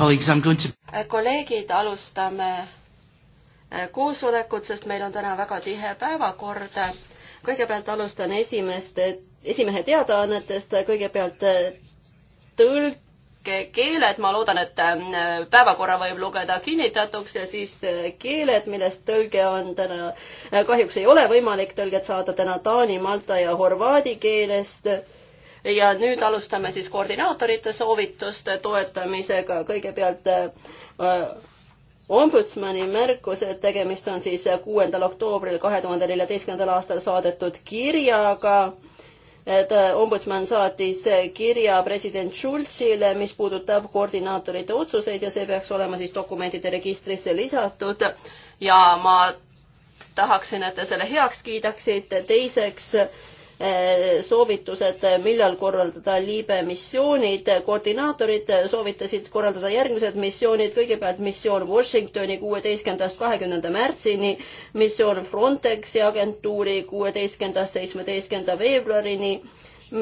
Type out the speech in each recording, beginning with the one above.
Äh, kolleegid, alustame äh, koosolekut, sest meil on täna väga tihe päevakord. kõigepealt alustan esimeste, esimehe teadaannetest, kõigepealt äh, tõlkekeeled, ma loodan, et päevakorra võib lugeda kinnitatuks ja siis keeled, millest tõlge on täna, kahjuks ei ole võimalik tõlget saada täna taani, malta ja horvaadi keelest ja nüüd alustame siis koordinaatorite soovituste toetamisega, kõigepealt äh, ombudsmani märkus, et tegemist on siis kuuendal oktoobril kahe tuhande neljateistkümnendal aastal saadetud kirjaga, et äh, ombudsman saatis kirja president Schulzile, mis puudutab koordinaatorite otsuseid ja see peaks olema siis dokumentide registrisse lisatud ja ma tahaksin, et te selle heaks kiidaksite, teiseks äh, Eh, soovitused, millal korraldada liibe missioonid. koordinaatorid soovitasid korraldada järgmised missioonid, kõigepealt missioon Washingtoni kuueteistkümnendast kahekümnenda märtsini, missioon Frontexi agentuuri kuueteistkümnendast seitsmeteistkümnenda veebruarini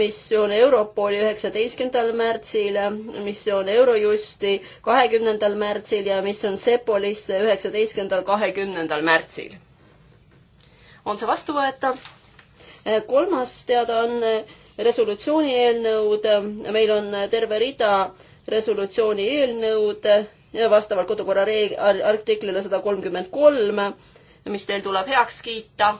missioon Europoli üheksateistkümnendal märtsil, missioon Eurojusti kahekümnendal märtsil ja missioon Sepolisse üheksateistkümnendal, kahekümnendal märtsil. on see vastuvõetav? kolmas teadaanne, eh, resolutsiooni eelnõud, meil on eh, terve rida resolutsiooni eelnõud eh, vastavalt kodukorra reeg-, artiklile sada kolmkümmend kolm, mis teil tuleb heaks kiita.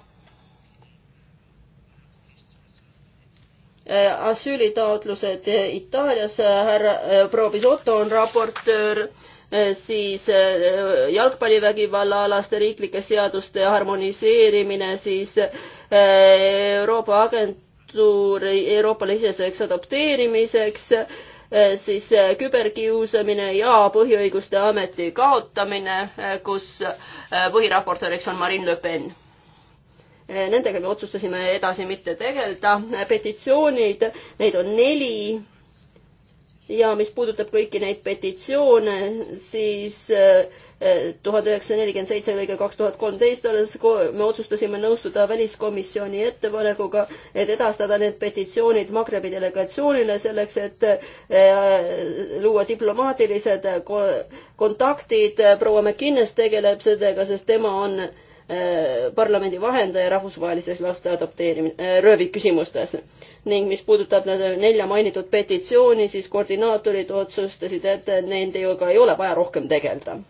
asüülitaotlused Itaalias, härra proua Pisotto on raportöör, siis jalgpallivägivalla alaste riiklike seaduste harmoniseerimine, siis Euroopa agentuuri Euroopale iseseks adopteerimiseks, eh, siis eh, küberkiusamine ja põhiõiguste ameti kaotamine, eh, kus põhiraportööriks on Marine Le Pen nendega me otsustasime edasi mitte tegeleda. petitsioonid, neid on neli. ja mis puudutab kõiki neid petitsioone, siis äh, tuhat üheksasada nelikümmend seitse lõige kaks tuhat kolmteist olles me otsustasime nõustuda väliskomisjoni ettepanekuga, et edastada need petitsioonid Magrebi delegatsioonile selleks, et äh, luua diplomaatilised kontaktid. proua McInnes tegeleb sellega, sest tema on äh, parlamendi vahendaja rahvusvahelises laste adopteerimine, äh, rööviküsimustes. ning mis puudutab nende nelja mainitud petitsiooni, siis koordinaatorid otsustasid, et nendega ei ole vaja rohkem tegeleda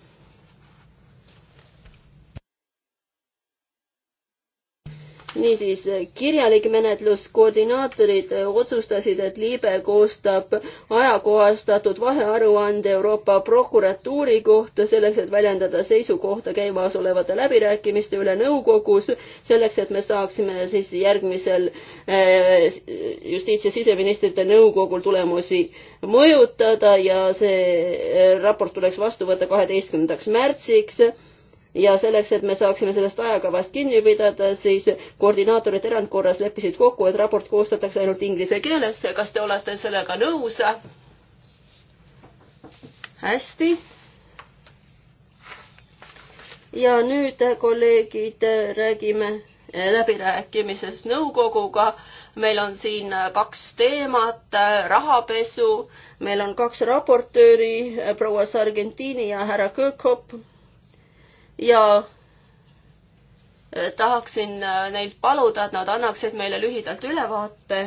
niisiis, kirjalik menetlus, koordinaatorid otsustasid, et Liibe koostab ajakohastatud vahearuande Euroopa prokuratuuri kohta selleks, et väljendada seisukohta käimasolevate läbirääkimiste üle nõukogus, selleks, et me saaksime siis järgmisel eh, justiits- ja siseministrite nõukogul tulemusi mõjutada ja see eh, raport tuleks vastu võtta kaheteistkümnendaks märtsiks ja selleks, et me saaksime sellest ajakavast kinni pidada, siis koordinaatorid erandkorras leppisid kokku, et raport koostatakse ainult inglise keeles. kas te olete sellega nõus? hästi. ja nüüd, kolleegid, räägime eh, läbirääkimisest nõukoguga. meil on siin kaks teemat, eh, rahapesu, meil on kaks raportööri, eh, proua Sargentini ja härra Kõrkhopp ja eh, tahaksin eh, neilt paluda, et nad annaksid meile lühidalt ülevaate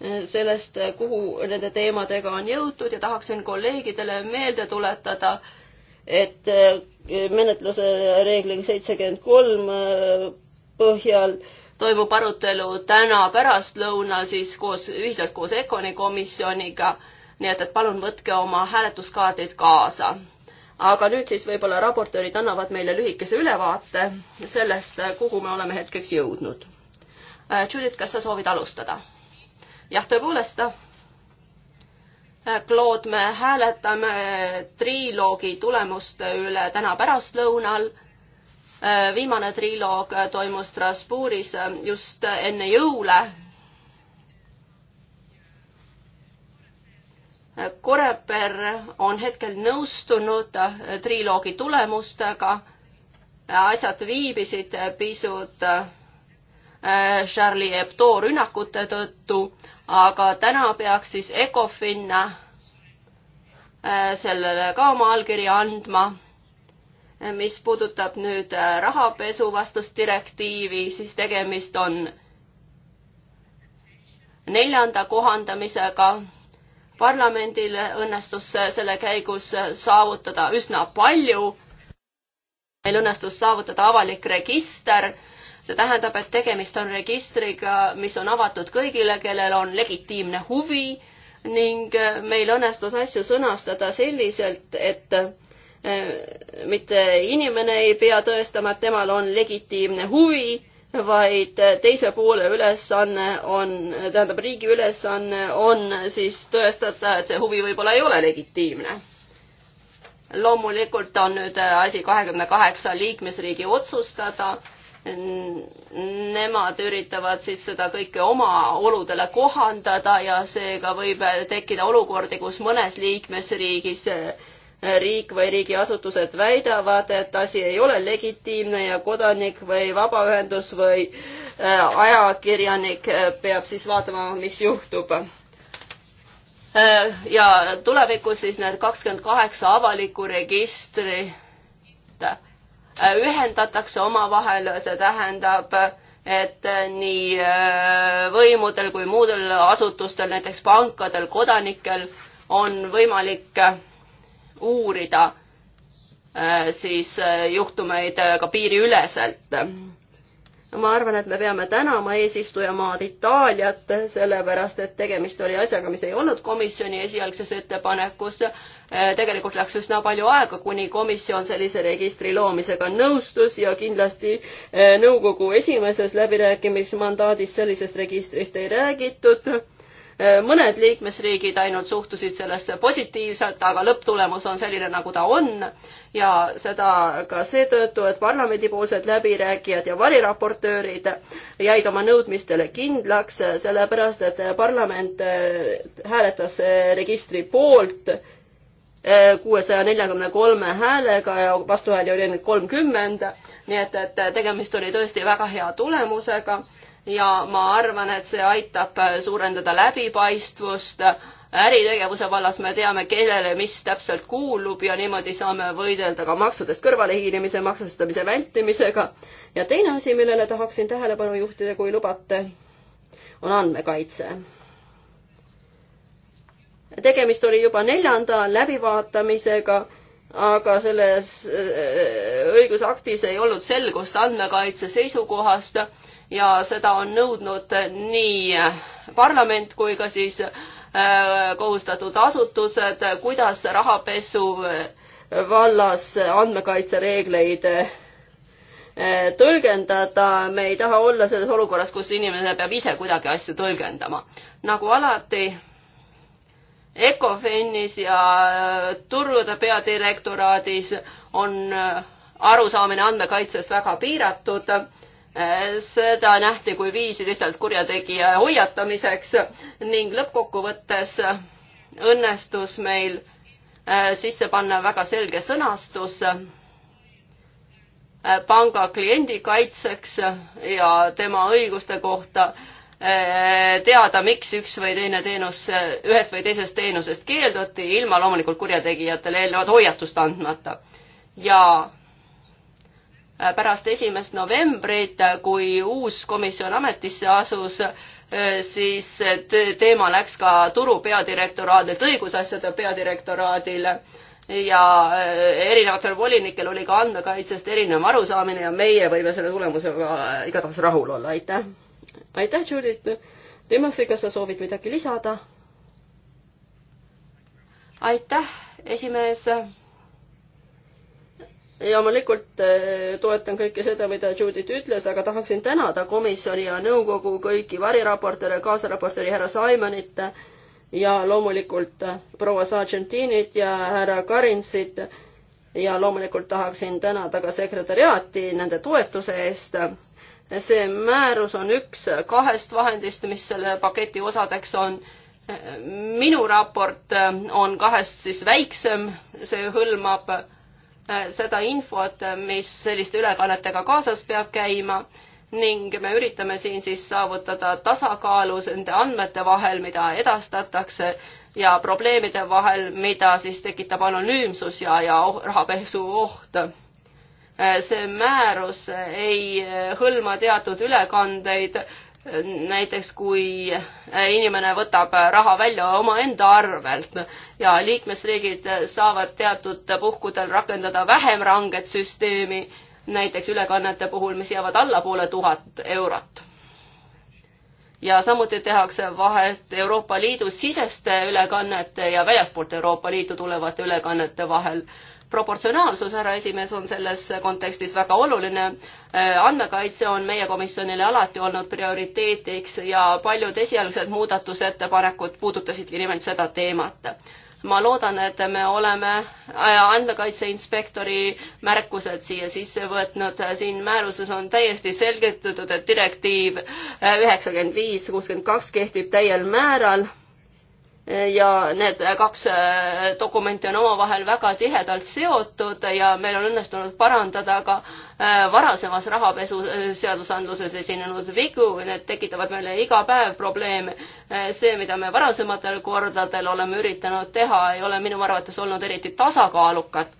eh, sellest, kuhu nende teemadega on jõutud ja tahaksin kolleegidele meelde tuletada, et menetluse reegling seitsekümmend kolm põhjal toimub arutelu täna pärastlõunal siis koos, ühiselt koos Econi komisjoniga. nii et, et palun võtke oma hääletuskaardid kaasa aga nüüd siis võib-olla raportöörid annavad meile lühikese ülevaate sellest, kuhu me oleme hetkeks jõudnud. Äh, Judith, kas sa soovid alustada? jah, tõepoolest. Äh, Claude, me hääletame triloogi tulemuste üle täna pärastlõunal. Äh, viimane triloog toimus Strasbourgis just enne jõule Koreper on hetkel nõustunud triloogi tulemustega, asjad viibisid pisut äh, Charlie Hebdo rünnakute tõttu, aga täna peaks siis Ecofin äh, sellele ka oma allkirja andma. mis puudutab nüüd äh, rahapesuvastast direktiivi, siis tegemist on neljanda kohandamisega parlamendil õnnestus selle käigus saavutada üsna palju. meil õnnestus saavutada avalik register, see tähendab, et tegemist on registriga, mis on avatud kõigile, kellel on legitiimne huvi ning meil õnnestus asju sõnastada selliselt, et eh, mitte inimene ei pea tõestama, et temal on legitiimne huvi vaid teise poole ülesanne on, tähendab riigi ülesanne on siis tõestada, et see huvi võib-olla ei ole legitiimne. loomulikult on nüüd asi kahekümne kaheksa liikmesriigi otsustada. Nemad üritavad siis seda kõike oma oludele kohandada ja seega võib tekkida olukordi, kus mõnes liikmesriigis äh, riik või riigiasutused väidavad, et asi ei ole legitiimne ja kodanik või vabaühendus või äh, ajakirjanik äh, peab siis vaatama, mis juhtub. Äh, ja tulevikus siis need kakskümmend kaheksa avalikku registrit ühendatakse omavahel, see tähendab, et nii võimudel kui muudel asutustel, näiteks pankadel, kodanikel on võimalik uurida äh, siis äh, juhtumeid äh, ka piiriüleselt. ma arvan, et me peame tänama eesistujamaad Itaaliat, sellepärast et tegemist oli asjaga, mis ei olnud komisjoni esialgses ettepanekus. tegelikult läks üsna palju aega, kuni komisjon sellise registri loomisega nõustus ja kindlasti nõukogu esimeses läbirääkimismandaadis sellisest registrist ei räägitud mõned liikmesriigid ainult suhtusid sellesse positiivselt, aga lõpptulemus on selline, nagu ta on ja seda ka seetõttu, et parlamendipoolsed läbirääkijad ja variraportöörid jäid oma nõudmistele kindlaks, sellepärast et parlament äh, hääletas äh, registri poolt äh, kuuesaja neljakümne kolme häälega ja vastuhääli oli ainult kolmkümmend, nii et, et tegemist oli tõesti väga hea tulemusega ja ma arvan, et see aitab suurendada läbipaistvust. äritegevuse vallas me teame, kellele mis täpselt kuulub ja niimoodi saame võidelda ka maksudest kõrvalehiilimise, maksustamise vältimisega. ja teine asi, millele tahaksin tähelepanu juhtida, kui lubate, on andmekaitse. tegemist oli juba neljanda läbivaatamisega aga selles äh, õigusaktis ei olnud selgust andmekaitse seisukohast ja seda on nõudnud nii parlament kui ka siis äh, kohustatud asutused, kuidas rahapesu vallas andmekaitsereegleid äh, tõlgendada, me ei taha olla selles olukorras, kus inimene peab ise kuidagi asju tõlgendama. nagu alati Ecofinis ja äh, turgude peadirektoraadis on arusaamine andmekaitsest väga piiratud seda nähti kui viisi lihtsalt kurjategija hoiatamiseks ning lõppkokkuvõttes õnnestus meil äh, sisse panna väga selge sõnastus äh, panga kliendi kaitseks ja tema õiguste kohta äh, teada, miks üks või teine teenus, ühest või teisest teenusest keelduti, ilma loomulikult kurjategijatele eelnevat hoiatust andmata. ja Äh, pärast esimest novembrit, äh, kui uus komisjon ametisse asus, äh, siis teema läks ka turu peadirektoraadilt õigusasjade peadirektoraadile ja erinevatel volinikel oli ka andmekaitsest erinev arusaamine ja meie võime selle tulemusega igatahes rahul olla, aitäh. aitäh, Judith. Timothy, kas sa soovid midagi lisada? aitäh, esimees ja ma loomulikult eh, toetan kõike seda, mida Judith ütles, aga tahaksin tänada komisjoni ja nõukogu kõiki variraportööre, kaasaraportööri härra Simonit ja loomulikult proua Sargentinit ja härra Karinsit ja loomulikult tahaksin tänada ka sekretäriaati nende toetuse eest. see määrus on üks kahest vahendist, mis selle paketi osadeks on. minu raport on kahest siis väiksem, see hõlmab Äh, seda infot, mis selliste ülekannetega kaasas peab käima ning me üritame siin siis saavutada tasakaalu nende andmete vahel, mida edastatakse ja probleemide vahel, mida siis tekitab anonüümsus ja, ja oh, rahapesu oht. Äh, see määrus ei äh, hõlma teatud ülekandeid näiteks kui inimene võtab raha välja omaenda arvelt ja liikmesriigid saavad teatud puhkudel rakendada vähem ranget süsteemi, näiteks ülekannete puhul, mis jäävad allapoole tuhat eurot. ja samuti tehakse vahet Euroopa Liidu siseste ülekannete ja väljaspoolt Euroopa Liitu tulevate ülekannete vahel proportsionaalsus, härra esimees, on selles kontekstis väga oluline. Äh, andmekaitse on meie komisjonile alati olnud prioriteediks ja paljud esialgsed muudatusettepanekud puudutasidki nimelt seda teemat ma loodan, et me oleme äh, andmekaitse inspektori märkused siia sisse võtnud. siin määruses on täiesti selgitatud, et direktiiv äh, üheksakümmend viis kuuskümmend kaks kehtib täiel määral ja need kaks äh, dokumenti on omavahel väga tihedalt seotud ja meil on õnnestunud parandada ka äh, varasemas rahapesu äh, seadusandluses esinenud vigu, need tekitavad meile iga päev probleeme. see, mida me varasematel kordadel oleme üritanud teha, ei ole minu arvates olnud eriti tasakaalukad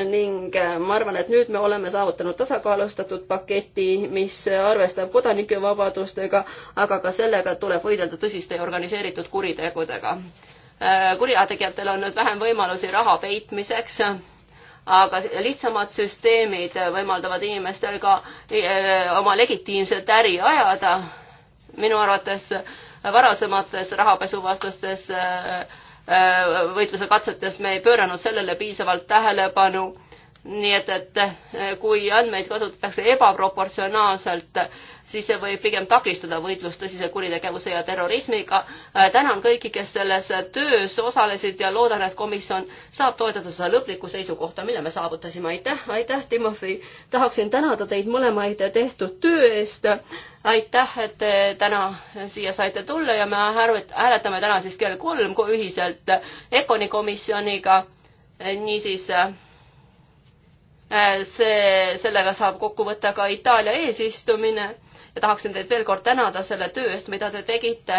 ning äh, ma arvan, et nüüd me oleme saavutanud tasakaalustatud paketi, mis arvestab kodanike vabadustega, aga ka sellega, et tuleb võidelda tõsiste ja organiseeritud kuritegudega. Äh, kurjategijatel on nüüd vähem võimalusi raha peitmiseks, aga lihtsamad süsteemid võimaldavad inimestel ka äh, oma legitiimset äri ajada. minu arvates varasemates rahapesuvastastes äh, Äh, võitluse katsetes me ei pööranud sellele piisavalt tähelepanu. nii et, et äh, kui andmeid kasutatakse ebaproportsionaalselt, siis see võib pigem takistada võitlust tõsise kuritegevuse ja terrorismiga. Äh, tänan kõiki, kes selles töös osalesid ja loodan, et komisjon saab toetada seda lõplikku seisukohta, mille me saavutasime. aitäh, aitäh, Timofei. tahaksin tänada teid mõlemaid tehtud töö eest. aitäh, et te täna siia saite tulla ja me hääletame täna siis kell kolm ühiselt Econi komisjoniga. niisiis äh, see, sellega saab kokku võtta ka Itaalia eesistumine ja tahaksin teid veel kord tänada selle töö eest, mida te tegite.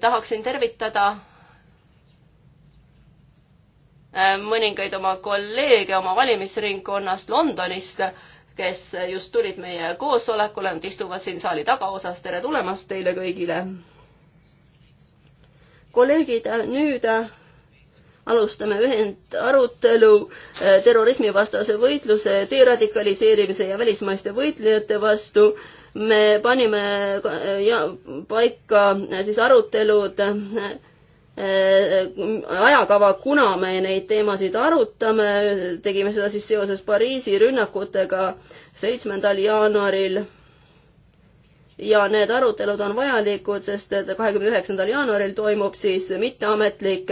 tahaksin tervitada äh, mõningaid oma kolleege oma valimisringkonnast Londonist, kes just tulid meie koosolekule, nad istuvad siin saali tagaosas, tere tulemast teile kõigile. kolleegid, nüüd alustame ühend arutelu äh, terrorismivastase võitluse, deradikaliseerimise ja välismaiste võitlejate vastu me panime äh, ja, paika äh, siis arutelud äh, ajakava, kuna me neid teemasid arutame, tegime seda siis seoses Pariisi rünnakutega seitsmendal jaanuaril. ja need arutelud on vajalikud, sest et kahekümne üheksandal jaanuaril toimub siis mitteametlik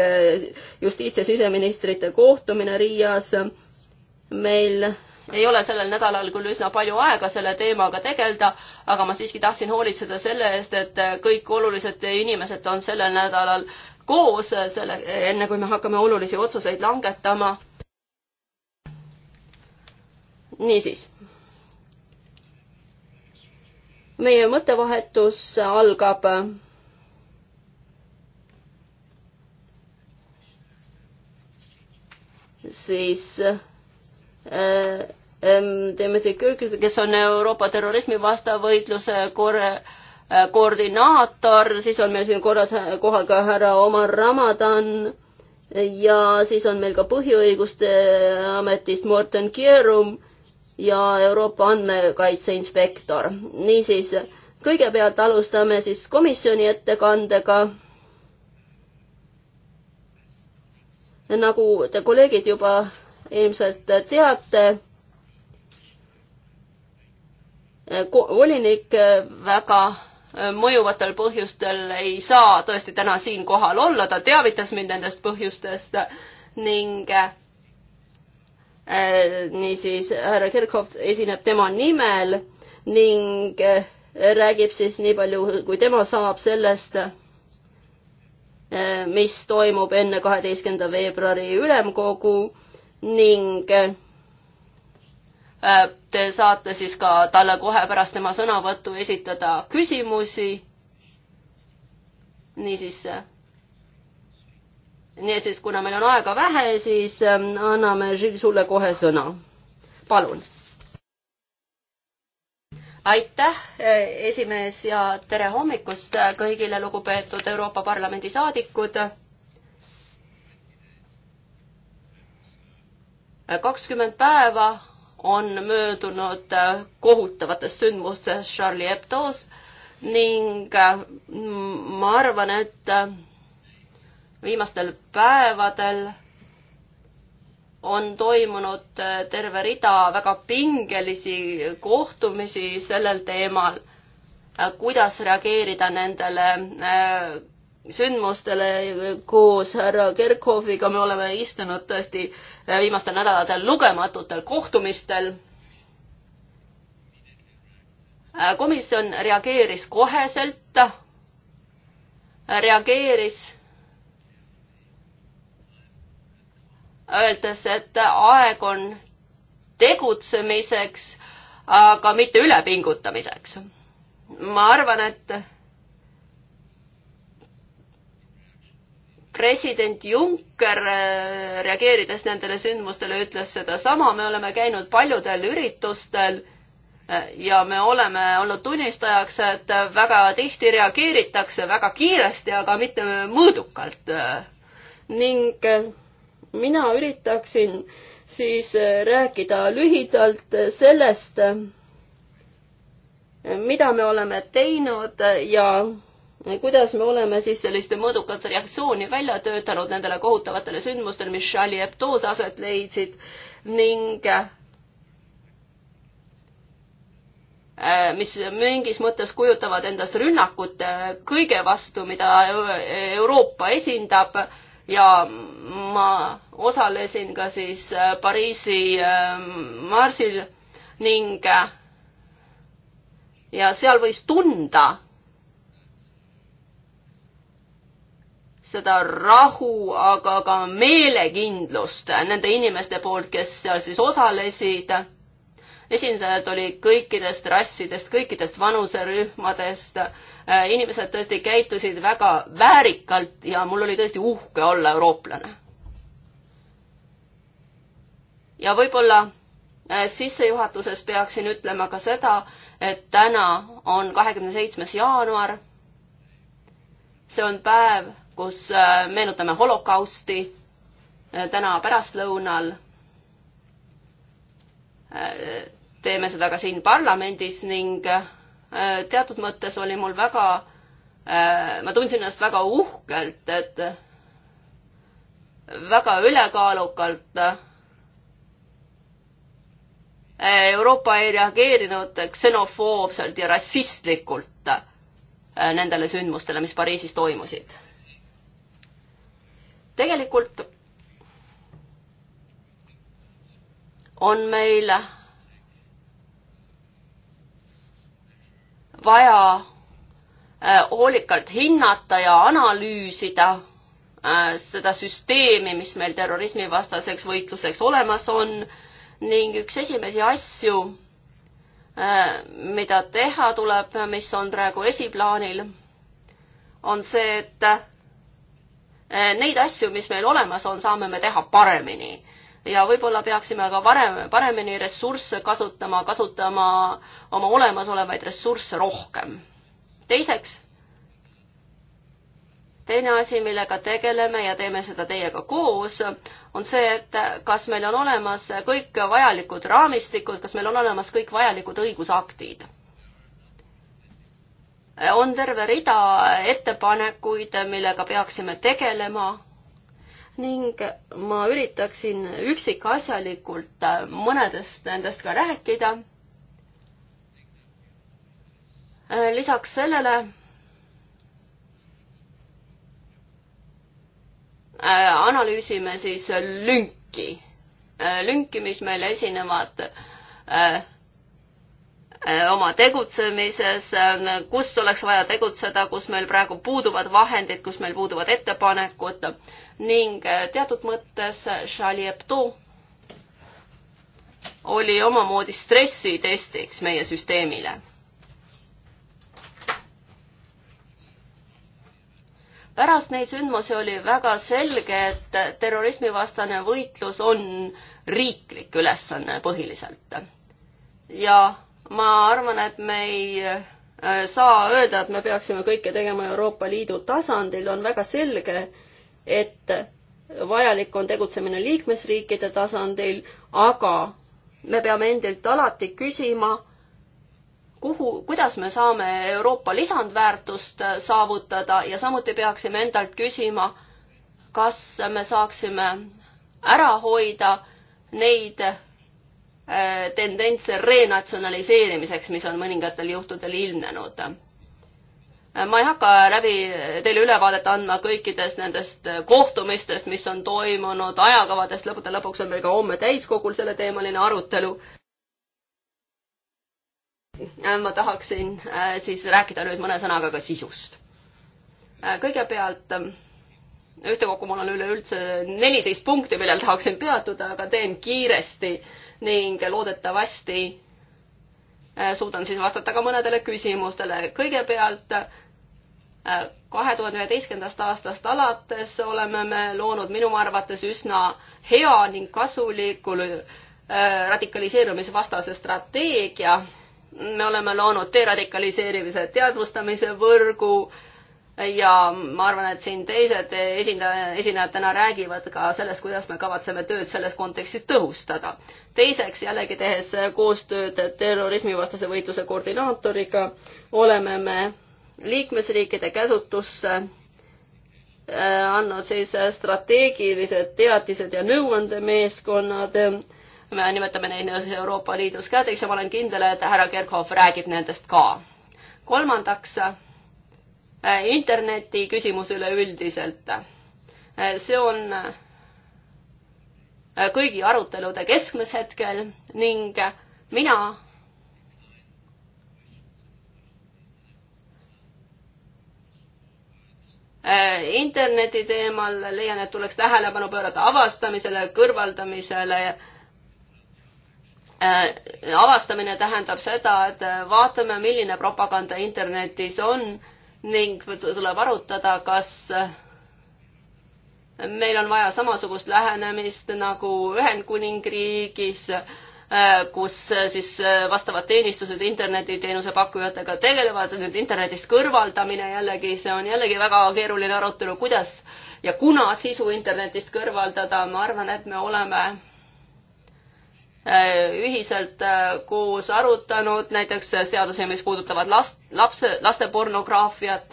justiits- ja siseministrite kohtumine Riias. meil ei ole sellel nädalal küll üsna palju aega selle teemaga tegeleda, aga ma siiski tahtsin hoolitseda selle eest, et kõik olulised inimesed on sellel nädalal koos, selle, enne kui me hakkame olulisi otsuseid langetama. niisiis. meie mõttevahetus algab siis äh, Timothy Kirk, kes on Euroopa terrorismivasta võitluse kor-, äh, koordinaator, siis on meil siin korras, äh, kohal ka härra Omar Ramadan ja siis on meil ka Põhiõiguste Ametist Morten Kierum ja Euroopa Andmekaitse Inspektor. niisiis, kõigepealt alustame siis komisjoni ettekandega nagu te kolleegid juba ilmselt teate, Äh, volinik äh, väga äh, mõjuvatel põhjustel ei saa tõesti täna siin kohal olla, ta teavitas mind nendest põhjustest ning niisiis härra Kirchhoff esineb tema nimel ning räägib siis nii palju, kui tema saab sellest, mis toimub enne kaheteistkümnenda veebruari ülemkogu ning Äh, te saate siis ka talle kohe pärast tema sõnavõttu esitada küsimusi. niisiis, äh, niisiis, kuna meil on aega vähe, siis ähm, anname Žil sulle kohe sõna. palun. aitäh, äh, esimees ja tere hommikust kõigile lugupeetud Euroopa Parlamendi saadikud kakskümmend päeva on möödunud äh, kohutavatest sündmustest Charlie Hebdo's ning äh, ma arvan, et äh, viimastel päevadel on toimunud terve rida väga pingelisi kohtumisi sellel teemal, kuidas reageerida nendele sündmustele koos härra Kerkhoffiga, me oleme istunud tõesti äh, viimastel nädalatel lugematutel kohtumistel. Äh, komisjon reageeris koheselt, äh, reageeris öeldes, et aeg on tegutsemiseks, aga mitte ülepingutamiseks. ma arvan, et president Juncker äh, reageerides nendele sündmustele ütles sedasama, me oleme käinud paljudel üritustel äh, ja me oleme olnud tunnistajaks, et väga tihti reageeritakse väga kiiresti, aga mitte mõõdukalt. Äh. ning mina üritaksin siis rääkida lühidalt sellest, mida me oleme teinud ja kuidas me oleme siis selliste mõõdukat reaktsiooni välja töötanud nendele kohutavatele sündmustele, mis Charlie Hebdo's aset leidsid ning äh, mis mingis mõttes kujutavad endast rünnakut äh, kõige vastu, mida Euroopa esindab ja ma osalesin ka siis äh, Pariisi marsil ning ja seal võis tunda, seda rahu, aga ka meelekindlust nende inimeste poolt, kes seal siis osalesid. esindajad olid kõikidest rassidest, kõikidest vanuserühmadest. Äh, inimesed tõesti käitusid väga väärikalt ja mul oli tõesti uhke olla eurooplane. ja võib-olla äh, sissejuhatuses peaksin ütlema ka seda, et täna on kahekümne seitsmes jaanuar. see on päev kus äh, meenutame holokausti äh, täna pärastlõunal. Äh, teeme seda ka siin parlamendis ning teatud mõttes oli mul väga, ma tundsin ennast väga uhkelt, et väga ülekaalukalt Euroopa ei reageerinud ksenofoobselt ja rassistlikult nendele sündmustele, mis Pariisis toimusid tegelikult on meil vaja äh, hoolikalt hinnata ja analüüsida äh, seda süsteemi, mis meil terrorismivastaseks võitluseks olemas on ning üks esimesi asju, äh, mida teha tuleb, mis on praegu esiplaanil, on see, et Eh, neid asju, mis meil olemas on, saame me teha paremini. ja võib-olla peaksime ka varem, paremini ressursse kasutama, kasutama oma olemasolevaid ressursse rohkem. teiseks, teine asi, millega tegeleme ja teeme seda teiega koos, on see, et kas meil on olemas kõik vajalikud raamistikud, kas meil on olemas kõik vajalikud õigusaktid on terve rida ettepanekuid, millega peaksime tegelema ning ma üritaksin üksikasjalikult mõnedest nendest ka rääkida. lisaks sellele äh, analüüsime siis lünki, äh, lünki, mis meil esinevad äh, Äh, oma tegutsemises, äh, kus oleks vaja tegutseda, kus meil praegu puuduvad vahendid, kus meil puuduvad ettepanekud ning äh, teatud mõttes Charlie Hebdo oli omamoodi stressitestiks meie süsteemile. pärast neid sündmusi oli väga selge, et terrorismivastane võitlus on riiklik ülesanne põhiliselt ja ma arvan, et me ei äh, saa öelda, et me peaksime kõike tegema Euroopa Liidu tasandil, on väga selge, et vajalik on tegutsemine liikmesriikide tasandil, aga me peame endilt alati küsima, kuhu, kuidas me saame Euroopa lisandväärtust äh, saavutada ja samuti peaksime endalt küsima, kas me saaksime ära hoida neid Äh, tendentse renatsionaliseerimiseks, mis on mõningatel juhtudel ilmnenud. Äh, ma ei hakka läbi teile ülevaadet andma kõikidest nendest äh, kohtumistest, mis on toimunud, ajakavadest, lõppude lõpuks on meil ka homme täiskogul selleteemaline arutelu. ma tahaksin siis rääkida nüüd mõne sõnaga ka sisust. kõigepealt ühtekokku mul on üleüldse neliteist punkti, millel tahaksin peatuda, aga teen kiiresti ning loodetavasti äh, suudan siis vastata ka mõnedele küsimustele. kõigepealt äh, kahe tuhande üheteistkümnendast aastast alates oleme me loonud minu arvates üsna hea ning kasuliku äh, radikaliseerumisvastase strateegia. me oleme loonud deradikaliseerimise teadvustamise võrgu äh, ja ma arvan, et siin teised esindaja, esinejad täna räägivad ka sellest, kuidas me kavatseme tööd selles kontekstis tõhustada. teiseks jällegi tehes koostööd terrorismivastase võitluse koordinaatoriga, oleme me liikmesriikide käsutusse äh, andnud siis strateegilised teatised ja nõuandemeeskonnad me nimetame neid nii-öelda Euroopa Liidus kädeks ja ma olen kindel, et härra Kerkhoff räägib nendest ka. kolmandaks Äh, interneti küsimus üleüldiselt. Äh, see on äh, kõigi arutelude keskmes hetkel ning mina interneti teemal leian, et tuleks tähelepanu pöörata avastamisele, kõrvaldamisele. avastamine tähendab seda, et vaatame, milline propaganda internetis on ning tuleb arutada, kas meil on vaja samasugust lähenemist nagu Ühendkuningriigis, kus siis vastavad teenistused internetiteenuse pakkujatega tegelevad, nüüd internetist kõrvaldamine jällegi, see on jällegi väga keeruline arutelu, kuidas ja kuna sisu internetist kõrvaldada, ma arvan, et me oleme Äh, ühiselt äh, koos arutanud näiteks seadusi, mis puudutavad last, lapse, laste pornograafiat,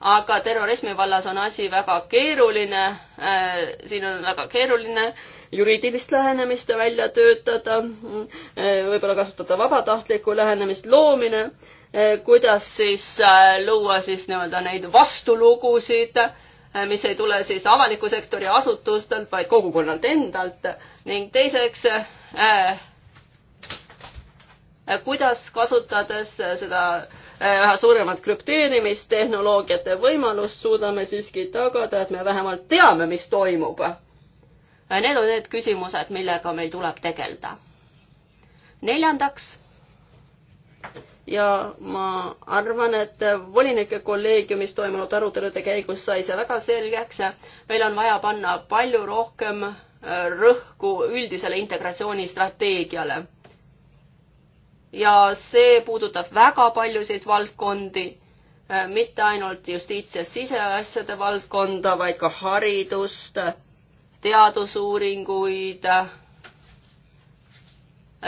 aga terrorismi vallas on asi väga keeruline, äh, siin on väga keeruline juriidilist lähenemist välja töötada, võib-olla kasutada vabatahtlikku lähenemist, loomine, kuidas siis luua siis nii-öelda neid vastulugusid Äh, mis ei tule siis avaliku sektori asutustelt, vaid kogukonnalt endalt ning teiseks äh,, äh kuidas kasutades äh, seda üha suuremat krüpteerimistehnoloogiate võimalust, suudame siiski tagada, et me vähemalt teame, mis toimub. Need on need küsimused, millega meil tuleb tegeleda. neljandaks ja ma arvan, et volinike kolleegiumis toimunud arutelude käigus sai see väga selgeks. meil on vaja panna palju rohkem äh, rõhku üldisele integratsioonistrateegiale. ja see puudutab väga paljusid valdkondi, äh, mitte ainult justiits- ja siseasjade valdkonda, vaid ka haridust, teadusuuringuid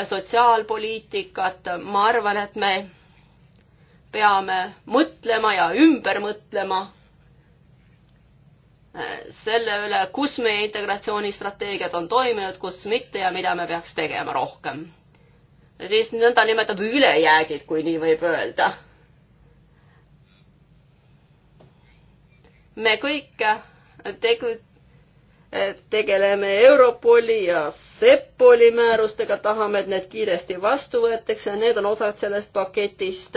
sotsiaalpoliitikat, ma arvan, et me peame mõtlema ja ümber mõtlema selle üle, kus meie integratsioonistrateegiad on toiminud, kus mitte ja mida me peaks tegema rohkem. siis nõndanimetatud ülejäägid, kui nii võib öelda. me kõik tegu-, tegeleme Europoli ja Seppoli määrustega, tahame, et need kiiresti vastu võetakse, need on osad sellest paketist.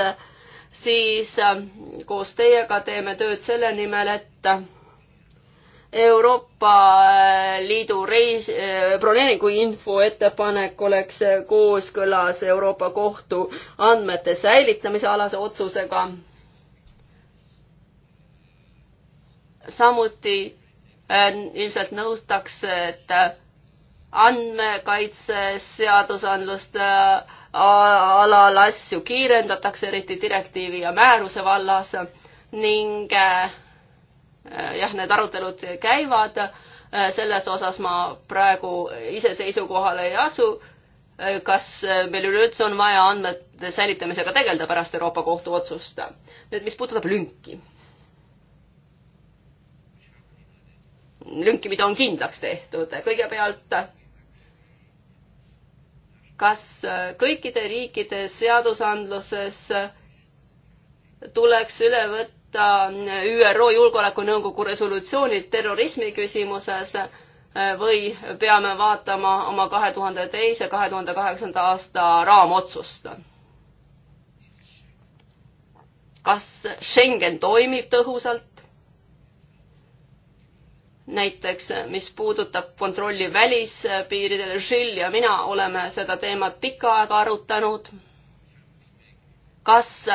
siis ähm, koos teiega teeme tööd selle nimel, et Euroopa äh, Liidu reis, äh, broneeringu info ettepanek oleks äh, kooskõlas Euroopa Kohtu andmete säilitamise alase otsusega. samuti Äh, ilmselt nõutakse, et äh, andmekaitseseadusandlust äh, alal asju kiirendatakse, eriti direktiivi ja määruse vallas ning jah, need arutelud käivad, selles osas ma praegu ise seisukohale ei asu, kas meil üleüldse on vaja andmete säilitamisega tegeleda pärast Euroopa Kohtu otsust. nüüd, mis puudutab lünki lünki, mida on kindlaks tehtud. kõigepealt, kas kõikide riikide seadusandluses tuleks üle võtta ÜRO Julgeolekunõukogu resolutsioonid terrorismi küsimuses või peame vaatama oma kahe tuhande teise, kahe tuhande kaheksanda aasta raamotsust? kas Schengen toimib tõhusalt? näiteks mis puudutab kontrolli välispiiridel, Žil ja mina oleme seda teemat pikka aega arutanud. kas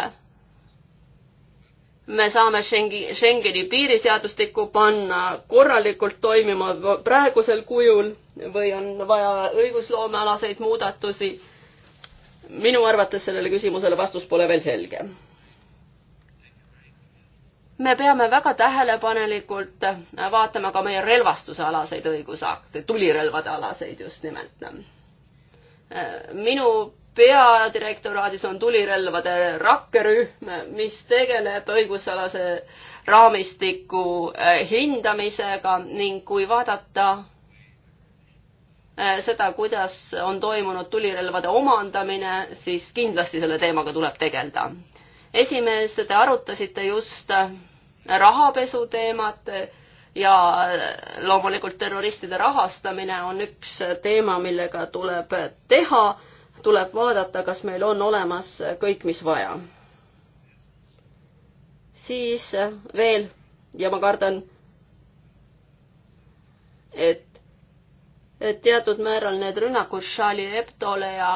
me saame Schengi, Schengeni piiriseadustikku panna korralikult toimima praegusel kujul või on vaja õigusloomealaseid muudatusi? minu arvates sellele küsimusele vastus pole veel selge me peame väga tähelepanelikult vaatama ka meie relvastuse alaseid õigusakte, tulirelvade alaseid just nimelt. minu peadirektoraadis on tulirelvade rakkerühm, mis tegeleb õigusalase raamistiku eh, hindamisega ning kui vaadata eh, seda, kuidas on toimunud tulirelvade omandamine, siis kindlasti selle teemaga tuleb tegeleda esimees, te arutasite just äh, rahapesu teemat ja äh, loomulikult terroristide rahastamine on üks äh, teema, millega tuleb teha, tuleb vaadata, kas meil on olemas kõik, mis vaja. siis veel ja ma kardan, et, et teatud määral need rünnakud Charlie Hebdole ja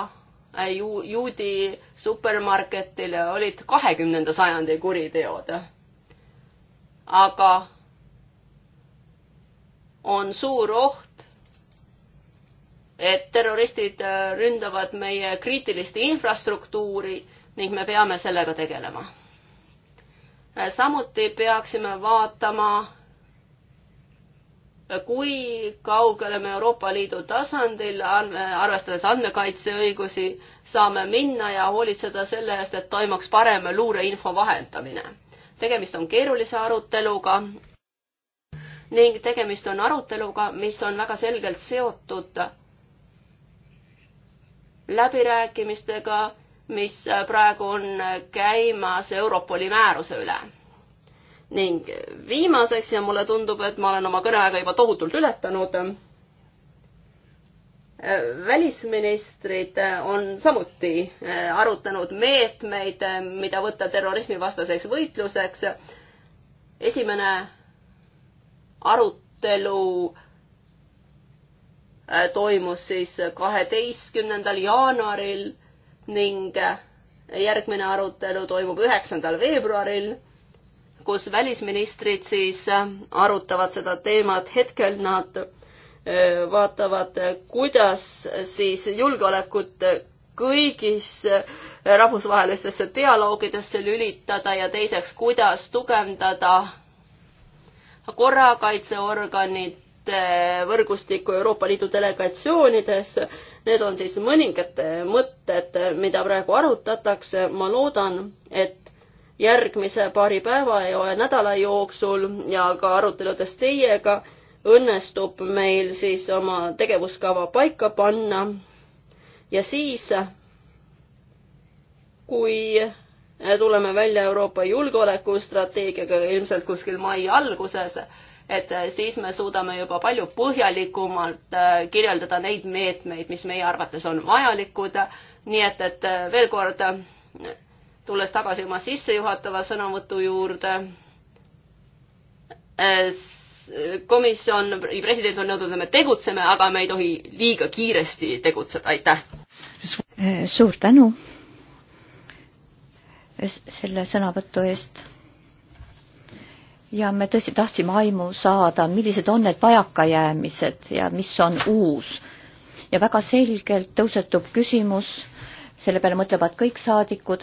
Äh, ju-, juudi supermarketile olid kahekümnenda sajandi kuriteod. aga on suur oht, et terroristid äh, ründavad meie kriitilist infrastruktuuri ning me peame sellega tegelema. Äh, samuti peaksime vaatama kui kaugele me Euroopa Liidu tasandil, arvestades andmekaitseõigusi, saame minna ja hoolitseda selle eest, et toimuks parem luureinfo vahendamine. tegemist on keerulise aruteluga ning tegemist on aruteluga, mis on väga selgelt seotud läbirääkimistega, mis praegu on käimas Europoli määruse üle ning viimaseks ja mulle tundub, et ma olen oma kõneaega juba tohutult ületanud. välisministrid on samuti äh, arutanud meetmeid, mida võtta terrorismivastaseks võitluseks. esimene arutelu äh, toimus siis kaheteistkümnendal jaanuaril ning äh, järgmine arutelu toimub üheksandal veebruaril kus välisministrid siis äh, arutavad seda teemat, hetkel nad äh, vaatavad, kuidas siis julgeolekut kõigis äh, rahvusvahelistesse dialoogidesse lülitada ja teiseks, kuidas tugevdada korrakaitseorganite võrgustiku Euroopa Liidu delegatsioonides. Need on siis mõningad mõtted, mida praegu arutatakse. ma loodan, et järgmise paari päeva ja nädala jooksul ja ka aruteludes teiega õnnestub meil siis oma tegevuskava paika panna. ja siis, kui tuleme välja Euroopa julgeolekustrateegiaga ilmselt kuskil mai alguses, et siis me suudame juba palju põhjalikumalt äh, kirjeldada neid meetmeid, mis meie arvates on vajalikud. nii et, et äh, veel kord tulles tagasi oma sissejuhatava sõnavõtu juurde, komisjon, president on nõudnud, et me tegutseme, aga me ei tohi liiga kiiresti tegutseda, aitäh. suur tänu selle sõnavõtu eest. ja me tõesti tahtsime aimu saada, millised on need vajakajäämised ja mis on uus. ja väga selgelt tõusetub küsimus, selle peale mõtlevad kõik saadikud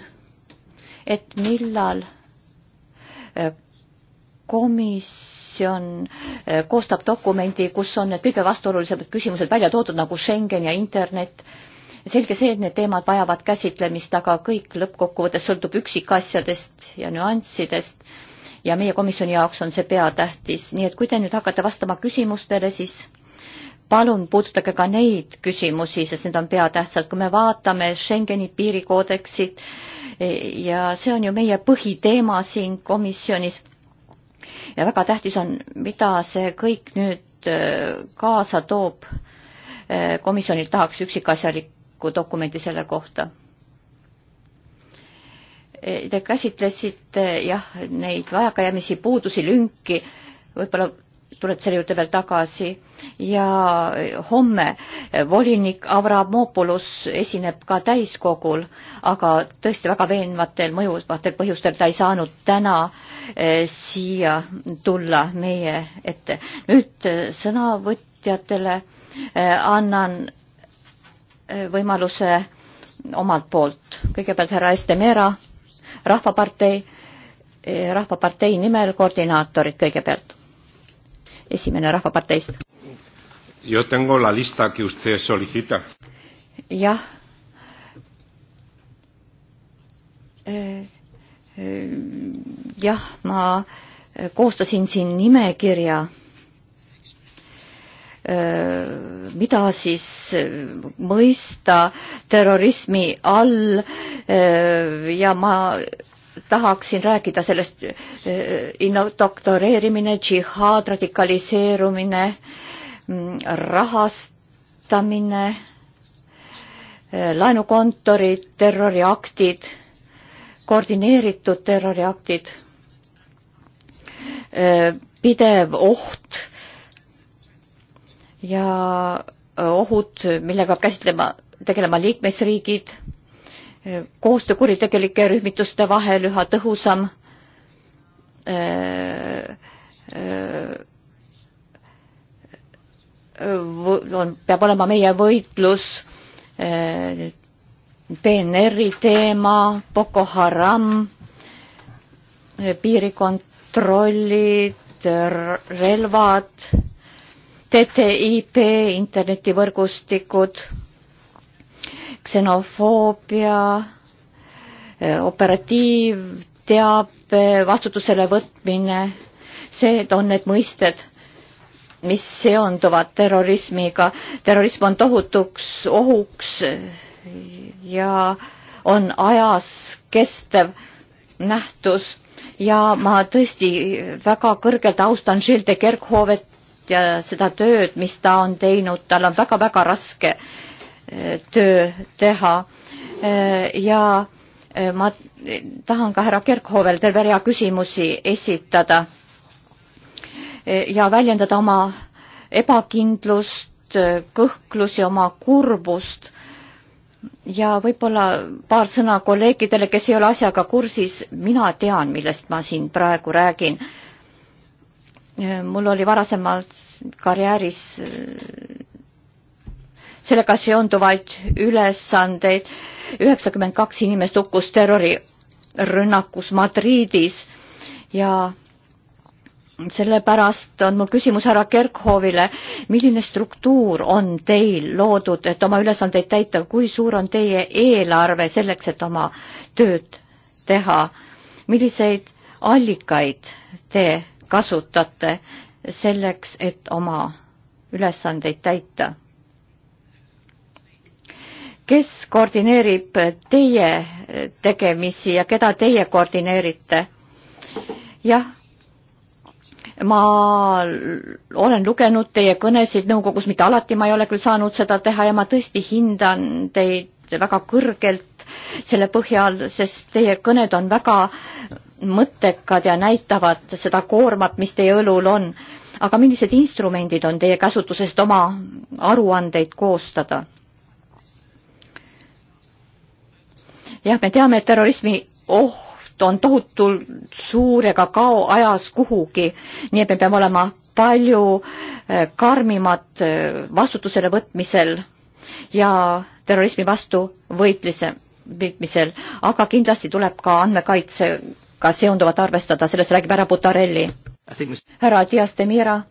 et millal äh, komisjon äh, koostab dokumendi, kus on need kõige vastuolulisemad küsimused välja toodud nagu Schengen ja internet. selge see, et need teemad vajavad käsitlemist, aga kõik lõppkokkuvõttes sõltub üksikasjadest ja nüanssidest ja meie komisjoni jaoks on see peatähtis, nii et kui te nüüd hakkate vastama küsimustele, siis palun puudutage ka neid küsimusi, sest need on peatähtsad. kui me vaatame Schengeni piirikoodeksit, ja see on ju meie põhiteema siin komisjonis. ja väga tähtis on, mida see kõik nüüd äh, kaasa toob. Äh, komisjonil tahaks üksikasjalikku dokumenti selle kohta. Äh, te käsitlesite jah, neid vajakajäämisi, puudusi, lünki, võib-olla tuleb selle juurde veel tagasi ja homme volinik Avramopoulos esineb ka täiskogul, aga tõesti väga veenvatel mõjuvatel põhjustel ta ei saanud täna eh, siia tulla meie ette. nüüd eh, sõnavõtjatele eh, annan võimaluse omalt poolt. kõigepealt härra Estemera, Rahvapartei, Rahvapartei nimel koordinaatorid kõigepealt esimene Rahvaparteist. jah. Äh, äh, jah, ma koostasin siin nimekirja äh, mida siis mõista terrorismi all ja ma tahaksin rääkida sellest äh, doktoreerimine, džihaad, radikaliseerumine, mm, rahastamine, äh, laenukontorid, terroriaktid, koordineeritud terroriaktid, äh, pidev oht ja ohud, millega peab käsitlema, tegelema liikmesriigid koostöö kuritegelike rühmituste vahel üha tõhusam äh, äh, äh, on, peab olema meie võitlus PNR-i teema, Boko Haram, piirikontrollid, relvad, TTIP, internetivõrgustikud ksenofoobia, eh, operatiivteabe vastutusele võtmine, see on need mõisted, mis seonduvad terrorismiga. terrorism on tohutuks ohuks ja on ajas kestev nähtus ja ma tõesti väga kõrgelt austan Gilles de Kerkhoovet ja seda tööd, mis ta on teinud, tal on väga-väga raske töö teha äh, ja äh, ma tahan ka härra Kerkhovel terve rea küsimusi esitada äh, ja väljendada oma ebakindlust, kõhklusi, oma kurbust ja võib-olla paar sõna kolleegidele, kes ei ole asjaga kursis, mina tean, millest ma siin praegu räägin. mul oli varasemalt karjääris sellega seonduvaid ülesandeid. üheksakümmend kaks inimest hukkus terrorirünnakus Madridis ja sellepärast on mul küsimus härra Kerkhoovile, milline struktuur on teil loodud, et oma ülesandeid täita, kui suur on teie eelarve selleks, et oma tööd teha, milliseid allikaid te kasutate selleks, et oma ülesandeid täita? kes koordineerib teie tegemisi ja keda teie koordineerite? jah, ma olen lugenud teie kõnesid nõukogus, mitte alati ma ei ole küll saanud seda teha ja ma tõesti hindan teid väga kõrgelt selle põhjal, sest teie kõned on väga mõttekad ja näitavad seda koormat, mis teie õlul on. aga millised instrumendid on teie käsutuses, et oma aruandeid koostada? jah, me teame, et terrorismi oht on tohutult suur ega kao ajas kuhugi, nii et me peame olema palju eh, karmimad eh, vastutusele võtmisel ja terrorismi vastu võitlise, võitmisel, aga kindlasti tuleb ka andmekaitsega seonduvat arvestada, sellest räägib härra Butarelli. härra Dias de Mira,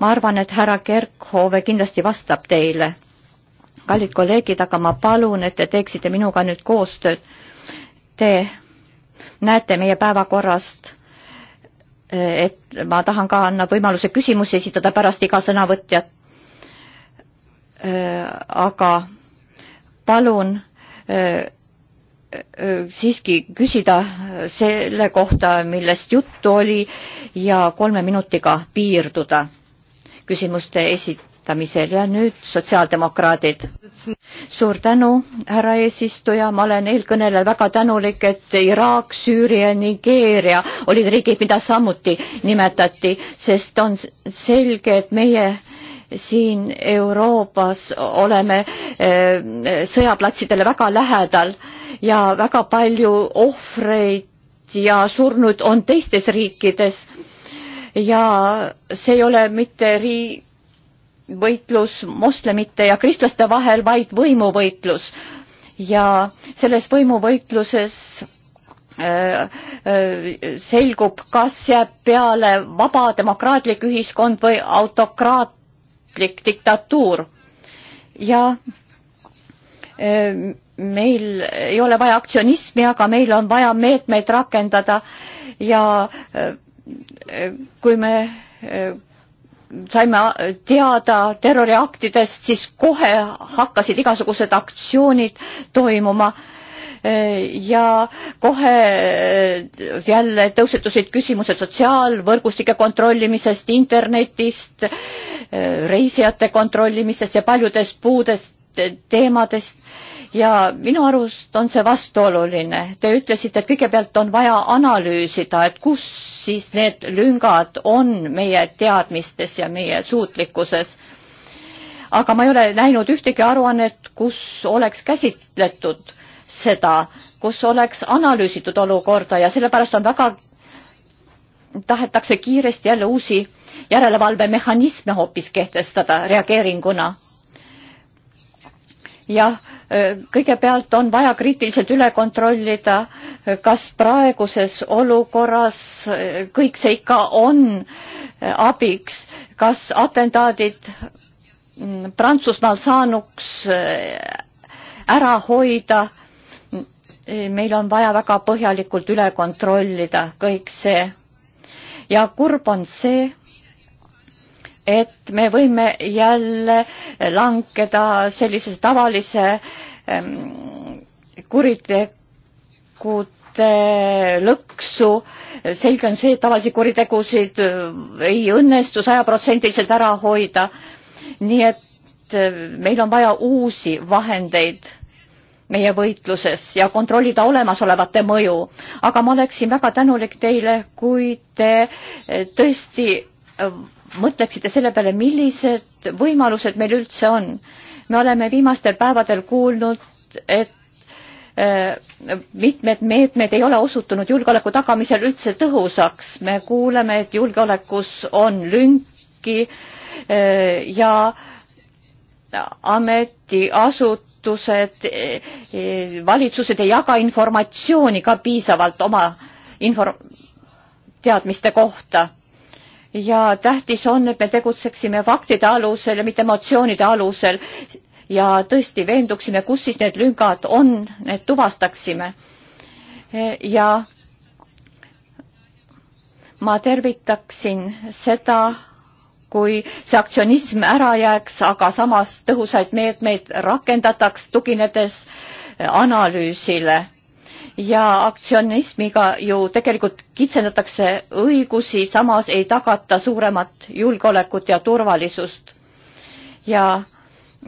ma arvan, et härra Kerkhove kindlasti vastab teile kallid kolleegid, aga ma palun, et te teeksite minuga nüüd koostööd. Te näete meie päevakorrast, eh, et ma tahan ka anda võimaluse küsimusi esitada pärast iga sõnavõtjat. Eh, aga palun eh, siiski küsida selle kohta, millest juttu oli ja kolme minutiga piirduda küsimuste esi-, algatamisel ja nüüd sotsiaaldemokraadid. suur tänu, härra eesistuja, ma olen eelkõnelejal väga tänulik, et Iraak, Süüria, Nigeeria olid riigid, mida samuti nimetati, sest on selge, et meie siin Euroopas oleme eh, sõjaplatsidele väga lähedal ja väga palju ohvreid ja surnuid on teistes riikides ja see ei ole mitte riik võitlus moslemite ja kristlaste vahel, vaid võimuvõitlus. ja selles võimuvõitluses äh, äh, selgub, kas jääb peale vaba demokraatlik ühiskond või autokraatlik diktatuur. ja äh, meil ei ole vaja aktsionismi, aga meil on vaja meetmeid rakendada ja kui me saime äh, teada terroriaktidest, siis kohe hakkasid igasugused aktsioonid toimuma äh, ja kohe äh, jälle tõusetusid küsimused sotsiaalvõrgustike kontrollimisest, internetist, reisijate kontrollimisest ja paljudest puudest teemadest ja minu arust on see vastuoluline. Te ütlesite, et kõigepealt on vaja analüüsida, et kus siis need lüngad on meie teadmistes ja meie suutlikkuses. aga ma ei ole näinud ühtegi aruannet, kus oleks käsitletud seda, kus oleks analüüsitud olukorda ja sellepärast on väga, tahetakse kiiresti jälle uusi järelevalvemehhanisme hoopis kehtestada reageeringuna jah, eh, kõigepealt on vaja kriitiliselt üle kontrollida, eh, kas praeguses olukorras eh, kõik see ikka on abiks, kas atentaadid mm, Prantsusmaal saanuks ära hoida. meil on vaja väga põhjalikult üle kontrollida kõik see. ja kurb on see, et me võime jälle langeda sellise tavalise ähm, kuritegude lõksu. selge on see, et tavalisi kuritegusid äh, ei õnnestu sajaprotsendiliselt ära hoida. nii et äh, meil on vaja uusi vahendeid meie võitluses ja kontrollida olemasolevate mõju. aga ma oleksin väga tänulik teile, kui te äh, tõesti mõtleksite selle peale, millised võimalused meil üldse on. me oleme viimastel päevadel kuulnud, et äh, mitmed meetmed ei ole osutunud julgeoleku tagamisel üldse tõhusaks. me kuuleme, et julgeolekus on lünki äh, ja ametiasutused, äh, valitsused ei jaga informatsiooni ka piisavalt oma inform-, teadmiste kohta ja tähtis on, et me tegutseksime faktide alusel ja mitte emotsioonide alusel ja tõesti veenduksime, kus siis need lüngad on, need tuvastaksime. ja ma tervitaksin seda, kui see aktsionism ära jääks, aga samas tõhusaid meetmeid rakendataks, tuginedes analüüsile ja aktsionismiga ju tegelikult kitsendatakse õigusi, samas ei tagata suuremat julgeolekut ja turvalisust. ja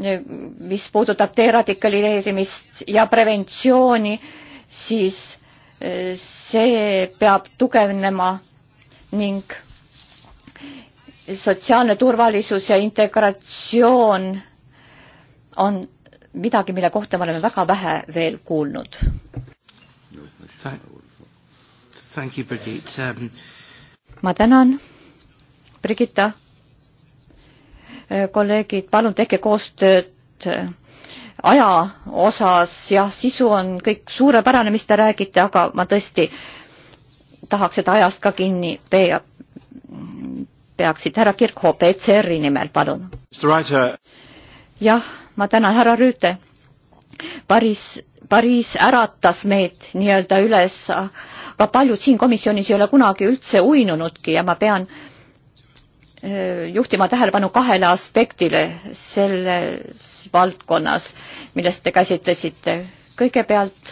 eh, mis puudutab deradikaliseerimist ja preventsiooni, siis eh, see peab tugevnema ning sotsiaalne turvalisus ja integratsioon on midagi, mille kohta me oleme väga vähe veel kuulnud. Thank you, Brigitte. Um... ma tänan, Brigitta. kolleegid, palun tehke koostööd äh, aja osas, jah, sisu on kõik suurepärane, mis te räägite, aga ma tõesti tahaks seda ajast ka kinni pea-, peaksid. härra Kirkhoop ECR-i nimel, palun. jah, ma tänan, härra Rüütel. Paris Pariis äratas meid nii-öelda üles, aga paljud siin komisjonis ei ole kunagi üldse uinunudki ja ma pean juhtima tähelepanu kahele aspektile selles valdkonnas, millest te käsitlesite. kõigepealt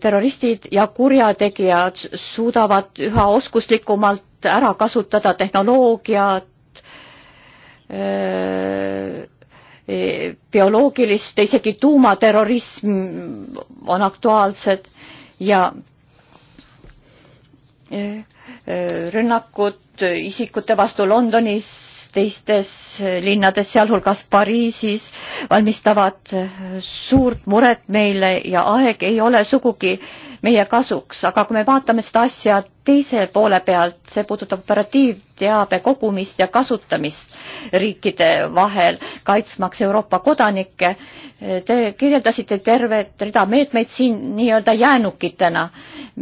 terroristid ja kurjategijad suudavad üha oskuslikumalt ära kasutada tehnoloogiat, bioloogilist, isegi tuumaterrorism on aktuaalsed ja eh, eh, rünnakud isikute vastu Londonis, teistes linnades, sealhulgas Pariisis, valmistavad eh, suurt muret meile ja aeg ei ole sugugi meie kasuks, aga kui me vaatame seda asja teise poole pealt, see puudutab operatiivteabe kogumist ja kasutamist riikide vahel, kaitsmaks Euroopa kodanikke. Te kirjeldasite tervet rida meetmeid siin nii-öelda jäänukitena.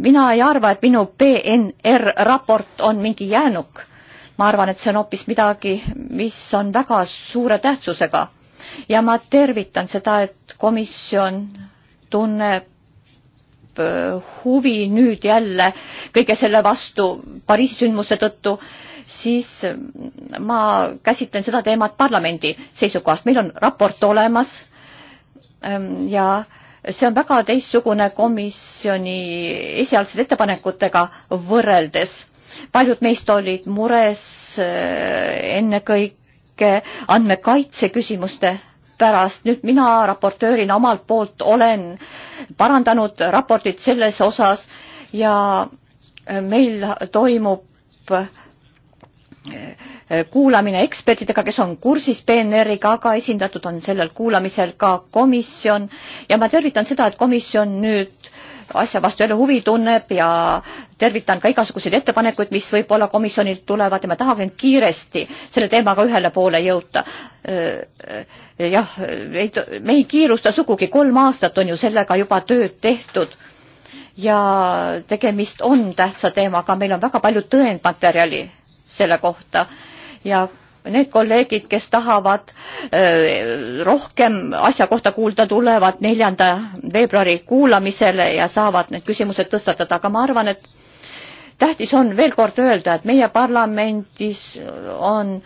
mina ei arva, et minu PNR raport on mingi jäänuk. ma arvan, et see on hoopis midagi, mis on väga suure tähtsusega ja ma tervitan seda, et komisjon tunneb Äh, huvi nüüd jälle kõige selle vastu Pariisi sündmuste tõttu, siis äh, ma käsitlen seda teemat parlamendi seisukohast. meil on raport olemas ähm, ja see on väga teistsugune komisjoni esialgsete ettepanekutega võrreldes. paljud meist olid mures äh, ennekõike andmekaitse küsimuste pärast. nüüd mina raportöörina omalt poolt olen parandanud raportit selles osas ja meil toimub eh, kuulamine ekspertidega, kes on kursis PNR-iga, aga esindatud on sellel kuulamisel ka komisjon ja ma tervitan seda, et komisjon nüüd asja vastu jälle huvi tunneb ja tervitan ka igasuguseid ettepanekuid, mis võib-olla komisjonilt tulevad ja me tahame kiiresti selle teemaga ühele poole jõuda. Äh, äh, jah, me ei kiirusta sugugi, kolm aastat on ju sellega juba tööd tehtud ja tegemist on tähtsa teemaga, meil on väga palju tõendmaterjali selle kohta ja Need kolleegid, kes tahavad rohkem asja kohta kuulda, tulevad neljanda veebruari kuulamisele ja saavad need küsimused tõstatada, aga ma arvan, et tähtis on veel kord öelda, et meie parlamendis on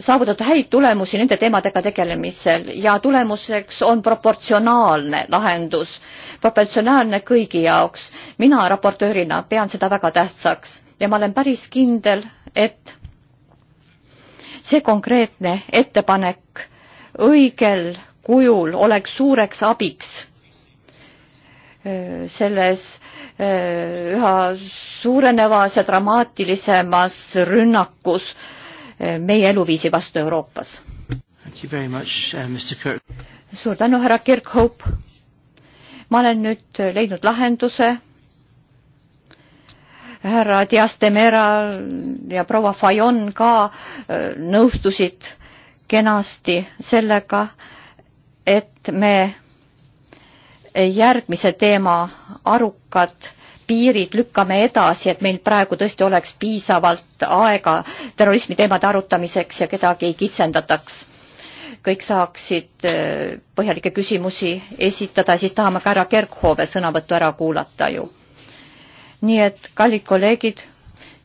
saavutatud häid tulemusi nende teemadega tegelemisel ja tulemuseks on proportsionaalne lahendus, proportsionaalne kõigi jaoks. mina raportöörina pean seda väga tähtsaks ja ma olen päris kindel, et see konkreetne ettepanek õigel kujul oleks suureks abiks äh, selles äh, üha suurenevas ja dramaatilisemas rünnakus äh, meie eluviisi vastu Euroopas. Uh, suur tänu, härra Kirkhope. ma olen nüüd leidnud lahenduse härra Diastemera ja proua Fajon ka äh, nõustusid kenasti sellega, et me järgmise teema arukad piirid lükkame edasi, et meil praegu tõesti oleks piisavalt aega terrorismi teemade arutamiseks ja kedagi ei kitsendataks. kõik saaksid äh, põhjalikke küsimusi esitada, siis tahame ka härra Kerkhove sõnavõttu ära kuulata ju nii et, kallid kolleegid,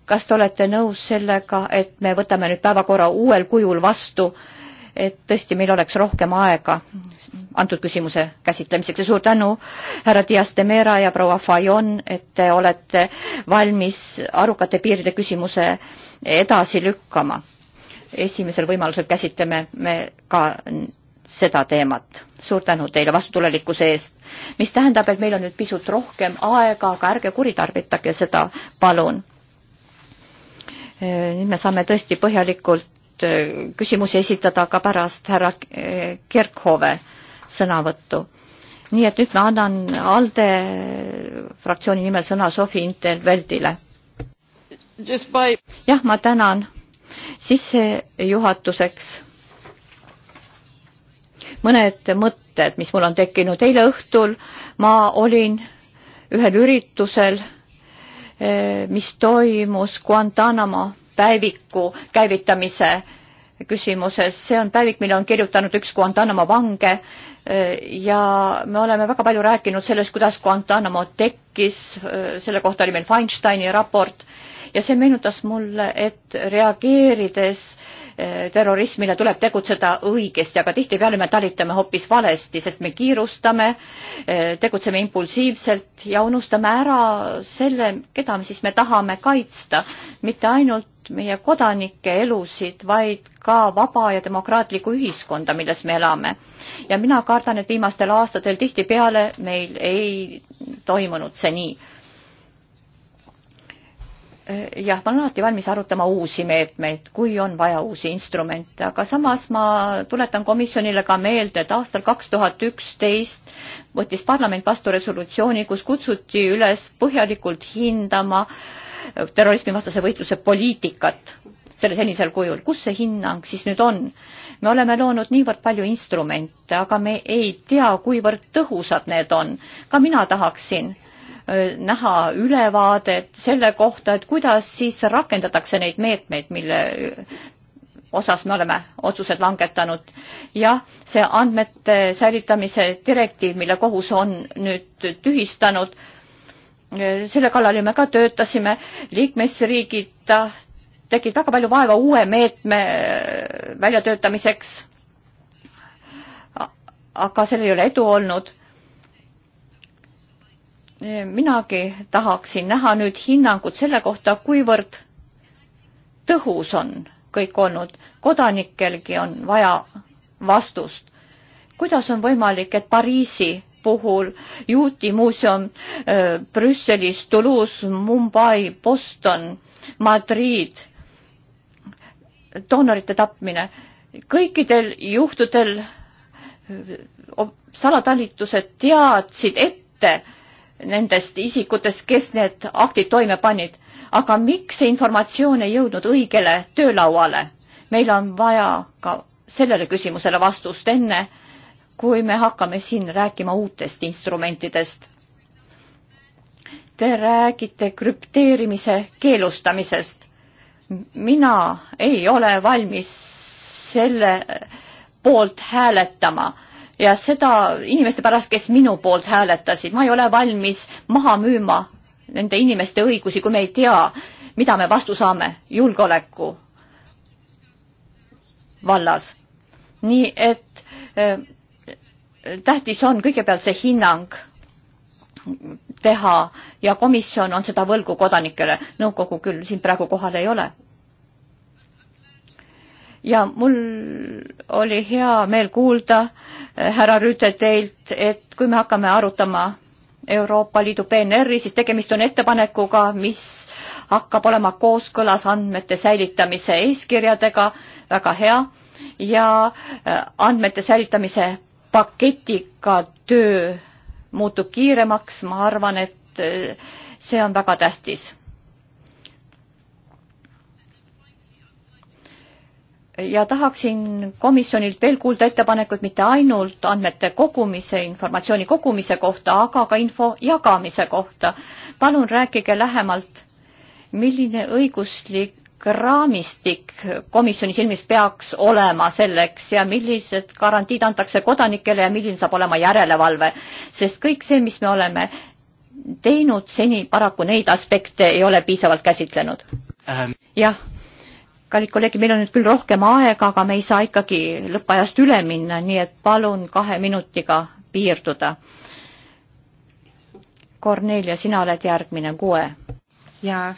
kas te olete nõus sellega, et me võtame nüüd päevakorra uuel kujul vastu, et tõesti meil oleks rohkem aega antud küsimuse käsitlemiseks ja suur tänu, härra Dias de Mera ja proua Fajon, et te olete valmis arukate piiride küsimuse edasi lükkama. esimesel võimalusel käsitleme me ka seda teemat. suur tänu teile vastutulelikkuse eest, mis tähendab, et meil on nüüd pisut rohkem aega, aga ärge kuritarvitage seda, palun. Äh, nüüd me saame tõesti põhjalikult äh, küsimusi esitada ka pärast härra äh, Kerkhove sõnavõttu. nii et nüüd ma annan ALDE fraktsiooni nimel sõna Sofi Interveldile. jah, ma tänan. sissejuhatuseks mõned mõtted, mis mul on tekkinud. eile õhtul ma olin ühel üritusel, eh, mis toimus Guantanamo päeviku käivitamise küsimuses. see on päevik, mille on kirjutanud üks Guantanamo vange eh, ja me oleme väga palju rääkinud sellest, kuidas Guantanamo tekkis, eh, selle kohta oli meil Feinsteini raport ja see meenutas mulle, et reageerides eh, terrorismile tuleb tegutseda õigesti, aga tihtipeale me talitame hoopis valesti, sest me kiirustame, eh, tegutseme impulsiivselt ja unustame ära selle, keda me siis me tahame kaitsta, mitte ainult meie kodanike elusid, vaid ka vaba ja demokraatlikku ühiskonda, milles me elame. ja mina kardan, et viimastel aastatel tihtipeale meil ei toimunud see nii jah, ma olen alati valmis arutama uusi meetmeid, kui on vaja uusi instrumente, aga samas ma tuletan komisjonile ka meelde, et aastal kaks tuhat üksteist võttis parlament vastu resolutsiooni, kus kutsuti üles põhjalikult hindama terrorismivastase võitluse poliitikat selle senisel kujul. kus see hinnang siis nüüd on? me oleme loonud niivõrd palju instrumente, aga me ei tea, kuivõrd tõhusad need on. ka mina tahaksin Äh, näha ülevaadet selle kohta, et kuidas siis rakendatakse neid meetmeid, mille äh, osas me oleme otsused langetanud. jah, see andmete säilitamise direktiiv, mille kohus on nüüd tühistanud, äh, selle kallal ju me ka töötasime, liikmesriigid tegid väga palju vaeva uue meetme väljatöötamiseks. aga sellel ei ole edu olnud minagi tahaksin näha nüüd hinnangut selle kohta, kuivõrd tõhus on kõik olnud. kodanikelgi on vaja vastust. kuidas on võimalik, et Pariisi puhul Juuti muuseum äh, Brüsselis, Toulouse, Mumbai, Boston, Madrid, doonorite tapmine, kõikidel juhtudel äh, salatalitused teadsid ette, nendest isikutest, kes need aktid toime panid. aga miks see informatsioon ei jõudnud õigele töölauale? meil on vaja ka sellele küsimusele vastust enne, kui me hakkame siin rääkima uutest instrumentidest. Te räägite krüpteerimise keelustamisest. mina ei ole valmis selle poolt hääletama ja seda inimeste pärast, kes minu poolt hääletasid. ma ei ole valmis maha müüma nende inimeste õigusi, kui me ei tea, mida me vastu saame julgeoleku vallas. nii et äh, tähtis on kõigepealt see hinnang teha ja komisjon on seda võlgu kodanikele. nõukogu küll siin praegu kohal ei ole ja mul oli hea meel kuulda eh, härra Rüütel teilt, et kui me hakkame arutama Euroopa Liidu PNR-i, siis tegemist on ettepanekuga, mis hakkab olema kooskõlas andmete säilitamise eeskirjadega, väga hea, ja eh, andmete säilitamise paketiga töö muutub kiiremaks, ma arvan, et eh, see on väga tähtis ja tahaksin komisjonilt veel kuulda ettepanekut mitte ainult andmete kogumise, informatsiooni kogumise kohta, aga ka info jagamise kohta. palun rääkige lähemalt, milline õiguslik raamistik komisjoni silmis peaks olema selleks ja millised garantiid antakse kodanikele ja milline saab olema järelevalve, sest kõik see, mis me oleme teinud seni, paraku neid aspekte ei ole piisavalt käsitlenud. Ähm. jah kallid kolleegid, meil on nüüd küll rohkem aega, aga me ei saa ikkagi lõppajast üle minna, nii et palun kahe minutiga piirduda. Kornelia, sina oled järgmine, kuue. jaa,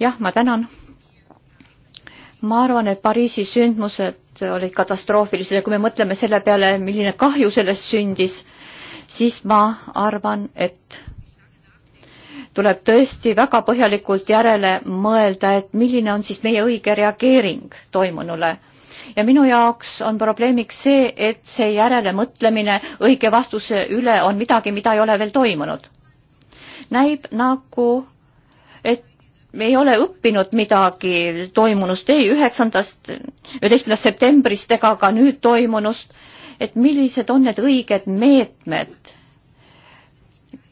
jah, ma tänan. ma arvan, et Pariisi sündmused olid katastroofilised ja kui me mõtleme selle peale, milline kahju sellest sündis, siis ma arvan, et tuleb tõesti väga põhjalikult järele mõelda, et milline on siis meie õige reageering toimunule. ja minu jaoks on probleemiks see, et see järelemõtlemine õige vastuse üle on midagi, mida ei ole veel toimunud. näib nagu, et me ei ole õppinud midagi toimunust ei üheksandast, üheteistkümnendast septembrist ega ka nüüd toimunust, et millised on need õiged meetmed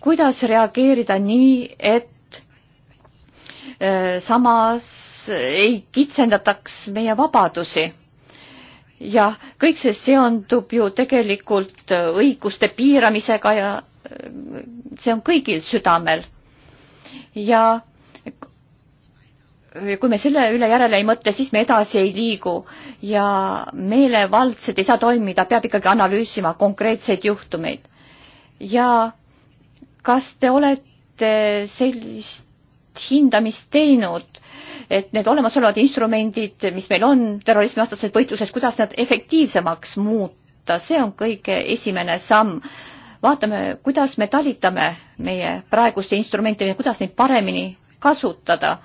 kuidas reageerida nii, et äh, samas ei kitsendataks meie vabadusi. jah, kõik see seondub ju tegelikult õiguste piiramisega ja äh, see on kõigil südamel. ja kui me selle üle järele ei mõtle, siis me edasi ei liigu ja meelevaldselt ei saa toimida, peab ikkagi analüüsima konkreetseid juhtumeid. ja kas te olete sellist hindamist teinud, et need olemasolevad instrumendid, mis meil on terrorismivastased võitlused, kuidas nad efektiivsemaks muuta, see on kõige esimene samm. vaatame, kuidas me talitame meie praeguste instrumentidega, kuidas neid paremini kasutada.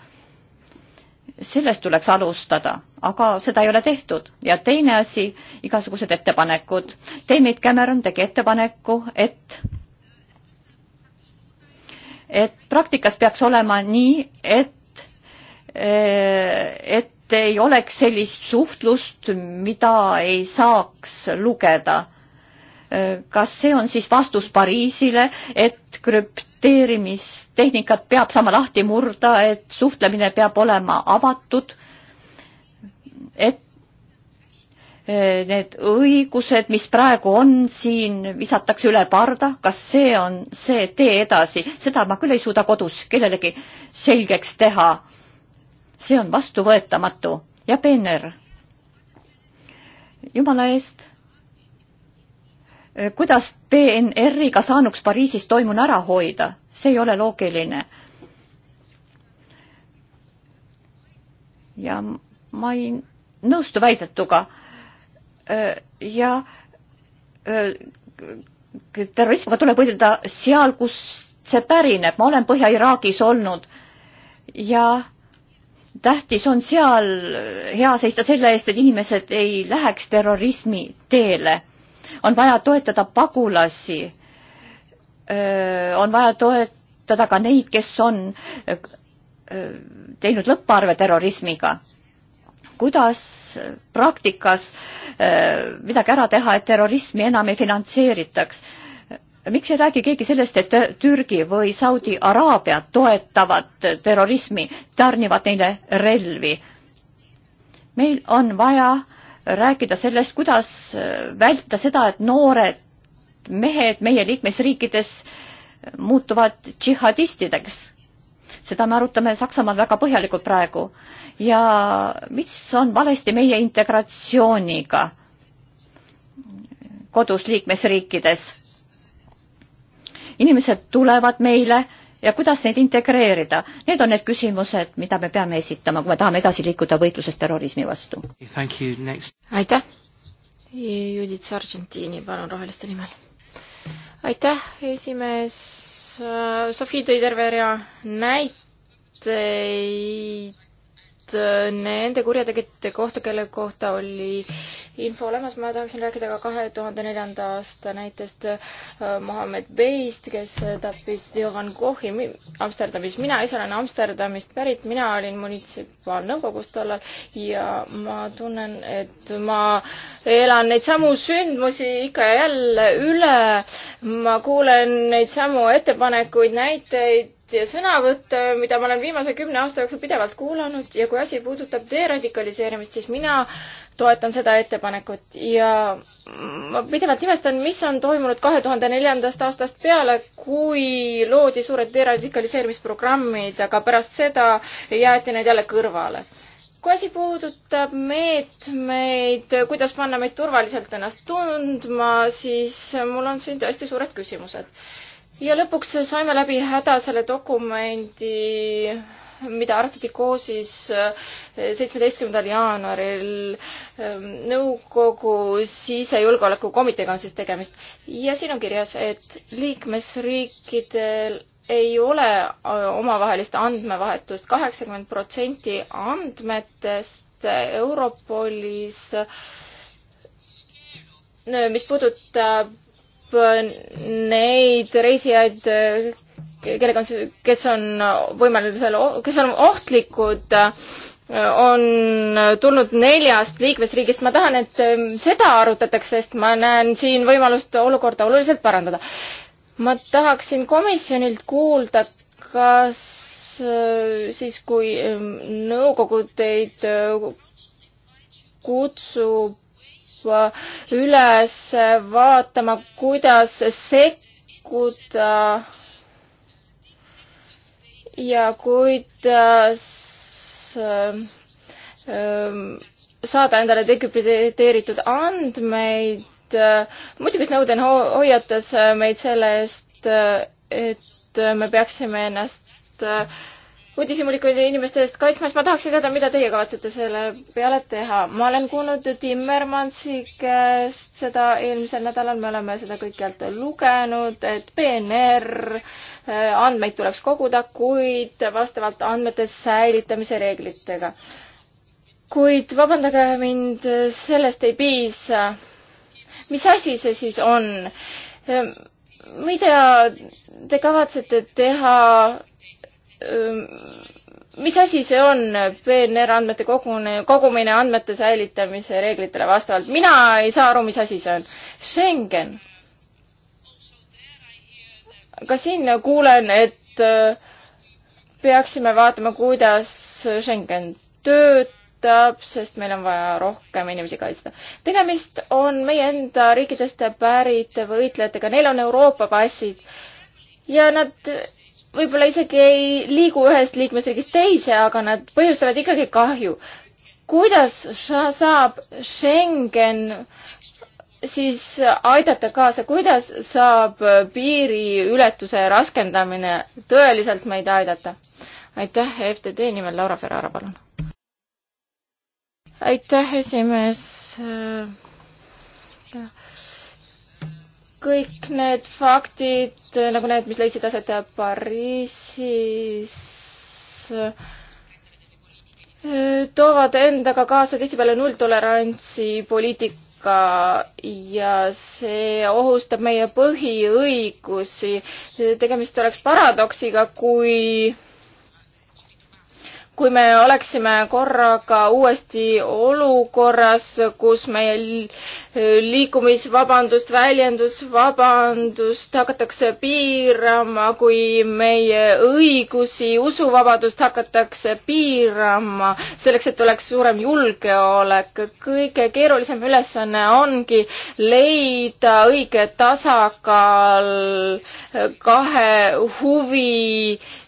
sellest tuleks alustada, aga seda ei ole tehtud. ja teine asi, igasugused ettepanekud. David Cameron tegi ettepaneku, et et praktikas peaks olema nii, et, eh, et ei oleks sellist suhtlust, mida ei saaks lugeda. Eh, kas see on siis vastus Pariisile, et krüpteerimistehnikat peab saama lahti murda, et suhtlemine peab olema avatud, et Eh, need õigused, mis praegu on siin, visatakse üle parda, kas see on see tee edasi, seda ma küll ei suuda kodus kellelegi selgeks teha. see on vastuvõetamatu ja peener. jumala eest. Eh, kuidas PNR-iga saanuks Pariisis toimunu ära hoida, see ei ole loogiline. ja ma ei nõustu väidetuga Äh, ja äh, terrorismiga tuleb võidelda seal, kus see pärineb. ma olen Põhja-Iraagis olnud ja tähtis on seal hea seista selle eest, et inimesed ei läheks terrorismi teele. on vaja toetada pagulasi. Äh, on vaja toetada ka neid, kes on teinud lõpparve terrorismiga kuidas praktikas eh, midagi ära teha, et terrorismi enam ei finantseeritaks. miks ei räägi keegi sellest, et Türgi või Saudi Araabia toetavad terrorismi, tarnivad neile relvi? meil on vaja rääkida sellest, kuidas eh, vältida seda, et noored mehed meie liikmesriikides muutuvad džihadistideks seda me arutame Saksamaal väga põhjalikult praegu. ja mis on valesti meie integratsiooniga kodus liikmesriikides? inimesed tulevad meile ja kuidas neid integreerida, need on need küsimused, mida me peame esitama, kui me tahame edasi liikuda võitluses terrorismi vastu. aitäh! Judith Sargentini, palun roheliste nimel. aitäh, esimees Äh, Sofi tõi terve rea näiteid Äh, nende kurjategijate kohta, kelle kohta oli info olemas, ma tahaksin rääkida ka kahe tuhande neljanda aasta näitest äh, Mohammed Beist, kes tappis Theo van Goghi Amsterdamis. mina ise olen Amsterdamist pärit, mina olin munitsipaalnõukogus tollal ja ma tunnen, et ma elan neid samu sündmusi ikka ja jälle üle. ma kuulen neid samu ettepanekuid, näiteid sõnavõtte, mida ma olen viimase kümne aasta jooksul pidevalt kuulanud ja kui asi puudutab deradikaliseerimist, siis mina toetan seda ettepanekut ja ma pidevalt imestan, mis on toimunud kahe tuhande neljandast aastast peale, kui loodi suured deradikaliseerimisprogrammid, aga pärast seda jäeti need jälle kõrvale kui asi puudutab meetmeid, kuidas panna meid turvaliselt ennast tundma, siis mul on siin tõesti suured küsimused ja lõpuks saime läbi häda selle dokumendi, mida arutati koos siis eh, seitsmeteistkümnendal jaanuaril ehm, nõukogu sisejulgeolekukomiteega on siis tegemist. ja siin on kirjas, et liikmesriikidel ei ole eh, omavahelist andmevahetust. kaheksakümmend protsenti andmetest Europolis, eh, mis puudutab neid reisijaid, kellega on, kes on võimalusel, kes on ohtlikud, on tulnud neljast liikmesriigist. ma tahan, et seda arutatakse, sest ma näen siin võimalust olukorda oluliselt parandada. ma tahaksin komisjonilt kuulda, kas siis, kui nõukogu teid kutsub üles vaatama, kuidas sekkuda ja kuidas ähm, ähm, saada endale dekrüpteeritud andmeid. muidugi Snowden hoiatas meid selle eest, et me peaksime ennast äh, uudishimulikku inimeste eest kaitsmas. ma tahaksin teada, mida teie kavatsete selle peale teha. ma olen kuulnud Timmermansi käest seda eelmisel nädalal, me oleme seda kõikjalt lugenud, et PNR äh, andmeid tuleks koguda, kuid vastavalt andmete säilitamise reeglitega. kuid vabandage mind, sellest ei piisa. mis asi see siis on? Äh, mida te kavatsete teha mis asi see on, PNR andmete kogune, kogumine andmete säilitamise reeglitele vastavalt? mina ei saa aru, mis asi see on. Schengen. ka siin kuulen, et peaksime vaatama, kuidas Schengen töötab, sest meil on vaja rohkem inimesi kaitsta. tegemist on meie enda riikidest pärit võitlejatega, neil on Euroopa passid ja nad võib-olla isegi ei liigu ühest liikmesriigist teise, aga nad põhjustavad ikkagi kahju. kuidas saab Schengen siis aidata kaasa, kuidas saab piiriületuse raskendamine tõeliselt meid aidata? aitäh, FTD nimel Laura Ferrara, palun. aitäh, esimees kõik need faktid, nagu need, mis leidsid aset Pariisis, toovad endaga kaasa tihtipeale nulltolerantsi poliitika ja see ohustab meie põhiõigusi. tegemist oleks paradoksiga, kui kui me oleksime korraga uuesti olukorras, kus meie liikumisvabandust, väljendusvabandust hakatakse piirama, kui meie õigusi, usuvabadust hakatakse piirama, selleks et oleks suurem julgeolek. kõige keerulisem ülesanne ongi leida õige tasakaal kahe huvi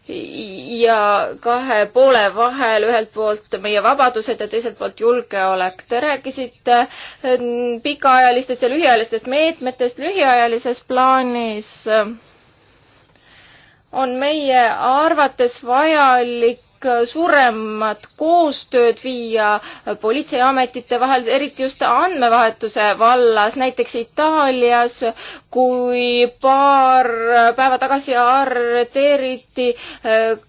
ja kahe poole vahel, ühelt poolt meie vabadused ja teiselt poolt julgeolek. Te rääkisite mm, pikaajalistest ja lühiajalistest meetmetest lühiajalises plaanis on meie arvates vajalik Äh, suuremat koostööd viia politseiametite vahel, eriti just andmevahetuse vallas, näiteks Itaalias, kui paar päeva tagasi arreteeriti äh,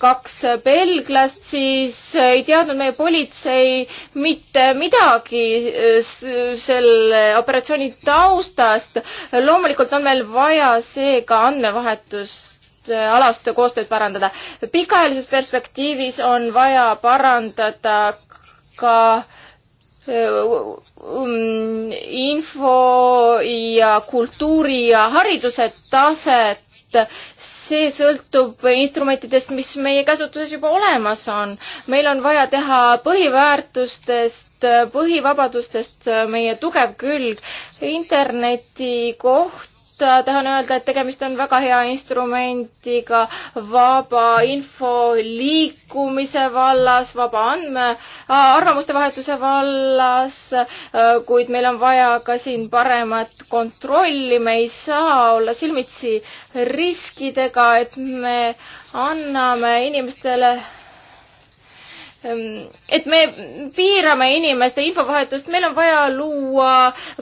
kaks belglast, siis ei teadnud meie politsei mitte midagi äh, selle operatsiooni taustast. loomulikult on meil vaja seega andmevahetust Äh, alast koostööd parandada. pikaajalises perspektiivis on vaja parandada ka äh, um, info ja kultuuri ja hariduse taset. see sõltub instrumentidest, mis meie käsutuses juba olemas on. meil on vaja teha põhiväärtustest, põhivabadustest äh, meie tugev külg. interneti koht Äh, tahan öelda, et tegemist on väga hea instrumendiga vaba info liikumise vallas, vaba andme, äh, arvamuste vahetuse vallas, äh, kuid meil on vaja ka siin paremat kontrolli, me ei saa olla silmitsi riskidega, et me anname inimestele ähm, et me piirame inimeste infovahetust, meil on vaja luua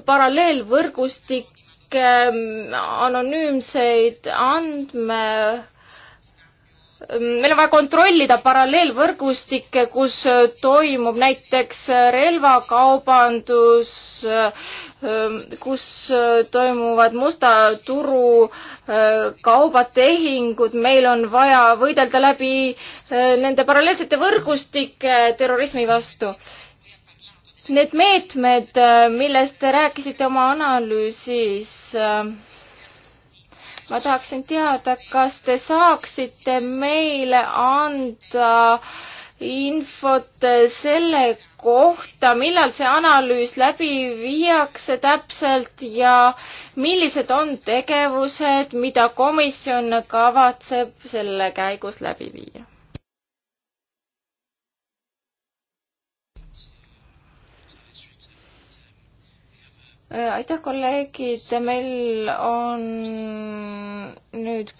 paralleelvõrgustik Ähm, anonüümseid andme ähm, meil on vaja kontrollida paralleelvõrgustikke, kus äh, toimub näiteks äh, relvakaubandus, ähm, kus äh, toimuvad musta turu kaubatehingud, meil on vaja võidelda läbi nende paralleelsete võrgustike terrorismi vastu Need meetmed, äh, millest te rääkisite oma analüüsis, äh, ma tahaksin teada, kas te saaksite meile anda infot selle kohta, millal see analüüs läbi viiakse täpselt ja millised on tegevused, mida komisjon kavatseb selle käigus läbi viia? aitäh, kolleegid, meil on nüüd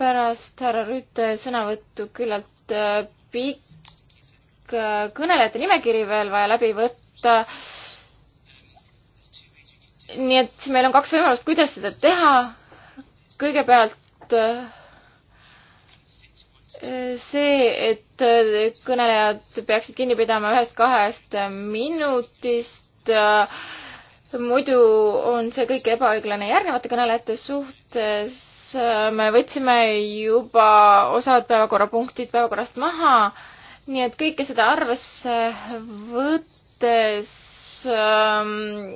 pärast härra Rüütte sõnavõttu küllalt äh, pikk äh, kõnelejate nimekiri veel vaja läbi võtta. nii et meil on kaks võimalust, kuidas seda teha. kõigepealt äh, see, et kõnelejad peaksid kinni pidama ühest-kahest minutist Äh, muidu on see kõik ebaõiglane järgnevate kõnelejate suhtes. Äh, me võtsime juba osad päevakorrapunktid päevakorrast maha, nii et kõike seda arvesse võttes ähm,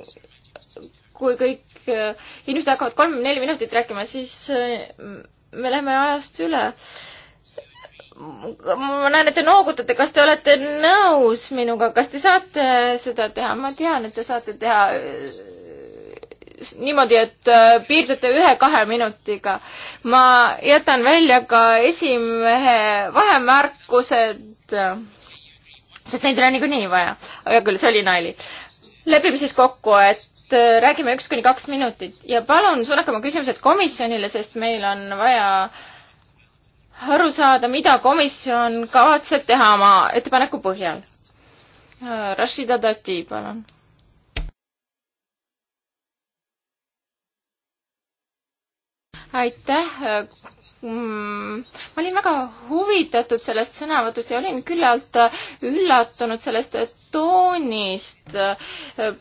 kui kõik äh, inimesed hakkavad kolm-neli minutit rääkima, siis me läheme ajast üle ma näen, et te noogutate, kas te olete nõus minuga, kas te saate seda teha? ma tean, et te saate teha äh, niimoodi, et äh, piirdute ühe-kahe minutiga. ma jätan välja ka esimehe vahemärkused, sest neid ei ole niikuinii vaja. hea küll, see oli nali. lepime siis kokku, et äh, räägime üks kuni kaks minutit ja palun suunake oma küsimused komisjonile, sest meil on vaja äh, aru saada, mida komisjon kavatseb teha oma ettepaneku põhjal. Rashida Dati, palun. aitäh. Mm, ma olin väga huvitatud sellest sõnavõtust ja olin küllalt üllatunud sellest toonist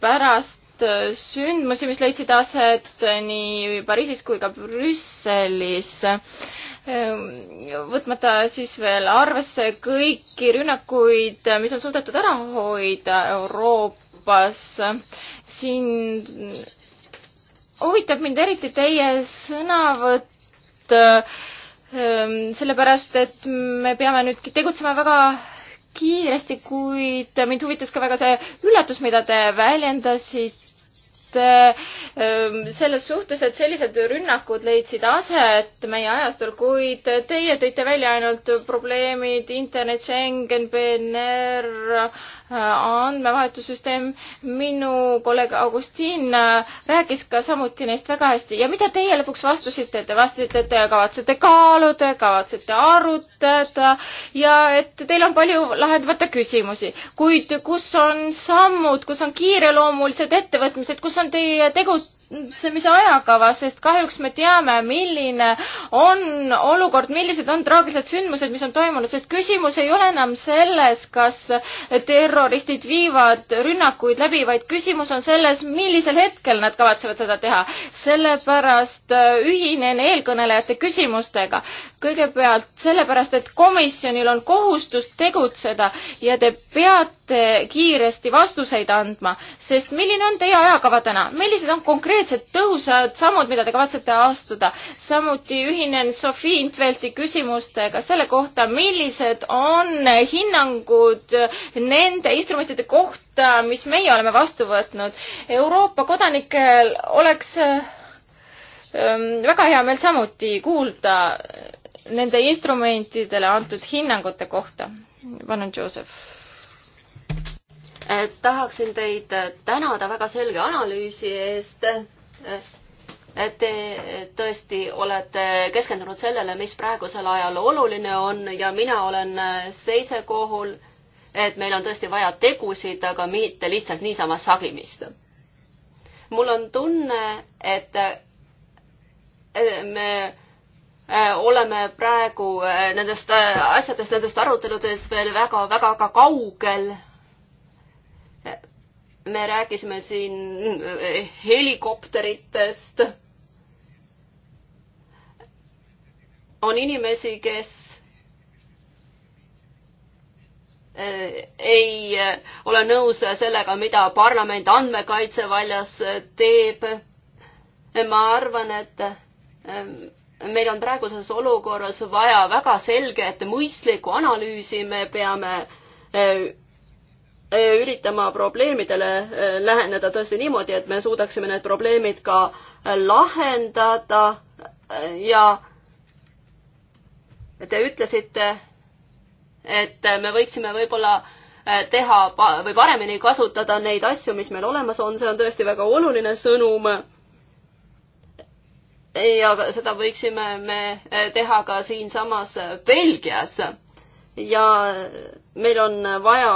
pärast sündmusi, mis leidsid aset nii Pariisis kui ka Brüsselis. Ehm, võtmata siis veel arvesse kõiki rünnakuid, mis on suudetud ära hoida Euroopas. siin huvitab mind eriti teie sõnavõtt, ehm, sellepärast et me peame nüüd tegutsema väga kiiresti, kuid mind huvitas ka väga see üllatus, mida te väljendasite Ähm, selles suhtes, et sellised rünnakud leidsid aset meie ajastul, kuid teie tõite välja ainult probleemid internet, Schengen, PNR andmevahetussüsteem. minu kolleeg Augustin äh, rääkis ka samuti neist väga hästi ja mida teie lõpuks vastasite, te vastasite, et te kavatsete kaaluda, kavatsete arutada ja et teil on palju lahendamata küsimusi, kuid kus on sammud, kus on kiireloomulised ettevõtmised, kus on teie tegud, see, mis ajakava, sest kahjuks me teame, milline on olukord, millised on traagilised sündmused, mis on toimunud, sest küsimus ei ole enam selles, kas terroristid viivad rünnakuid läbi, vaid küsimus on selles, millisel hetkel nad kavatsevad seda teha. sellepärast äh, ühinen eelkõnelejate küsimustega. kõigepealt sellepärast, et komisjonil on kohustus tegutseda ja te peate kiiresti vastuseid andma, sest milline on teie ajakava täna, millised on konkreetsed konkreetsed tõhusad sammud, mida te kavatsete astuda. samuti ühinen Sofi Intvelti küsimustega selle kohta, millised on hinnangud nende instrumentide kohta, mis meie oleme vastu võtnud. Euroopa kodanikel oleks ähm, väga hea meel samuti kuulda nende instrumentidele antud hinnangute kohta. palun, Joseph tahaksin teid tänada väga selge analüüsi eest. Te tõesti olete keskendunud sellele, mis praegusel ajal oluline on ja mina olen seisekohul, et meil on tõesti vaja tegusid, aga mitte lihtsalt niisama sagimist. mul on tunne, et me e, oleme praegu e, nendest e, asjadest, nendest aruteludest veel väga-väga ka kaugel me rääkisime siin eh, helikopteritest. on inimesi, kes eh, ei eh, ole nõus sellega, mida parlament andmekaitse väljas teeb. ma arvan, et meil on praeguses olukorras vaja väga selget mõistlikku analüüsi, me peame E, üritama probleemidele e, läheneda tõesti niimoodi, et me suudaksime need probleemid ka e, lahendada ja te ütlesite, et me võiksime võib-olla teha või paremini kasutada neid asju, mis meil olemas on, see on tõesti väga oluline sõnum. ja seda võiksime me teha ka siinsamas Belgias. ja meil on vaja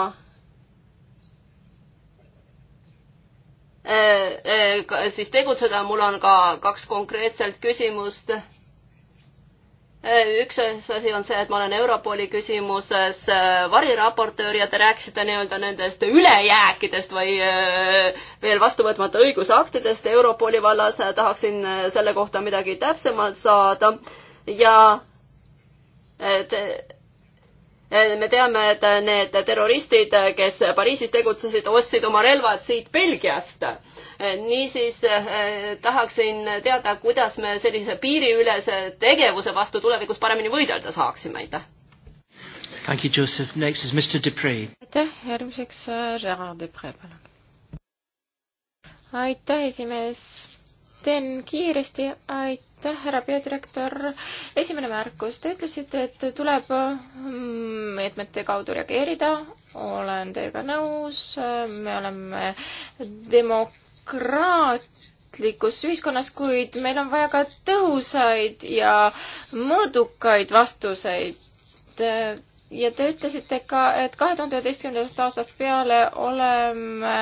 Äh, äh, siis tegutseda. mul on ka kaks konkreetselt küsimust. Äh, üks asi on see, et ma olen Europoli küsimuses variraportöör ja te rääkisite nii-öelda nendest ülejääkidest või veel vastuvõtmata õigusaktidest Europoli vallas. tahaksin selle kohta midagi täpsemalt saada ja te Eh, me teame, et need terroristid, kes Pariisis tegutsesid, ostsid oma relvad siit Belgiast. Eh, niisiis eh, tahaksin teada, kuidas me sellise piiriülese tegevuse vastu tulevikus paremini võidelda saaksime, aitäh. Thank you, Joseph. Next is Mr Dupre. aitäh, järgmiseks Gerard Dupre, palun. aitäh, esimees teen kiiresti, aitäh, härra peadirektor. esimene märkus, te ütlesite, et tuleb mm, meetmete kaudu reageerida, olen teiega nõus, me oleme demokraatlikus ühiskonnas, kuid meil on vaja ka tõhusaid ja mõõdukaid vastuseid ja te ütlesite ka, et kahe tuhande üheteistkümnendast aastast peale oleme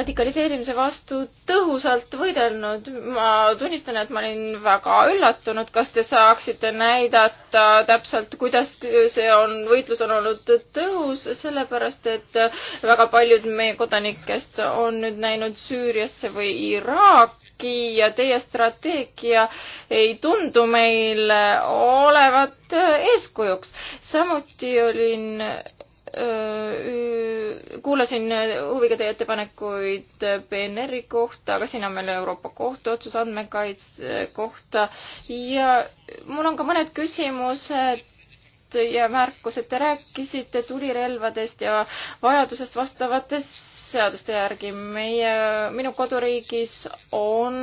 radikaliseerimise vastu tõhusalt võidelnud. ma tunnistan, et ma olin väga üllatunud. kas te saaksite näidata täpselt, kuidas see on, võitlus on olnud tõhus, sellepärast et väga paljud meie kodanikest on nüüd näinud Süüriasse või Iraaki eesmärki ja teie strateegia ei tundu meile olevat äh, eeskujuks. samuti olin äh, kuulasin äh, huviga teie ettepanekuid PNR-i kohta, aga siin on meil Euroopa Kohtu otsus andmekaitse kohta ja mul on ka mõned küsimused ja märkused. Te rääkisite tulirelvadest ja vajadusest vastavates seaduste järgi. meie, minu koduriigis on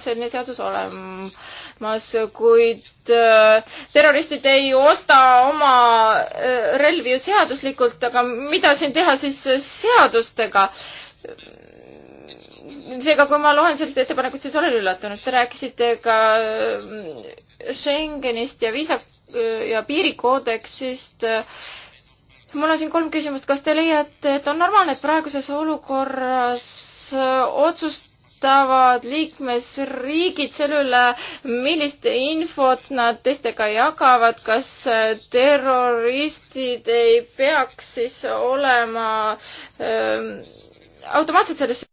selline seadus olemas, kuid äh, terroristid ei osta oma äh, relvi ju seaduslikult, aga mida siin teha siis äh, seadustega? seega, kui ma loen sellist ettepanekut, siis olen üllatunud. Te rääkisite ka Schengenist ja viisa ja piirikoodeksist äh, mul on siin kolm küsimust, kas te leiate, et on normaalne, et praeguses olukorras otsustavad liikmesriigid selle üle, millist infot nad teistega jagavad, kas terroristid ei peaks siis olema ähm, automaatselt selles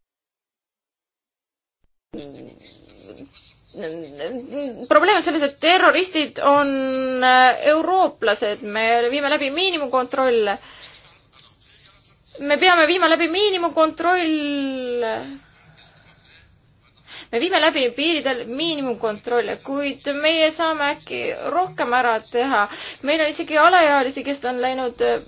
probleem on selles, et terroristid on äh, eurooplased, me viime läbi miinimumkontrolle. me peame viima läbi miinimumkontroll. me viime läbi piiridel miinimumkontrolle, kuid meie saame äkki rohkem ära teha. meil on isegi alaealisi, kes on läinud äh,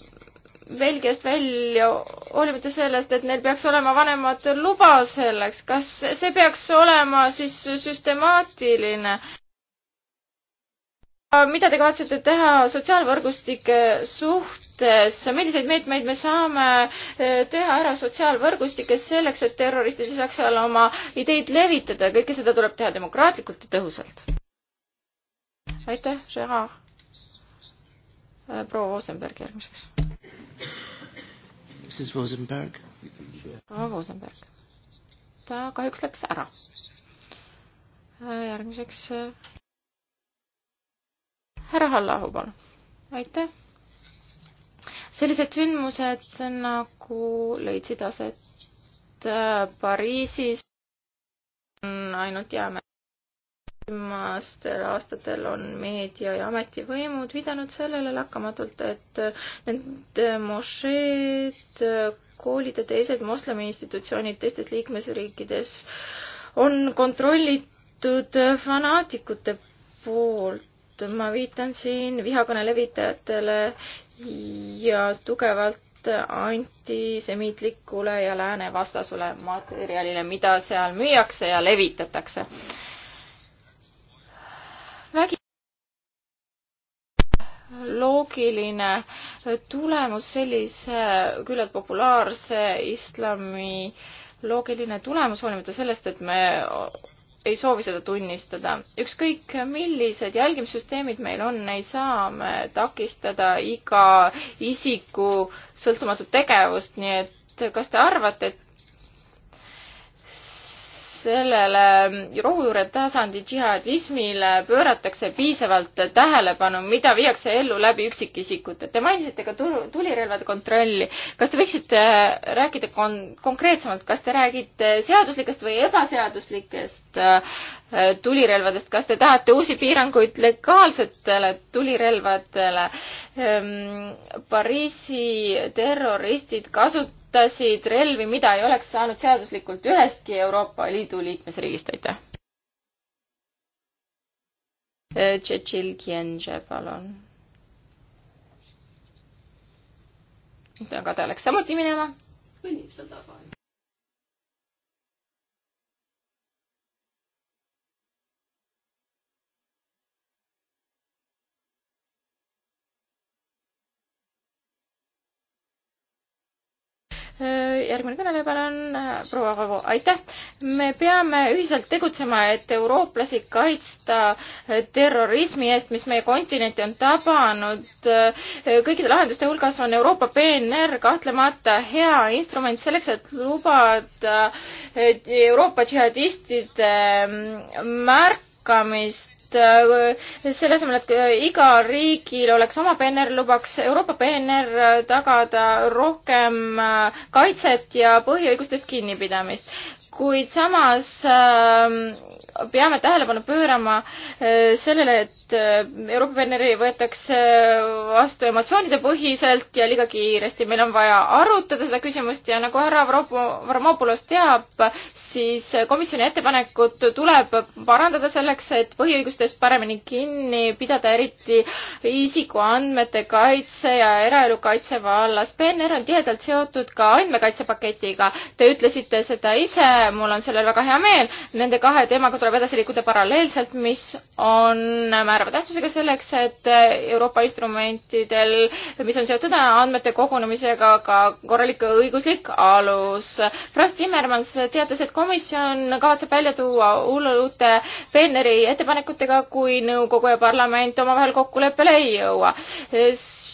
Belgiast välja, hoolimata sellest, et neil peaks olema vanemate luba selleks. kas see peaks olema siis süstemaatiline? mida te kavatsete teha sotsiaalvõrgustike suhtes, milliseid meetmeid me saame eh, teha ära sotsiaalvõrgustikes selleks, et terroristid ei saaks seal oma ideid levitada, kõike seda tuleb teha demokraatlikult ja tõhusalt. aitäh, Gerard. Äh, proua Osenberg järgmiseks Mrs Rosenberg. proua Rosenberg. ta kahjuks läks ära. järgmiseks äh, härra Hallahu, palun. aitäh. sellised sündmused nagu leidsid aset äh, Pariisis on ainult jäämäe viimastel aastatel on meedia ja ametivõimud viidanud sellele lakkamatult, et need mošeed, koolid ja teised moslemi institutsioonid teistes liikmesriikides on kontrollitud fanaatikute poolt. ma viitan siin vihakõne levitajatele ja tugevalt antisemiitlikule ja lääne vastasule materjalile, mida seal müüakse ja levitatakse loogiline tulemus sellise küllalt populaarse islami loogiline tulemus, hoolimata sellest, et me ei soovi seda tunnistada. ükskõik millised jälgimissüsteemid meil on, ei saa me takistada iga isiku sõltumatut tegevust, nii et kas te arvate, et sellele rohujuure tasandi džihadismile pööratakse piisavalt tähelepanu, mida viiakse ellu läbi üksikisikute. Te mainisite ka tulirelvade kontrolli. kas te võiksite rääkida kon-, konkreetsemalt, kas te räägite seaduslikest või ebaseaduslikest äh, tulirelvadest, kas te tahate uusi piiranguid legaalsetele tulirelvadele? Ehm, Pariisi terroristid kasutavad kasutasid relvi, mida ei oleks saanud seaduslikult ühestki Euroopa Liidu liikmesriigist, aitäh. Tšetšil Kienže, palun. aga ta läks samuti minema. kõnnib seal taga. järgmine kõneleja, palun, äh, proua Vavo, aitäh. me peame ühiselt tegutsema, et eurooplasi kaitsta äh, terrorismi eest, mis meie kontinenti on tabanud. Äh, kõikide lahenduste hulgas on Euroopa PNR kahtlemata hea instrument selleks, et lubada Euroopa džihadistide mm, märkamist selle asemel, et äh, äh, igal riigil oleks oma PNR, lubaks Euroopa PNR äh, tagada rohkem kaitset ja põhiõigustest kinnipidamist kuid samas ähm, peame tähelepanu pöörama äh, sellele, et äh, Euroopa peeneri võetakse äh, vastu emotsioonide põhiselt ja liiga kiiresti. meil on vaja arutada seda küsimust ja nagu härra Varmopolos teab, siis komisjoni ettepanekut tuleb parandada selleks, et põhiõigustest paremini kinni pidada, eriti isikuandmete kaitse ja eraelu kaitse vallas. peener on tihedalt seotud ka andmekaitsepaketiga. Te ütlesite seda ise mul on selle üle väga hea meel. Nende kahe teemaga tuleb edasi liikuda paralleelselt, mis on määrava tähtsusega selleks, et Euroopa instrumentidel, mis on seotud andmete kogunemisega, ka korralik õiguslik alus. Franz Timmermans teatas, et komisjon kavatseb välja tuua uute peeneri ettepanekutega, kui nõukogu ja parlament omavahel kokkuleppele ei jõua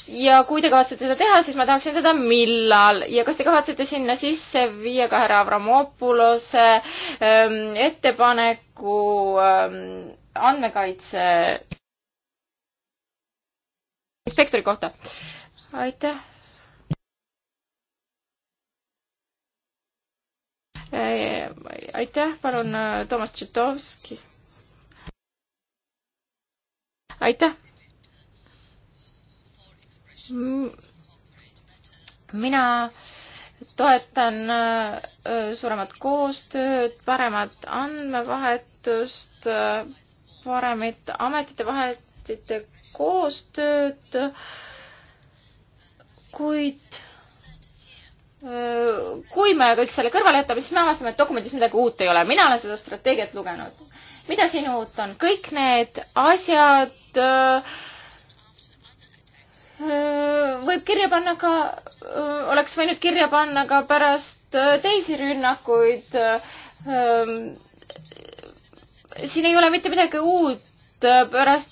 ja kui te kavatsete seda teha, siis ma tahaksin teada, millal ja kas te kavatsete sinna sisse viia ka härra Avramopulose ähm, ettepaneku ähm, andmekaitse inspektori kohta. aitäh. Äh, aitäh, palun äh, Toomas Tšetovski. aitäh mina toetan äh, suuremat koostööd, paremat andmevahetust, äh, paremat ametite vahetite koostööd, kuid äh, kui me kõik selle kõrvale jätame, siis me avastame, et dokumendis midagi uut ei ole. mina olen seda strateegiat lugenud. mida siin uut on? kõik need asjad äh, võib kirja panna ka, oleks võinud kirja panna ka pärast teisi rünnakuid. siin ei ole mitte midagi uut pärast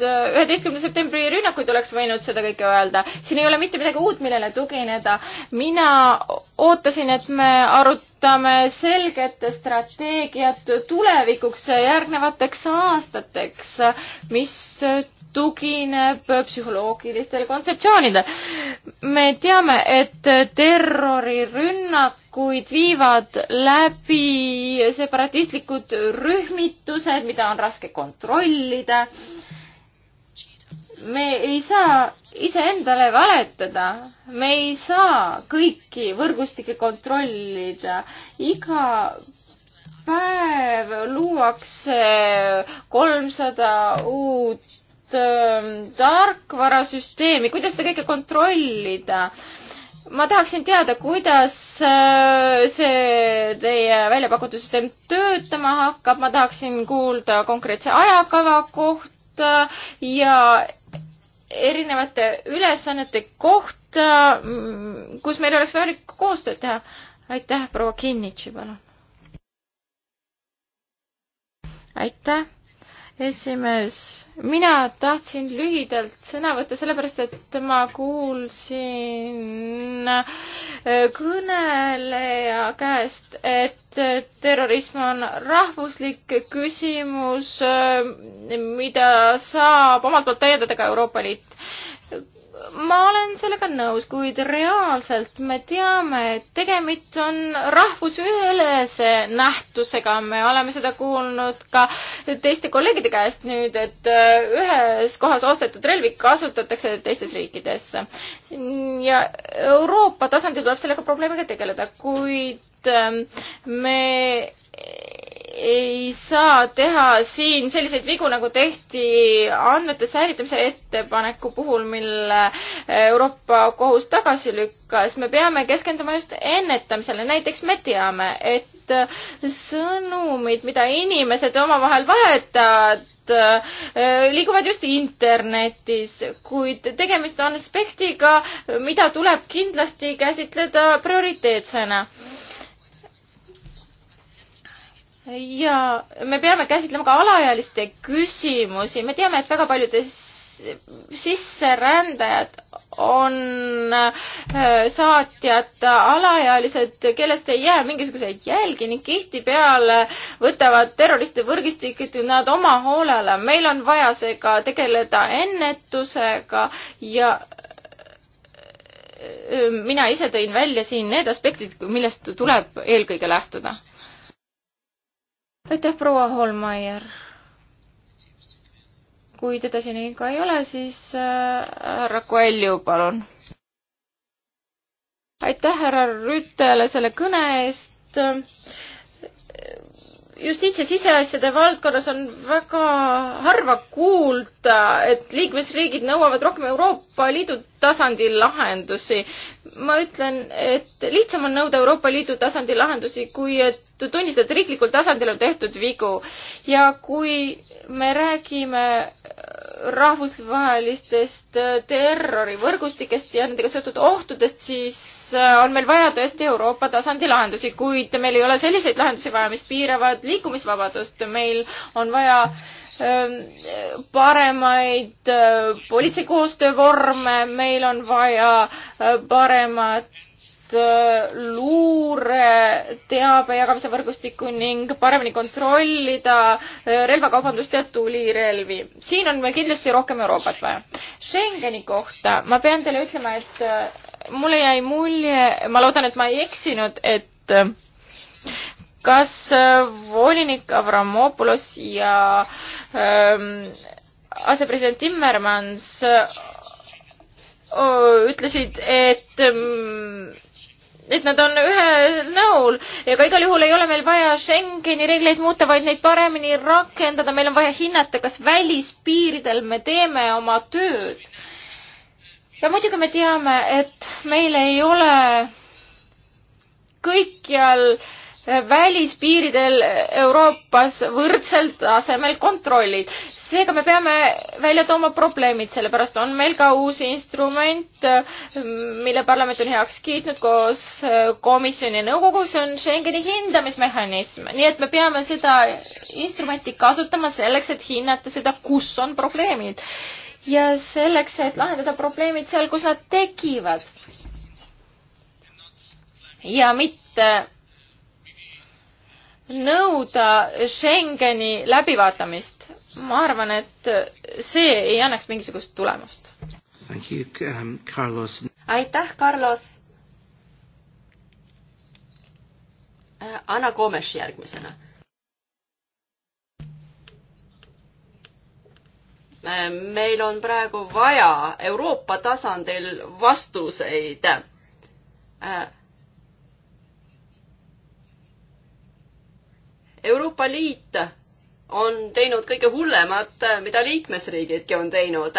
üheteistkümnenda septembri rünnakuid oleks võinud seda kõike öelda. siin ei ole mitte midagi uut, millele tugineda. mina ootasin, et me arutame selget strateegiat tulevikuks, järgnevateks aastateks, mis tugineb psühholoogilistel kontseptsioonidel. me teame, et terrorirünnakuid viivad läbi separatistlikud rühmitused, mida on raske kontrollida. me ei saa iseendale valetada, me ei saa kõiki võrgustikke kontrollida. iga päev luuakse kolmsada uut Ähm, tarkvarasüsteemi, kuidas seda kõike kontrollida? ma tahaksin teada, kuidas äh, see teie välja pakutud süsteem töötama hakkab, ma tahaksin kuulda konkreetse ajakava kohta ja erinevate ülesannete kohta, mm, kus meil oleks võimalik koostööd teha. aitäh, proua Kinnitši, palun. aitäh esimees, mina tahtsin lühidalt sõna võtta, sellepärast et ma kuulsin äh, kõneleja käest, et äh, terrorism on rahvuslik küsimus, äh, mida saab omalt poolt täiendada ka Euroopa Liit ma olen sellega nõus, kuid reaalselt me teame, et tegemist on rahvusühelese nähtusega, me oleme seda kuulnud ka teiste kolleegide käest nüüd, et äh, ühes kohas ostetud relvi kasutatakse teistes riikides. ja Euroopa tasandil tuleb sellega probleemiga tegeleda, kuid ähm, me ei saa teha siin selliseid vigu, nagu tehti andmete säilitamise ettepaneku puhul, mille Euroopa Kohus tagasi lükkas. me peame keskenduma just ennetamisele, näiteks me teame, et sõnumid, mida inimesed omavahel vahetavad, liiguvad just internetis, kuid tegemist on aspektiga, mida tuleb kindlasti käsitleda prioriteetsena ja me peame käsitlema ka alaealiste küsimusi, me teame, et väga paljudes sisserändajad on äh, saatjad alaealised, kellest ei jää mingisuguseid jälgi ning tihtipeale võtavad terroristide võrgistikud nad oma hoolele. meil on vaja seega tegeleda ennetusega ja äh, äh, mina ise tõin välja siin need aspektid, millest tuleb eelkõige lähtuda aitäh, proua Holmaier. kui teda siin ikka ei ole, siis äh, härra Koelju, palun. aitäh härra Rüütele selle kõne eest justiits- ja siseasjade valdkonnas on väga harva kuulda, et liikmesriigid nõuavad rohkem Euroopa Liidu tasandil lahendusi. ma ütlen, et lihtsam on nõuda Euroopa Liidu tasandil lahendusi, kui et tunnistada, et riiklikul tasandil on tehtud vigu. ja kui me räägime rahvusvahelistest terrorivõrgustikest ja nendega seotud ohtudest, siis on meil vaja tõesti Euroopa tasandi lahendusi, kuid meil ei ole selliseid lahendusi vaja, mis piiravad liikumisvabadust, meil on vaja ähm, paremaid äh, politsei koostöövorme, meil meil on vaja äh, paremat äh, luureteabe jagamise võrgustikku ning paremini kontrollida äh, relvakaubandust ja tulirelvi. siin on meil kindlasti rohkem Euroopat vaja. Schengeni kohta ma pean teile ütlema, et mulle jäi mulje, ma loodan, et ma ei eksinud, et kas volinik Avramopoulos ja ähm, asepresident Timmermans ütlesid, et mm, et nad on ühel nõul, aga igal juhul ei ole meil vaja Schengeni reegleid muuta, vaid neid paremini rakendada, meil on vaja hinnata, kas välispiiridel me teeme oma tööd. ja muidugi me teame, et meil ei ole kõikjal äh, välispiiridel Euroopas võrdsel tasemel kontrollid. seega me peame välja tooma probleemid, sellepärast on meil ka uus instrument, mille parlament on heaks kiitnud koos komisjoni ja nõukogu, see on Schengeni hindamismehhanism. nii et me peame seda instrumenti kasutama selleks, et hinnata seda, kus on probleemid. ja selleks, et lahendada probleemid seal, kus nad tekivad. ja mitte nõuda Schengeni läbivaatamist. ma arvan, et see ei annaks mingisugust tulemust. Um, Carlos. aitäh, Carlos. Äh, Anna Gomes järgmisena. Äh, meil on praegu vaja Euroopa tasandil vastuseid äh, Euroopa Liit on teinud kõige hullemat, mida liikmesriigidki on teinud.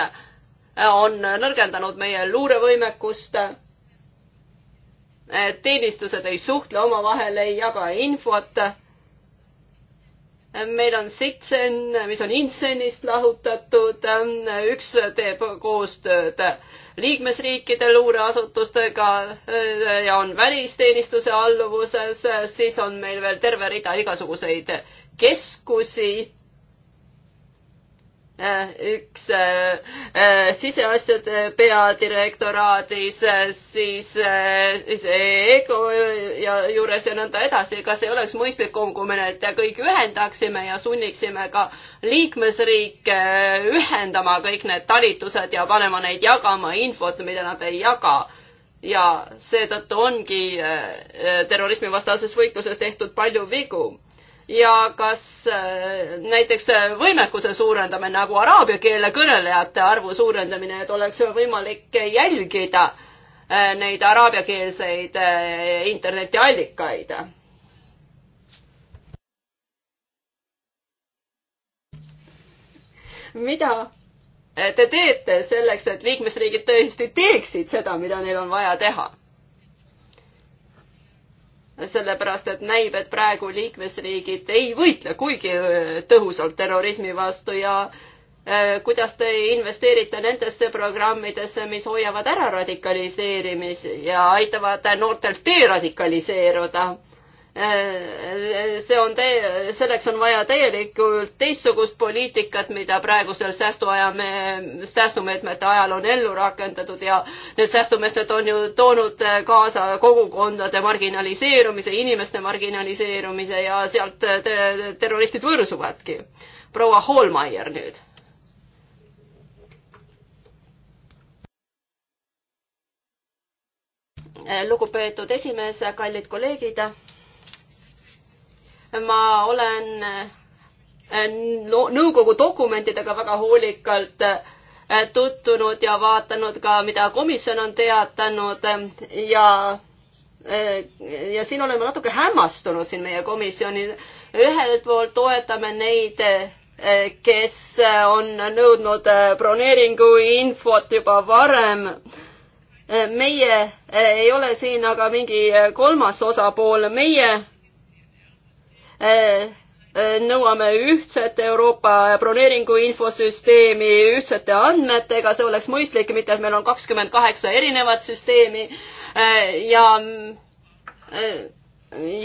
on nõrgendanud meie luurevõimekust. teenistused ei suhtle omavahel, ei jaga infot meil on Sitsen, mis on Insenist lahutatud, üks teeb koostööd liikmesriikide luureasutustega ja on välisteenistuse alluvuses, siis on meil veel terve rida igasuguseid keskusi üks äh, siseasjade peadirektoraadis, äh, siis, äh, siis EGO ja juures ja nõnda edasi, kas ei oleks mõistlikum, kui me need kõik ühendaksime ja sunniksime ka liikmesriike ühendama kõik need talitused ja panema neid jagama infot, mida nad ei jaga ja seetõttu ongi terrorismivastases võitluses tehtud palju vigu ja kas äh, näiteks äh, võimekuse suurendamine nagu araabia keele kõnelejate arvu suurendamine, et oleks võimalik jälgida äh, neid araabiakeelseid internetiallikaid. mida te teete selleks, et liikmesriigid tõesti teeksid seda, mida neil on vaja teha? sellepärast et näib, et praegu liikmesriigid ei võitle kuigi äh, tõhusalt terrorismi vastu ja äh, kuidas te investeerite nendesse programmidesse, mis hoiavad ära radikaliseerimisi ja aitavad noortel deradikaliseeruda see on tee, selleks on vaja täielikult teistsugust poliitikat, mida praegusel säästuajame, säästumeetmete ajal on ellu rakendatud ja need säästumeetmed on ju toonud kaasa kogukondade marginaliseerumise, inimeste marginaliseerumise ja sealt te terroristid võrsuvadki. proua Hallmeier nüüd lugupeetud esimees, kallid kolleegid ma olen äh, nõukogu dokumentidega väga hoolikalt äh, tutvunud ja vaatanud ka, mida komisjon on teatanud äh, ja ja siin olen ma natuke hämmastunud siin meie komisjoni. ühelt poolt toetame neid, kes on nõudnud broneeringu infot juba varem. meie ei ole siin aga mingi kolmas osapool, meie Eh, eh, nõuame ühtset Euroopa broneeringu infosüsteemi ühtsete andmetega, see oleks mõistlik, mitte et meil on kakskümmend kaheksa erinevat süsteemi eh, ja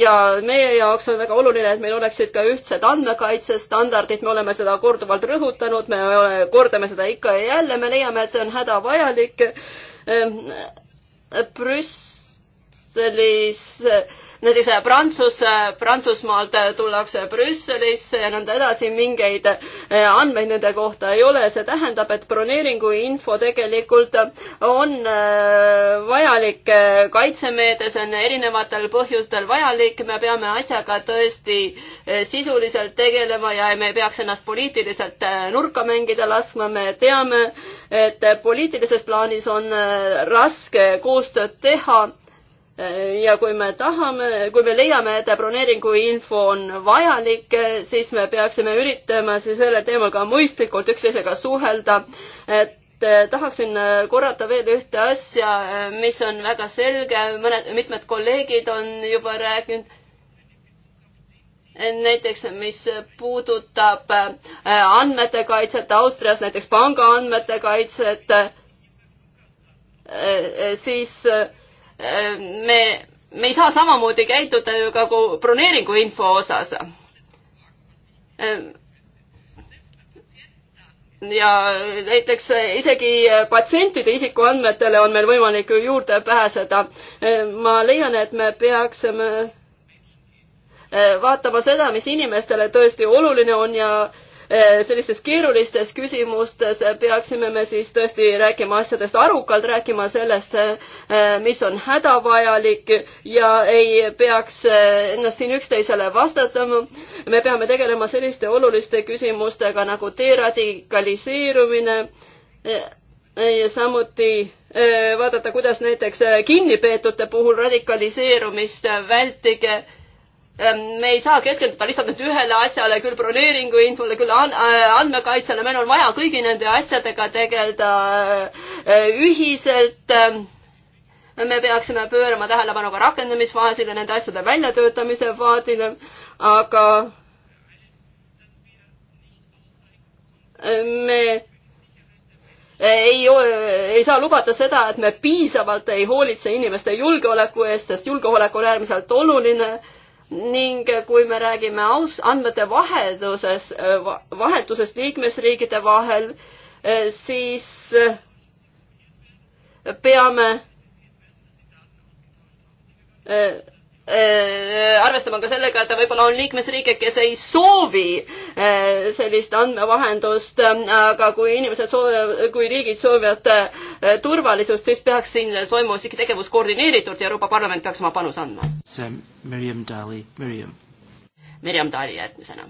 ja meie jaoks on väga oluline, et meil oleksid ka ühtsed andmekaitsestandardid, me oleme seda korduvalt rõhutanud, me ole, kordame seda ikka ja jälle, me leiame, et see on hädavajalik. Brüsselis äh, näiteks Prantsus, Prantsusmaalt tullakse Brüsselisse ja nõnda edasi, mingeid eh, andmeid nende kohta ei ole, see tähendab, et broneeringu info tegelikult on eh, vajalik eh, kaitsemeede, see on erinevatel põhjustel vajalik, me peame asjaga tõesti sisuliselt tegelema ja me ei peaks ennast poliitiliselt nurka mängida laskma, me teame, et poliitilises plaanis on raske koostööd teha ja kui me tahame, kui me leiame, et broneeringuinfo on vajalik, siis me peaksime üritama siis selle teemaga mõistlikult üksteisega suhelda. et eh, tahaksin eh, korrata veel ühte asja, eh, mis on väga selge, mõned, mitmed kolleegid on juba rääkinud näiteks mis puudutab andmete kaitset Austrias, näiteks pangaandmete kaitset, siis äh, Äh, me, me ei saa samamoodi käituda ju ka kui broneeringu info osas. Äh, ja näiteks isegi patsientide isikuandmetele on meil võimalik ju juurde pääseda. Äh, ma leian, et me peaksime vaatama seda, mis inimestele tõesti oluline on ja äh, Eh, sellistes keerulistes küsimustes eh, peaksime me siis tõesti rääkima asjadest arukalt, rääkima sellest, eh, mis on hädavajalik ja ei peaks ennast siin üksteisele vastatama. me peame tegelema selliste oluliste küsimustega nagu deradikaliseerumine ja samuti vaadata, kuidas näiteks kinnipeetute puhul radikaliseerumist vältige Ehm, me ei saa keskenduda lihtsalt nüüd ühele asjale, küll broneeringu infole, küll an-, äh, andmekaitsele, meil on vaja kõigi nende asjadega tegeleda äh, ühiselt. Ehm, me peaksime pöörama tähelepanu ka rakendamisfaasile, nende asjade väljatöötamise faadile, aga ehm, me ei, ei saa lubada seda, et me piisavalt ei hoolitse inimeste julgeoleku eest, sest julgeolek on äärmiselt oluline ning kui me räägime aus-, andmete vahelduses, vahetusest liikmesriikide vahel, eh, siis eh, peame eh, Äh, arvestama ka sellega, et võib-olla on liikmesriike, kes ei soovi äh, sellist andmevahendust, ähm, aga kui inimesed soovivad, kui riigid soovivad äh, turvalisust, siis peaks siin toimuma siiski tegevus koordineeritult ja Euroopa Parlament peaks oma panuse andma. see on Miriam Dali, Miriam. Miriam Dali järgmisena.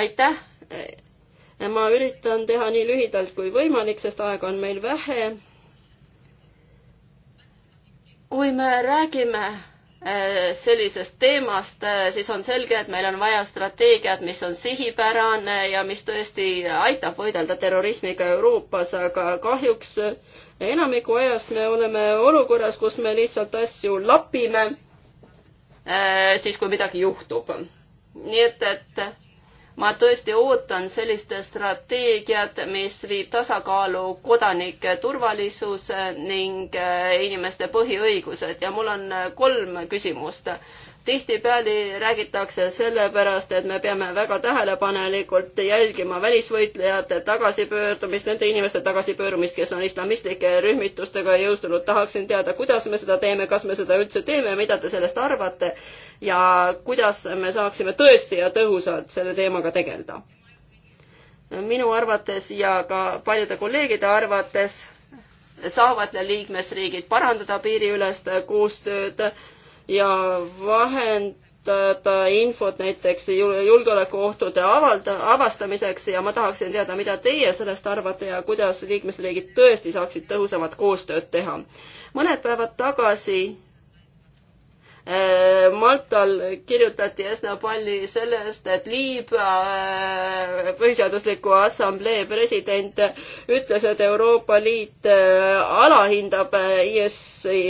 aitäh. ma üritan teha nii lühidalt kui võimalik, sest aega on meil vähe kui me räägime äh, sellisest teemast, äh, siis on selge, et meil on vaja strateegiat, mis on sihipärane ja mis tõesti aitab võidelda terrorismiga Euroopas, aga kahjuks äh, enamiku ajast me oleme olukorras, kus me lihtsalt asju lapime siis, kui midagi juhtub. nii et, et ma tõesti ootan sellist strateegiat, mis viib tasakaalu kodanike turvalisuse ning eh, inimeste põhiõigused ja mul on eh, kolm küsimust tihtipeale räägitakse sellepärast, et me peame väga tähelepanelikult jälgima välisvõitlejate tagasipöördumist, nende inimeste tagasipöördumist, kes on islamistlike rühmitustega jõustunud. tahaksin teada, kuidas me seda teeme, kas me seda üldse teeme, mida te sellest arvate ja kuidas me saaksime tõesti ja tõhusalt selle teemaga tegeleda. minu arvates ja ka paljude kolleegide arvates saavad liikmesriigid parandada piiriülest koostööd ja vahendada infot näiteks julgeolekuohtude avalda-, avastamiseks ja ma tahaksin teada, mida teie sellest arvate ja kuidas liikmesriigid tõesti saaksid tõhusamat koostööd teha. mõned päevad tagasi Äh, Maltal kirjutati üsna palju sellest, et Liibüa äh, põhiseadusliku assamblee president ütles, et Euroopa Liit äh, alahindab IS-i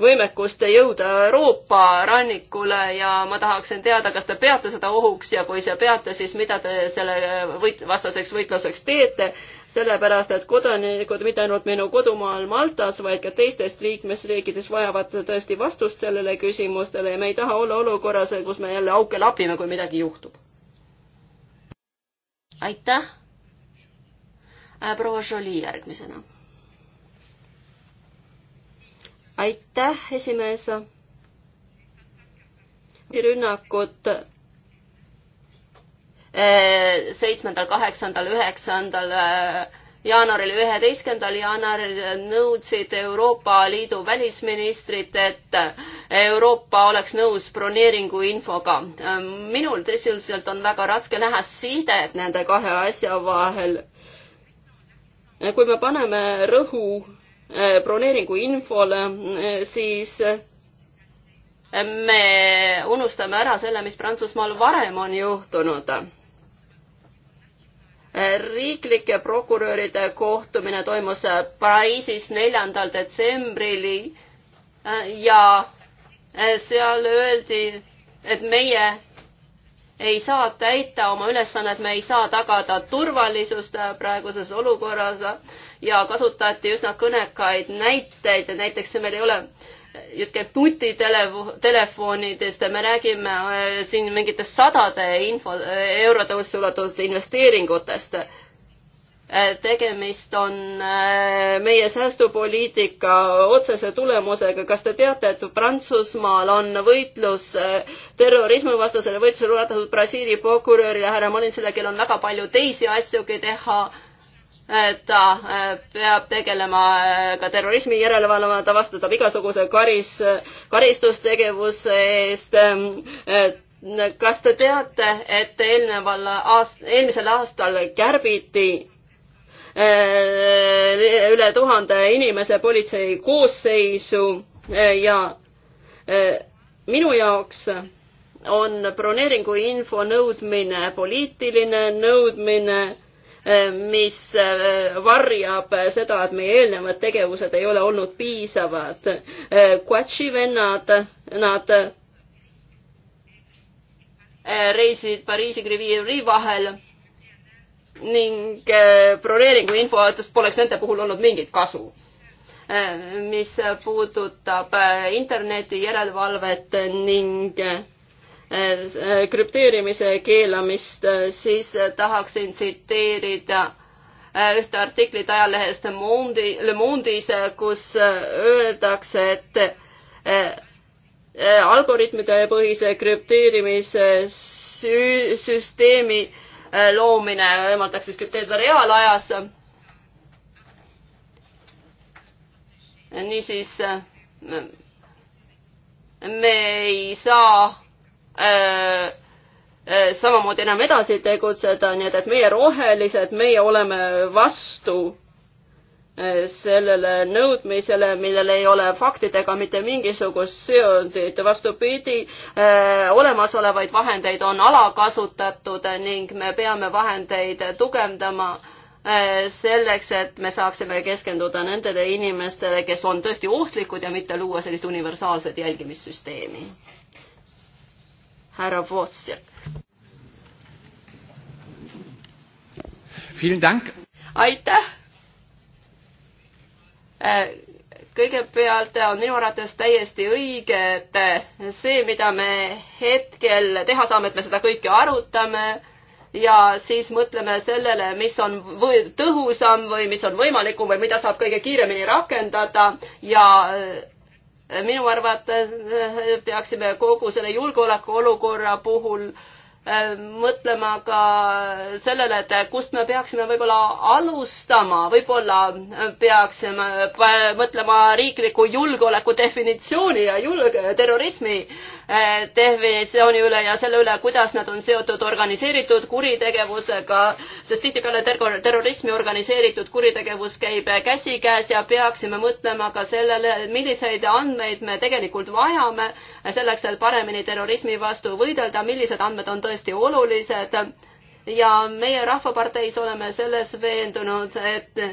võimekust jõuda Euroopa rannikule ja ma tahaksin teada, kas te peate seda ohuks ja kui see peate, siis mida te selle võit-, vastaseks võitluseks teete, sellepärast et kodanikud mitte ainult minu kodumaal Maltas, vaid ka teistes liikmesriikides vajavad tõesti vastust sellele küsimustele ja me ei taha olla olukorras, kus me jälle auke lapime, kui midagi juhtub. aitäh. proua Jolie järgmisena aitäh, esimees. rünnakud äh, seitsmendal, kaheksandal, üheksandal äh, jaanuaril, üheteistkümnendal jaanuaril nõudsid Euroopa Liidu välisministrid, et äh, Euroopa oleks nõus broneeringu infoga. minul tõsiselt on väga raske näha sidet nende kahe asja vahel. kui me paneme rõhu Äh, broneeringu infole, äh, siis äh, me unustame ära selle, mis Prantsusmaal varem on juhtunud. riiklike prokuröride kohtumine toimus Pariisis neljandal detsembril ja seal öeldi, et meie ei saa täita oma ülesannet, me ei saa tagada turvalisust äh, praeguses olukorras äh, ja kasutati üsna kõnekaid näiteid, näiteks meil ei ole jutt käib nutitelefonidest ja me räägime äh, siin mingitest sadade info, eurode ulatuses investeeringutest Eh, tegemist on eh, meie säästupoliitika otsese tulemusega. kas te teate, et Prantsusmaal on võitlus eh, terrorismivastasele võitlusele ulatatud Brasiili prokurörile härra Molinsele, kel on väga palju teisi asjugi teha ta peab tegelema ka terrorismi järelevalvama, ta vastutab igasuguse karis, karistustegevuse eest. kas te teate, et eelneval aast-, eelmisel aastal kärbiti Äh, üle tuhande inimese politsei koosseisu äh, ja äh, minu jaoks on broneeringu info nõudmine poliitiline nõudmine, mis varjab seda, et meie eelnevad tegevused ei ole olnud piisavad. Quatši vennad, nad reisid Pariisi Grivieri vahel ning äh, broneeringu infoajatust poleks nende puhul olnud mingit kasu. Äh, mis puudutab äh, interneti järelevalvet ning krüpteerimise keelamist, siis tahaksin tsiteerida ühte artiklit ajalehest Le Monde'is, kus öeldakse, et algoritmide põhise krüpteerimise süsteemi Äh, loomine võimaldaks siis krüpteerida reaalajas. niisiis äh, me ei saa äh, äh, samamoodi enam edasi tegutseda, nii et, et meie rohelised, meie oleme vastu sellele nõudmisele, millel ei ole faktidega mitte mingisugust seondit. vastupidi, äh, olemasolevaid vahendeid on alakasutatud ning me peame vahendeid tugevdama äh, selleks, et me saaksime keskenduda nendele inimestele, kes on tõesti ohtlikud ja mitte luua sellist universaalset jälgimissüsteemi. härra Voss. aitäh kõigepealt on minu arvates täiesti õige, et see, mida me hetkel teha saame, et me seda kõike arutame ja siis mõtleme sellele, mis on või tõhusam või mis on võimalikum või mida saab kõige kiiremini rakendada ja äh, minu arvates äh, peaksime kogu selle julgeolekuolukorra puhul äh, Äh, mõtlema ka sellele, et kust me peaksime võib-olla alustama, võib-olla äh, peaksime äh, mõtlema riikliku julgeoleku definitsiooni ja julge-, terrorismi Eh, definitsiooni üle ja selle üle, kuidas nad on seotud organiseeritud kuritegevusega, sest tihtipeale terror, terrorismi organiseeritud kuritegevus käib käsikäes ja peaksime mõtlema ka sellele, milliseid andmeid me tegelikult vajame selleks, et paremini terrorismi vastu võidelda, millised andmed on tõesti olulised ja meie Rahvaparteis oleme selles veendunud, et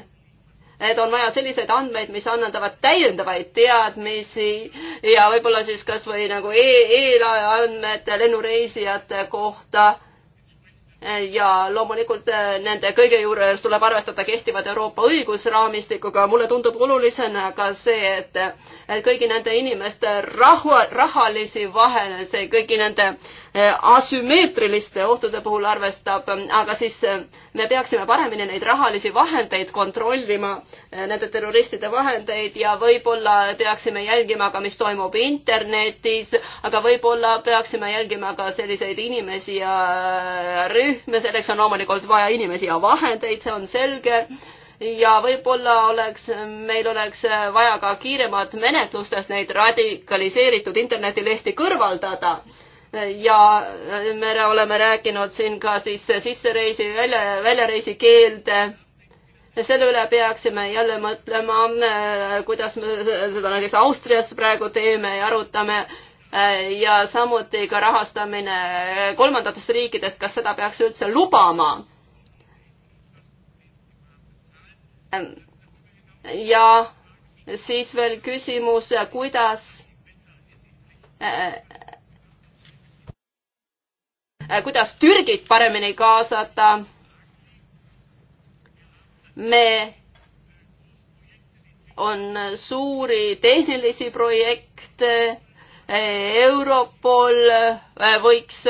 et on vaja selliseid andmeid, mis annavad täiendavaid teadmisi ja võib-olla siis kas või nagu eelandmed e lennureisijate kohta ja loomulikult eh, nende kõige juures tuleb arvestada kehtivat Euroopa õigusraamistikuga. mulle tundub olulisena ka see, et, et kõigi nende inimeste rahu, rahalisi vahendeid, see kõigi nende asümmeetriliste ohtude puhul arvestab, aga siis eh, me peaksime paremini neid rahalisi vahendeid kontrollima, eh, nende terroristide vahendeid ja võib-olla peaksime jälgima ka, mis toimub internetis, aga võib-olla peaksime jälgima ka selliseid inimesi ja eh, rühme, selleks on loomulikult vaja inimesi ja vahendeid, see on selge ja võib-olla oleks, meil oleks vaja ka kiiremat menetlustest neid radikaliseeritud internetilehti kõrvaldada ja äh, me oleme rääkinud siin ka siis sissereisi, välja, väljareisi keelde. selle üle peaksime jälle mõtlema, äh, kuidas me seda näiteks Austrias praegu teeme ja arutame äh, ja samuti ka rahastamine kolmandatest riikidest, kas seda peaks üldse lubama? ja siis veel küsimus, kuidas Äh, kuidas Türgit paremini kaasata. me, on suuri tehnilisi projekte, äh, Europol äh, võiks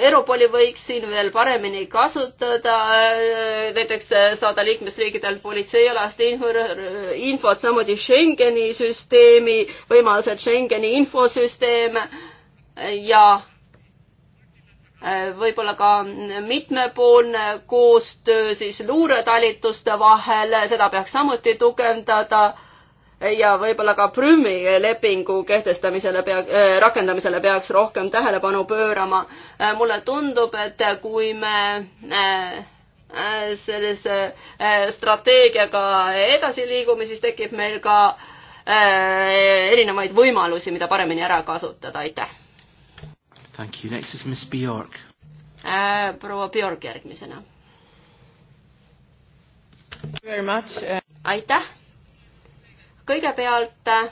Europoli võiks siin veel paremini kasutada, näiteks saada liikmesriikidelt politseialast infot, samuti Schengeni süsteemi, võimalused Schengeni infosüsteem ja võib-olla ka mitmepoolne koostöö siis luuretalituste vahel, seda peaks samuti tugevdada ja võib-olla ka Prümi lepingu kehtestamisele pea, äh, rakendamisele peaks rohkem tähelepanu pöörama. Äh, mulle tundub, et kui me äh, sellise strateegiaga edasi liigume, siis tekib meil ka erinevaid võimalusi, mida paremini ära kasutada, aitäh! Thank you. Next is Miss Bjork äh,. proua Bjork järgmisena. Very much uh.... aitäh. kõigepealt äh,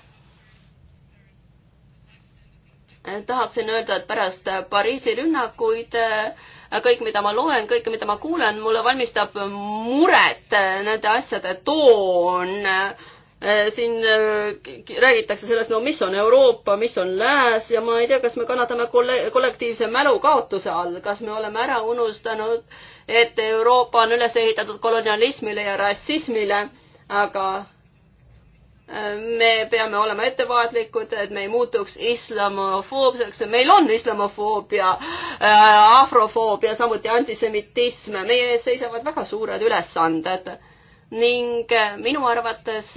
tahaksin öelda, et pärast Pariisi rünnakuid äh, kõik, mida ma loen, kõike, mida ma kuulen, mulle valmistab muret äh, nende asjade toon äh, Eh, siin eh, räägitakse sellest, no mis on Euroopa, mis on lääs ja ma ei tea, kas me kannatame kolle-, kollektiivse mälu kaotuse all, kas me oleme ära unustanud, et Euroopa on üles ehitatud kolonialismile ja rassismile, aga eh, me peame olema ettevaatlikud, et me ei muutuks islamofoobseks, meil on islamofoobia, afrofoobia, samuti antisemitism, meie ees seisavad väga suured ülesanded ning minu arvates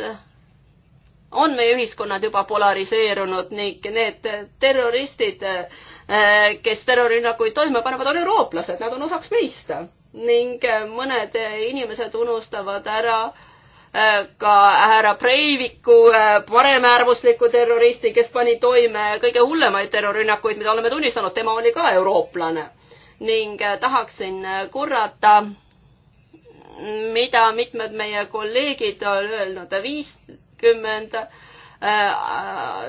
on meie ühiskonnad juba polariseerunud ning need terroristid, eh, kes terrorirünnakuid toime panevad, on eurooplased, nad on osaks meist ning eh, mõned inimesed unustavad ära eh, ka härra Breiviku paremäärmusliku terroristi, kes pani toime kõige hullemaid terrorirünnakuid, mida oleme tunnistanud, tema oli ka eurooplane. ning tahaksin korrata, mida mitmed meie kolleegid on öelnud, viis kakskümmend. Äh,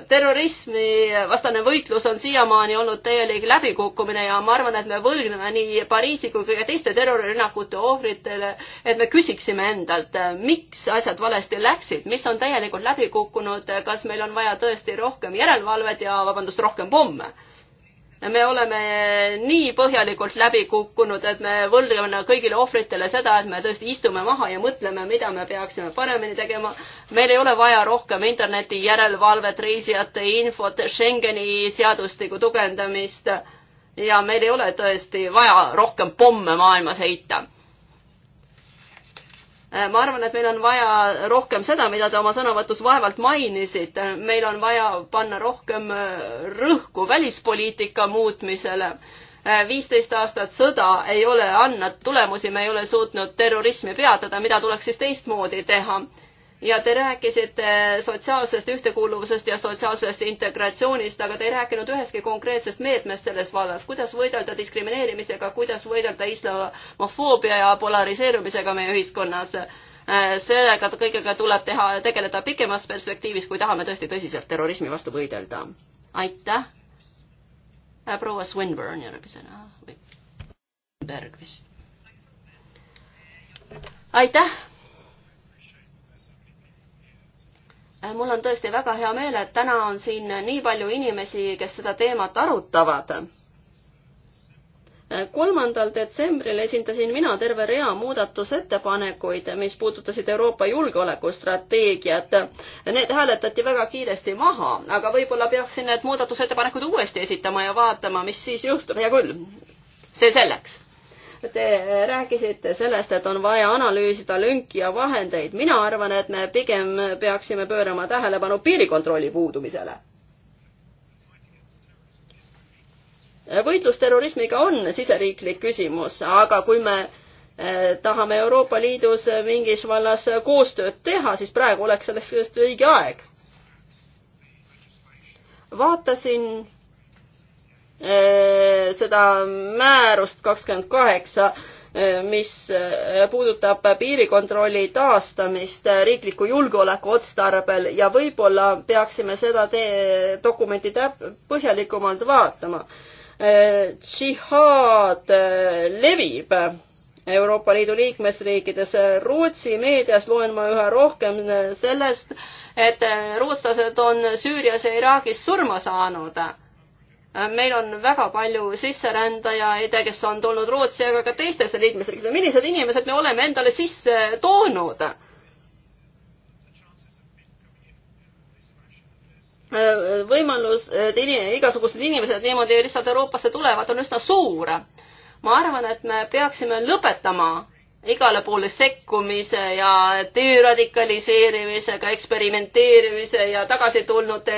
terrorismi vastane võitlus on siiamaani olnud täielik läbikukkumine ja ma arvan, et me võlgneme nii Pariisi kui kõige teiste terrorirünnakute ohvritele, et me küsiksime endalt, miks asjad valesti läksid, mis on täielikult läbi kukkunud, kas meil on vaja tõesti rohkem järelevalvet ja vabandust, rohkem pomme me oleme nii põhjalikult läbi kukkunud, et me võlgame kõigile ohvritele seda, et me tõesti istume maha ja mõtleme, mida me peaksime paremini tegema. meil ei ole vaja rohkem interneti järelevalvet, reisijate infot, Schengeni seadustiku tugevdamist ja meil ei ole tõesti vaja rohkem pomme maailmas heita Äh, ma arvan, et meil on vaja rohkem seda, mida te oma sõnavõtus vaevalt mainisite, meil on vaja panna rohkem äh, rõhku välispoliitika muutmisele. Äh, viisteist aastat sõda ei ole andnud tulemusi, me ei ole suutnud terrorismi peatada, mida tuleks siis teistmoodi teha ja te rääkisite sotsiaalsest ühtekuuluvusest ja sotsiaalsest integratsioonist, aga te ei rääkinud ühestki konkreetsest meetmest selles vallas, kuidas võidelda diskrimineerimisega, kuidas võidelda islamofoobia ja polariseerumisega meie ühiskonnas. sellega kõigega tuleb teha, tegeleda pikemas perspektiivis, kui tahame tõesti tõsiselt terrorismi vastu võidelda. aitäh. proua Swinburne järgmisena või Berg vist. aitäh mul on tõesti väga hea meel, et täna on siin nii palju inimesi, kes seda teemat arutavad. kolmandal detsembril esindasin mina terve rea muudatusettepanekuid, mis puudutasid Euroopa julgeolekustrateegiat. Need hääletati väga kiiresti maha, aga võib-olla peaksin need muudatusettepanekud uuesti esitama ja vaatama, mis siis juhtub, hea küll, see selleks Te rääkisite sellest, et on vaja analüüsida lünki ja vahendeid. mina arvan, et me pigem peaksime pöörama tähelepanu piirikontrolli puudumisele võitlus terrorismiga on siseriiklik küsimus, aga kui me eh, tahame Euroopa Liidus mingis vallas koostööd teha, siis praegu oleks selleks tõesti õige aeg. vaatasin Eh, seda määrust kakskümmend kaheksa, eh, mis eh, puudutab piirikontrolli taastamist riikliku julgeoleku otstarbel ja võib-olla peaksime seda dokumenti põhjalikumalt vaatama. džihaad levib Euroopa Liidu liikmesriikides. Rootsi meedias loen ma üha rohkem sellest, et rootslased on Süürias ja Iraagis surma saanud Äh, meil on väga palju sisserändajaid, kes on tulnud Rootsi, aga ka teistesse liikmesriikidesse. millised inimesed me oleme endale sisse toonud? Äh, võimalus, et ini-, igasugused inimesed niimoodi lihtsalt Euroopasse tulevad, on üsna suur. ma arvan, et me peaksime lõpetama igale poole sekkumise ja deradikaliseerimisega, eksperimenteerimise ja tagasitulnute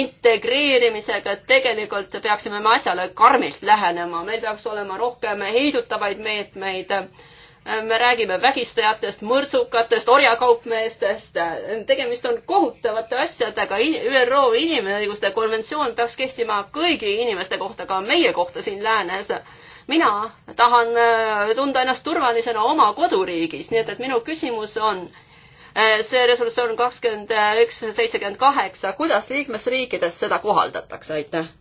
integreerimisega, et tegelikult peaksime me asjale karmilt lähenema, meil peaks olema rohkem heidutavaid meetmeid. me räägime vägistajatest, mõrtsukatest, orjakaupmeestest, tegemist on kohutavate asjadega, ÜRO inimõiguste konventsioon peaks kehtima kõigi inimeste kohta, ka meie kohta siin läänes mina tahan äh, tunda ennast turvalisena oma koduriigis, nii et, et minu küsimus on, äh, see resolutsioon kakskümmend üks seitsekümmend kaheksa, kuidas liikmesriikides seda kohaldatakse, aitäh?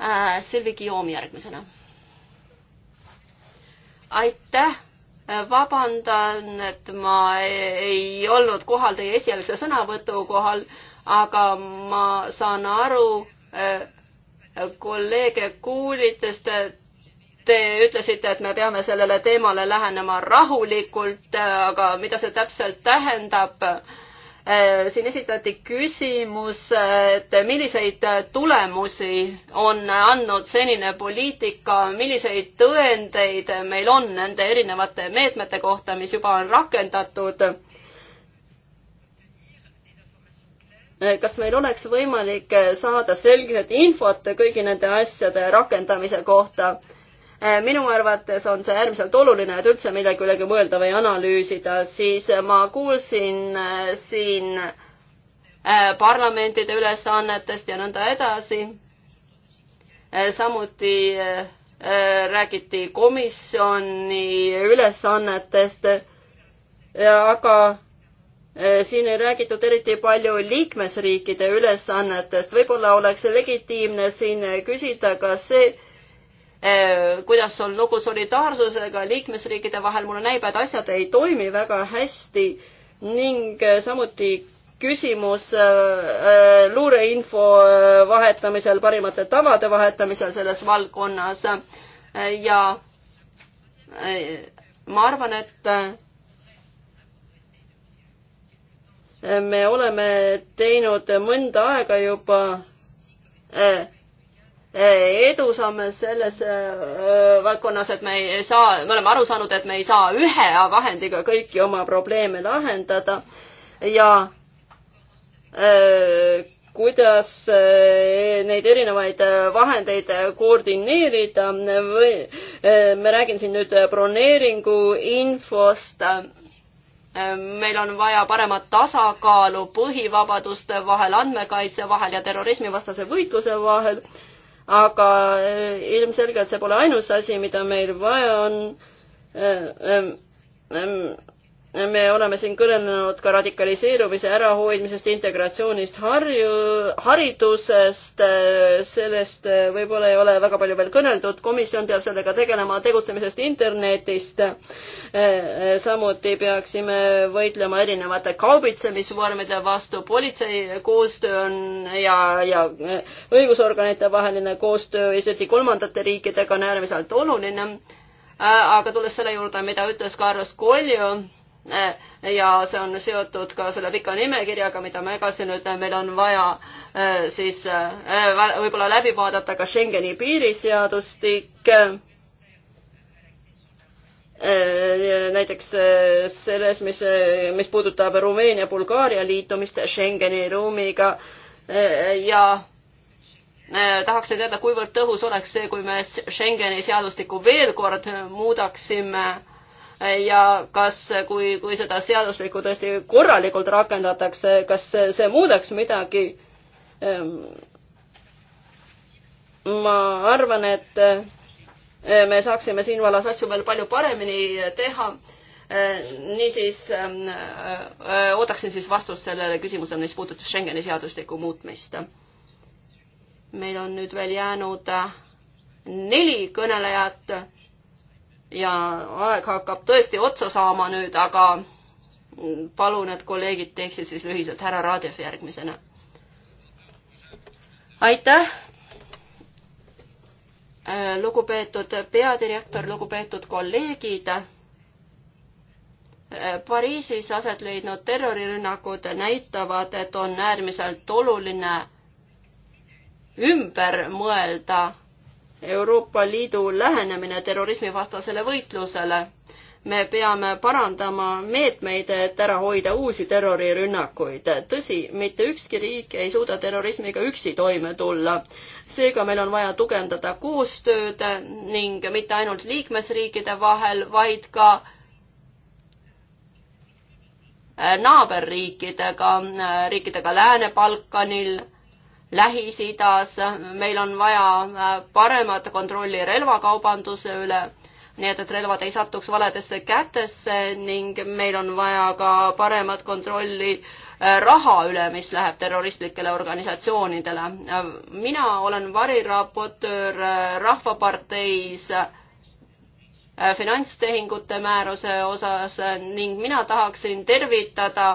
Äh, Silvi Kiom järgmisena. aitäh, vabandan, et ma ei olnud kohal teie esialgse sõnavõtu kohal, aga ma saan aru, kolleege kuulites te, te ütlesite, et me peame sellele teemale lähenema rahulikult, aga mida see täpselt tähendab? siin esitati küsimus, et milliseid tulemusi on andnud senine poliitika, milliseid tõendeid meil on nende erinevate meetmete kohta, mis juba on rakendatud Eh, kas meil oleks võimalik eh, saada selget infot kõigi nende asjade rakendamise kohta? Eh, minu arvates on see äärmiselt oluline, et üldse millegi üle mõelda või analüüsida, siis ma kuulsin siin parlamentide ülesannetest ja nõnda edasi. samuti räägiti komisjoni ülesannetest, aga Äh, siin ei räägitud eriti palju liikmesriikide ülesannetest, võib-olla oleks legitiimne siin küsida ka see, äh, kuidas on lugu solidaarsusega liikmesriikide vahel, mulle näib, et asjad ei toimi väga hästi ning äh, samuti küsimus luureinfo vahetamisel, parimate tavade vahetamisel selles valdkonnas ja ma arvan, et me oleme teinud mõnda aega juba äh, äh, edusamme selles äh, valdkonnas, et me ei saa, me oleme aru saanud, et me ei saa ühe vahendiga kõiki oma probleeme lahendada ja kuidas neid erinevaid vahendeid koordineerida või me räägin siin nüüd broneeringu infost Ehm, meil on vaja paremat tasakaalu põhivabaduste vahel, andmekaitse vahel ja terrorismivastase võitluse vahel. aga eh, ilmselgelt see pole ainus asi, mida meil vaja on ehm, ehm, me oleme siin kõnelenud ka radikaliseerumise ärahoidmisest, integratsioonist, harju, haridusest, sellest võib-olla ei ole väga palju veel kõneldud, komisjon peab sellega tegelema, tegutsemisest internetist. samuti peaksime võitlema erinevate kaubitsemisvormide vastu, politsei koostöö on ja, ja õigusorganite vaheline koostöö, isegi kolmandate riikidega on äärmiselt oluline aga tulles selle juurde, mida ütles Carlos Coelho, Eh, ja see on seotud ka selle pika nimekirjaga, mida ma edasi nüüd, meil on vaja eh, siis eh, võib-olla läbi vaadata ka Schengeni piiriseadustik. näiteks selles, mis, mis puudutab Rumeenia-Bulgaaria liitumist Schengeni ruumiga ja tahaksin teada, kuivõrd tõhus oleks see, kui me Schengeni seadustikku veel kord muudaksime ja kas, kui, kui seda seaduslikku tõesti korralikult rakendatakse, kas see muudaks midagi? Ehm, ma arvan, et eh, me saaksime siin vallas asju veel palju paremini teha. Eh, niisiis ehm, eh, ootaksin siis vastust sellele küsimusele, mis puudutab Schengeni seadustiku muutmist. meil on nüüd veel jäänud neli kõnelejat ja aeg hakkab tõesti otsa saama nüüd, aga palun, et kolleegid teeksid siis lühiselt härra Raadev järgmisena. aitäh, äh, lugupeetud peadirektor, lugupeetud kolleegid. Äh, Pariisis aset leidnud terrorirünnakud näitavad, et on äärmiselt oluline ümber mõelda Euroopa Liidu lähenemine terrorismivastasele võitlusele. me peame parandama meetmeid, et ära hoida uusi terrorirünnakuid. tõsi, mitte ükski riik ei suuda terrorismiga üksi toime tulla. seega meil on vaja tugevdada koostööd ning mitte ainult liikmesriikide vahel, vaid ka naaberriikidega, riikidega Lääne-Balkanil Lähis-Idas, meil on vaja äh, paremat kontrolli relvakaubanduse üle, nii et, et relvad ei satuks valedesse kätesse ning meil on vaja ka paremat kontrolli äh, raha üle, mis läheb terroristlikele organisatsioonidele. Äh, mina olen variraportöör Rahvaparteis finantstehingute määruse osas ning mina tahaksin tervitada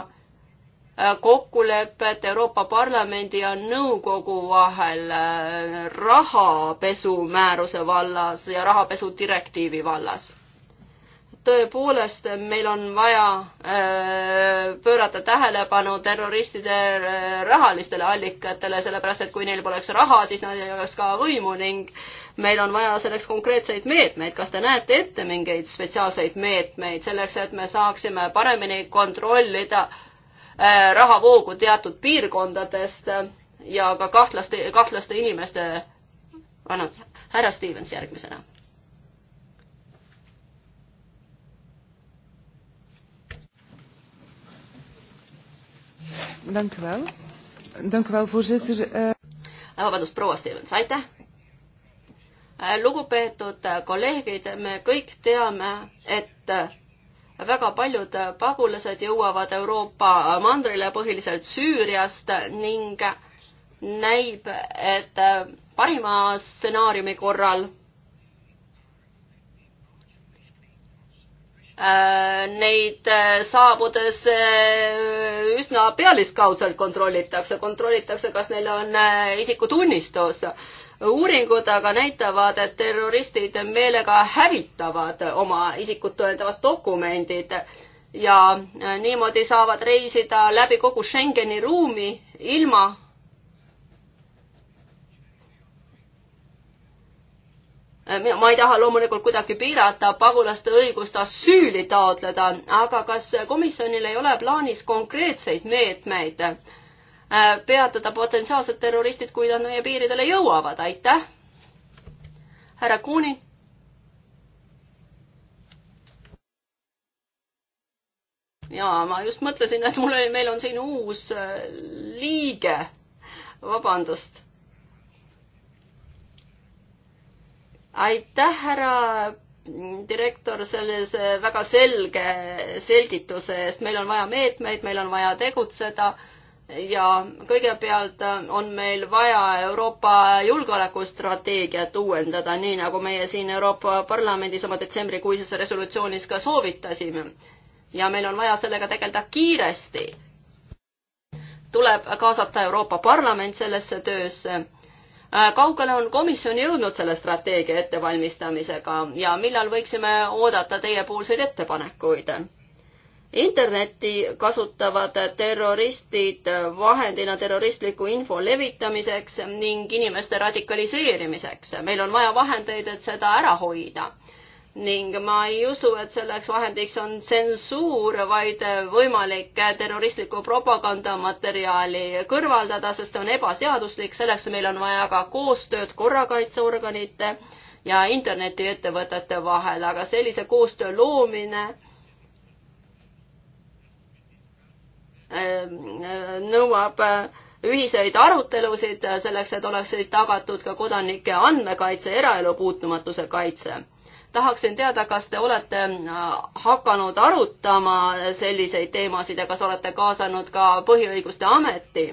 kokkulepet Euroopa Parlamendi ja nõukogu vahel äh, rahapesumääruse vallas ja rahapesu direktiivi vallas. tõepoolest, meil on vaja äh, pöörata tähelepanu terroristide äh, rahalistele allikatele, sellepärast et kui neil poleks raha, siis nad ei oleks ka võimu ning meil on vaja selleks konkreetseid meetmeid, kas te näete ette mingeid spetsiaalseid meetmeid selleks, et me saaksime paremini kontrollida äh, Äh, rahavoogu teatud piirkondadest ja ka kahtlaste, kahtlaste inimeste, annan härra Stevens järgmisena. Dank u wel. Dank u wel, voorzitter. Uh... Vabandust, proua Stevens, aitäh. Äh, lugupeetud kolleegid, me kõik teame, et väga paljud pagulased jõuavad Euroopa mandrile, põhiliselt Süüriast ning näib, et parima stsenaariumi korral äh, neid saabudes äh, üsna pealiskaudselt kontrollitakse, kontrollitakse, kas neil on äh, isikutunnistus uuringud aga näitavad, et terroristid meelega hävitavad oma isikut tõendavad dokumendid ja äh, niimoodi saavad reisida läbi kogu Schengeni ruumi ilma äh, ma ei taha loomulikult kuidagi piirata pagulaste õigust asüüli taotleda, aga kas komisjonil ei ole plaanis konkreetseid meetmeid meet,, Äh, peatada potentsiaalsed terroristid, kui nad meie piiridele jõuavad, aitäh. härra Kuuni. ja ma just mõtlesin, et mul oli, meil on siin uus äh, liige. vabandust aitäh, härra direktor, sellise äh, väga selge selgituse eest. meil on vaja meetmeid, meil on vaja tegutseda ja kõigepealt äh, on meil vaja Euroopa julgeolekustrateegiat uuendada, nii nagu meie siin Euroopa Parlamendis oma detsembrikuises resolutsioonis ka soovitasime. ja meil on vaja sellega tegeleda kiiresti. tuleb kaasata Euroopa Parlament sellesse töösse. Äh, kaugele on komisjon jõudnud selle strateegia ettevalmistamisega ja millal võiksime oodata teiepoolseid ettepanekuid? internetti kasutavad terroristid vahendina terroristliku info levitamiseks ning inimeste radikaliseerimiseks. meil on vaja vahendeid, et seda ära hoida. ning ma ei usu, et selleks vahendiks on tsensuur, vaid võimalik terroristliku propagandamaterjali kõrvaldada, sest see on ebaseaduslik, selleks meil on vaja ka koostööd korrakaitseorganite ja internetiettevõtete vahel, aga sellise koostöö loomine Äh, nõuab äh, ühiseid arutelusid selleks, et oleksid tagatud ka kodanike andmekaitse, eraelu puutumatuse kaitse. tahaksin teada, kas te olete äh, hakanud arutama selliseid teemasid ja kas olete kaasanud ka Põhiõiguste Ameti?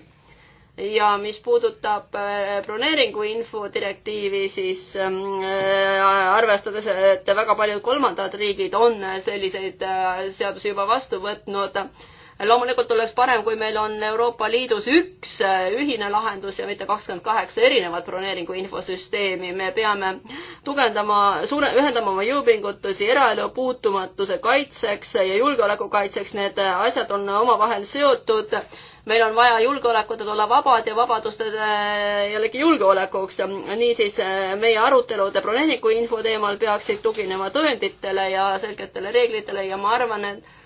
ja mis puudutab broneeringu infodirektiivi, siis ähm, arvestades, et väga paljud kolmandad riigid on selliseid seadusi juba vastu võtnud, loomulikult oleks parem, kui meil on Euroopa Liidus üks äh, ühine lahendus ja mitte kakskümmend kaheksa erinevat broneeringu infosüsteemi. me peame tugevdama, suure, ühendama oma jõupingutusi eraelu puutumatuse kaitseks ja julgeoleku kaitseks. Need äh, asjad on omavahel seotud meil on vaja julgeolekut, et olla vabad ja vabadustel äh, jällegi julgeolekuks. niisiis meie arutelud broneeringu info teemal peaksid tuginema tõenditele ja selgetele reeglitele ja ma arvan, et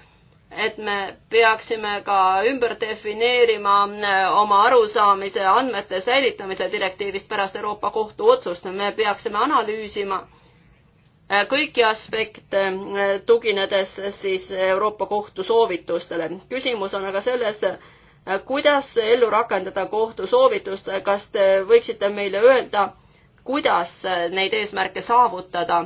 et me peaksime ka ümber defineerima äh, oma arusaamise andmete säilitamise direktiivist pärast Euroopa Kohtu otsust. me peaksime analüüsima äh, kõiki aspekte, äh, tuginedes siis Euroopa Kohtu soovitustele. küsimus on aga selles, kuidas ellu rakendada kohtu soovitust, kas te võiksite meile öelda, kuidas neid eesmärke saavutada?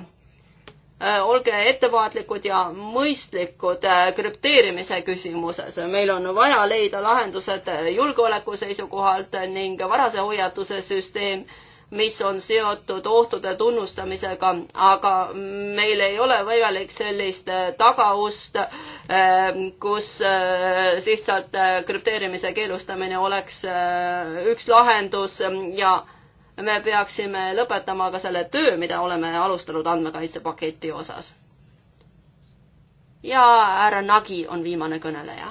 Äh, olge ettevaatlikud ja mõistlikud äh, krüpteerimise küsimuses. meil on vaja leida lahendused äh, julgeoleku seisukohalt ning varase hoiatuse süsteem, mis on seotud ohtude tunnustamisega, aga meil ei ole võimalik sellist tagaust, kus lihtsalt krüpteerimise keelustamine oleks üks lahendus ja me peaksime lõpetama ka selle töö, mida oleme alustanud andmekaitsepaketi osas. ja härra Nagi on viimane kõneleja.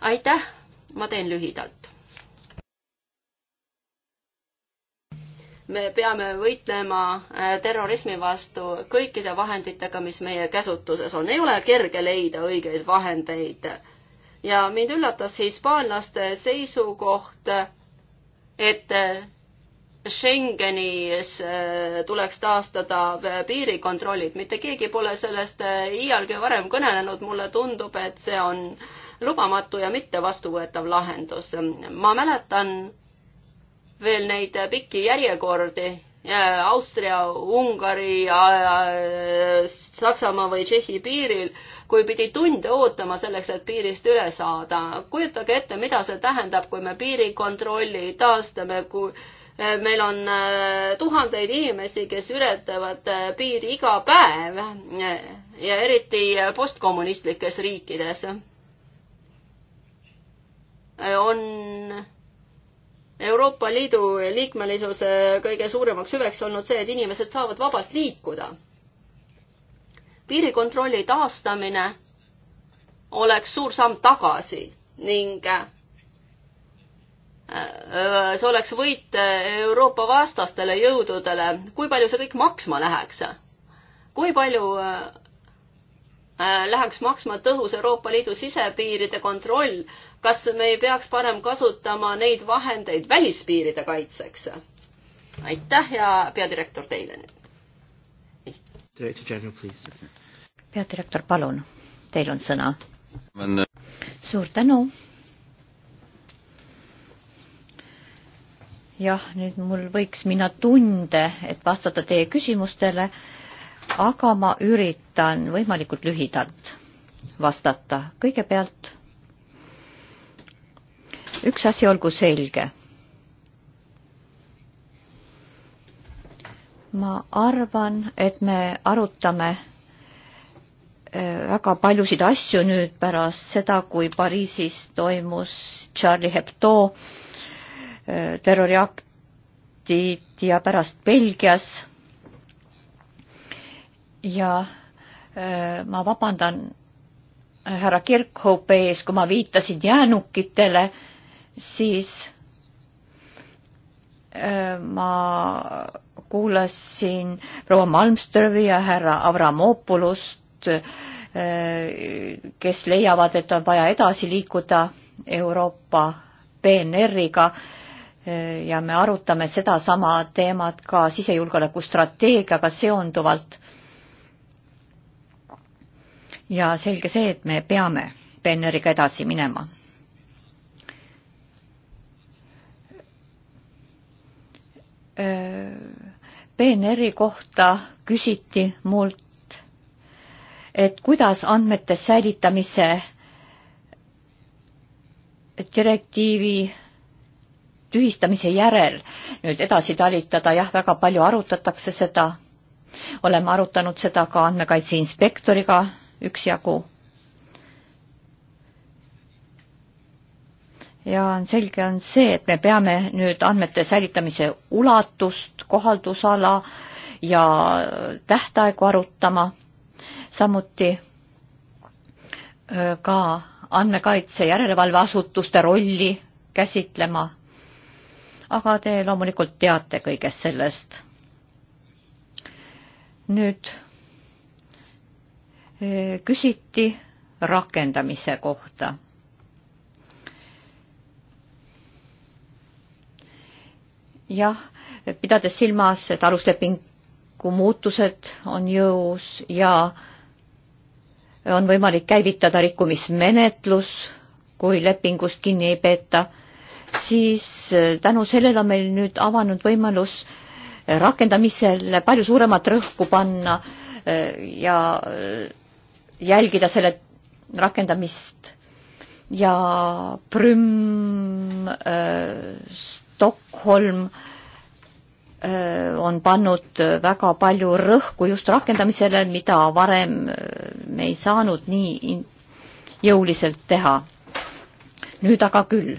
aitäh, ma teen lühidalt. me peame võitlema äh, terrorismi vastu kõikide vahenditega, mis meie käsutuses on. ei ole kerge leida õigeid vahendeid ja mind üllatas hispaanlaste seisukoht, et Schengenis äh, tuleks taastada piirikontrollid, mitte keegi pole sellest äh, iialgi varem kõnelenud, mulle tundub, et see on lubamatu ja mitte vastuvõetav lahendus. ma mäletan veel neid pikki järjekordi äh, Austria, Ungari, Saksamaa või Tšehhi piiril kui pidi tunde ootama selleks, et piirist üle saada. kujutage ette, mida see tähendab, kui me piirikontrolli taastame, kui eh, meil on eh, tuhandeid inimesi, kes ületavad eh, piiri iga päev ja eriti postkommunistlikes riikides on Euroopa Liidu liikmelisuse kõige suuremaks hüveks olnud see, et inimesed saavad vabalt liikuda piirikontrolli taastamine oleks suur samm tagasi ning äh, äh, see oleks võit Euroopa vastastele jõududele. kui palju see kõik maksma läheks? kui palju äh, läheks maksma tõhus Euroopa Liidu sisepiiride kontroll, kas me ei peaks parem kasutama neid vahendeid välispiiride kaitseks? aitäh ja peadirektor teile nüüd peadirektor, palun, teil on sõna. Äh, suur tänu. jah, nüüd mul võiks minna tunde, et vastata teie küsimustele, aga ma üritan võimalikult lühidalt vastata. kõigepealt üks asi olgu selge ma arvan, et me arutame äh, väga paljusid asju nüüd pärast seda, kui Pariisis toimus Charlie Hebdo äh, terroriaktid ja pärast Belgias. ja äh, ma vabandan härra Kirkhope ees, kui ma viitasin jäänukitele, siis ma kuulasin proua Malmströvi ja härra Avramopolust, eh, kes leiavad, et on vaja edasi liikuda Euroopa PNR-iga eh, ja me arutame sedasama teemat ka sisejulgeoleku strateegiaga seonduvalt. ja selge see, et me peame PNR-iga edasi minema. öö eh, PNR-i kohta küsiti mult, et kuidas andmete säilitamise direktiivi tühistamise järel nüüd edasi talitada, jah, väga palju arutatakse seda, oleme arutanud seda ka andmekaitse inspektoriga üksjagu ja on selge, on see, et me peame nüüd andmete säilitamise ulatust, kohaldusala ja tähtaegu arutama, samuti ka andmekaitse järelevalveasutuste rolli käsitlema. aga te loomulikult teate kõigest sellest. nüüd küsiti rakendamise kohta jah, pidades silmas, et aluslepingu muutused on jõus ja on võimalik käivitada rikkumismenetlus, kui lepingust kinni ei peeta, siis äh, tänu sellele on meil nüüd avanud võimalus äh, rakendamisele palju suuremat rõhku panna äh, ja jälgida selle rakendamist ja prüm äh, Stockholm äh, on pannud äh, väga palju rõhku just rakendamisele, mida varem äh, me ei saanud nii jõuliselt teha. nüüd aga küll.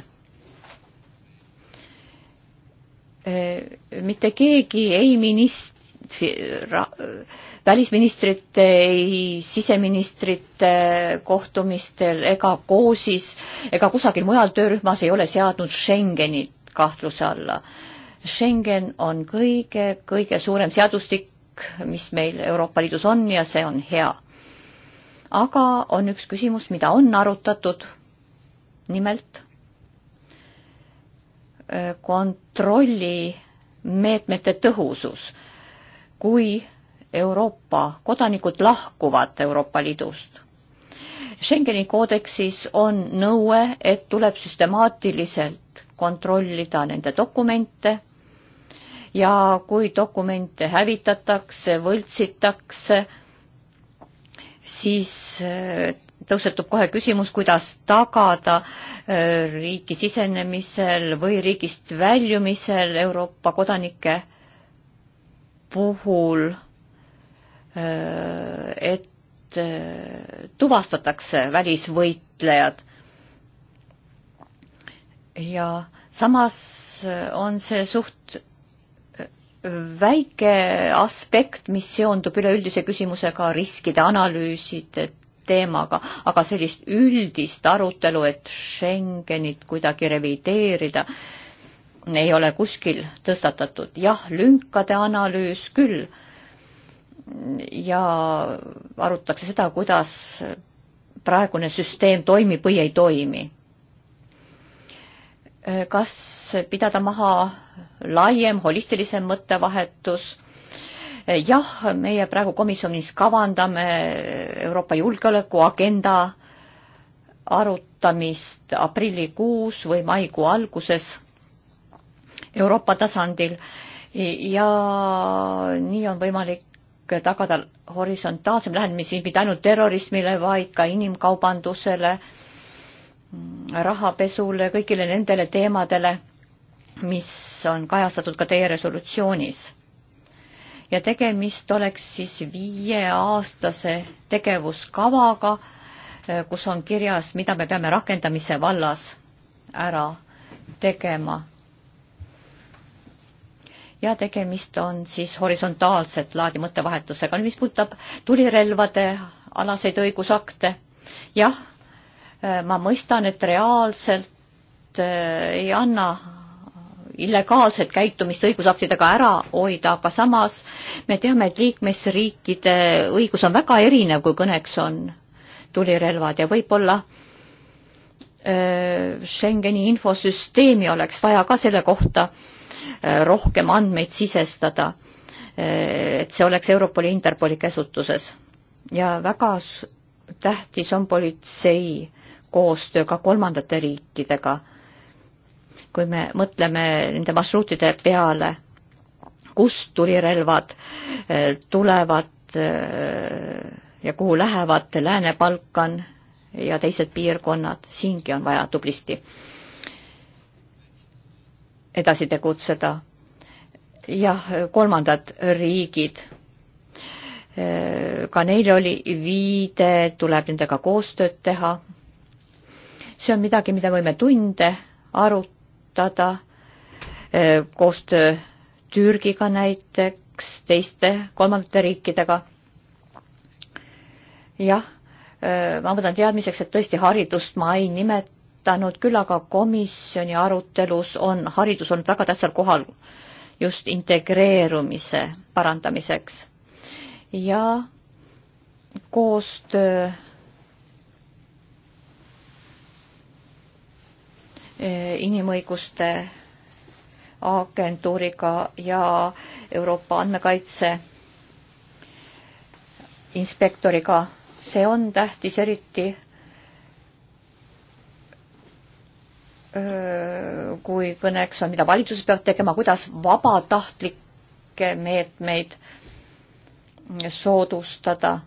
mitte keegi ei minist-, välisministrite, ei siseministrite kohtumistel ega koosis ega kusagil mujal töörühmas ei ole seadnud Schengenit kahtluse alla. Schengen on kõige, kõige suurem seadustik, mis meil Euroopa Liidus on ja see on hea. aga on üks küsimus, mida on arutatud, nimelt äh, kontrollimeetmete tõhusus. kui Euroopa kodanikud lahkuvad Euroopa Liidust. Schengeni koodeksis on nõue, et tuleb süstemaatiliselt kontrollida nende dokumente ja kui dokumente hävitatakse, võltsitakse, siis äh, tõusetub kohe küsimus, kuidas tagada äh, riiki sisenemisel või riigist väljumisel Euroopa kodanike puhul, äh, et tuvastatakse välisvõitlejad ja samas on see suht äh, väike aspekt, mis seondub üleüldise küsimusega riskide analüüside teemaga, aga sellist üldist arutelu, et Schengenit kuidagi revideerida, ei ole kuskil tõstatatud. jah, lünkade analüüs küll ja arutatakse seda, kuidas praegune süsteem toimib või ei toimi Äh, kas pidada maha laiem holistilisem mõttevahetus. Äh, jah, meie praegu komisjonis kavandame Euroopa julgeolekuagenda arutamist aprillikuus või maikuu alguses Euroopa tasandil ja nii on võimalik tagada horisontaalsem lähenemine mitte ainult terrorismile, vaid ka inimkaubandusele äh, rahapesule, kõigile nendele teemadele, mis on kajastatud ka teie resolutsioonis. ja tegemist oleks siis viieaastase tegevuskavaga, eh, kus on kirjas, mida me peame rakendamise vallas ära tegema. ja tegemist on siis horisontaalset laadi mõttevahetusega. nüüd, mis puudutab tulirelvade alaseid õigusakte, jah Äh, ma mõistan, et reaalselt äh, ei anna illegaalset käitumist õigusaktidega ära hoida, aga samas me teame, et liikmesriikide õigus on väga erinev, kui kõneks on tulirelvad ja võib-olla äh, Schengeni infosüsteemi oleks vaja ka selle kohta rohkem andmeid sisestada. et see oleks Europoli Interpoli käsutuses ja väga tähtis on politsei äh, koostöö ka kolmandate riikidega. kui me mõtleme nende marsruutide peale, kust tulirelvad eh, tulevad eh, ja kuhu lähevad Lääne-Balkan ja teised piirkonnad, siingi on vaja tublisti edasi tegutseda. jah, kolmandad riigid, eh, ka neil oli viide, tuleb nendega koostööd teha see on midagi, mida võime tunde arutada koostöö Türgiga näiteks, teiste kolmandate riikidega. jah, ma võtan teadmiseks, et tõesti haridust ma ei nimetanud, küll aga komisjoni arutelus on haridus olnud väga tähtsal kohal just integreerumise parandamiseks ja koostöö Eh, inimõiguste agentuuriga ja Euroopa andmekaitse inspektoriga. see on tähtis eriti eh, kui kõneks on, mida valitsus peab tegema, kuidas vabatahtlikke meetmeid soodustada,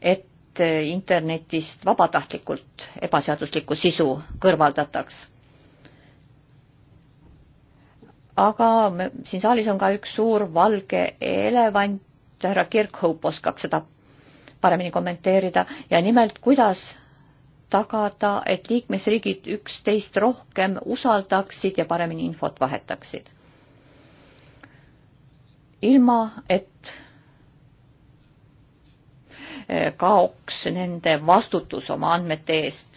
et internetist vabatahtlikult ebaseaduslikku sisu kõrvaldataks. aga me, siin saalis on ka üks suur valge elevant, härra Kirkhope oskab seda paremini kommenteerida ja nimelt, kuidas tagada, et liikmesriigid üksteist rohkem usaldaksid ja paremini infot vahetaksid. ilma, et Eh, kaoks nende vastutus oma andmete eest.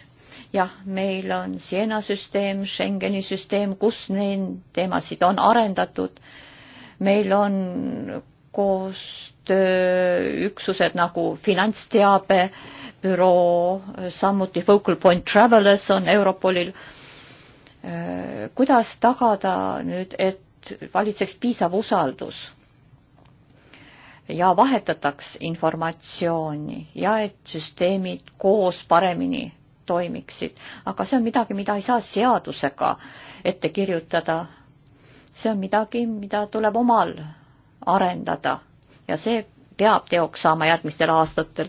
jah, meil on Siena süsteem, Schengeni süsteem, kus neid teemasid on arendatud. meil on koostööüksused nagu finantsteabebüroo, samuti Focal Point Travelers on Europolil. Eh, kuidas tagada nüüd, et valitseks piisav usaldus ja vahetataks informatsiooni ja et süsteemid koos paremini toimiksid, aga see on midagi, mida ei saa seadusega ette kirjutada. see on midagi, mida tuleb omal arendada ja see peab teoks saama järgmistel aastatel.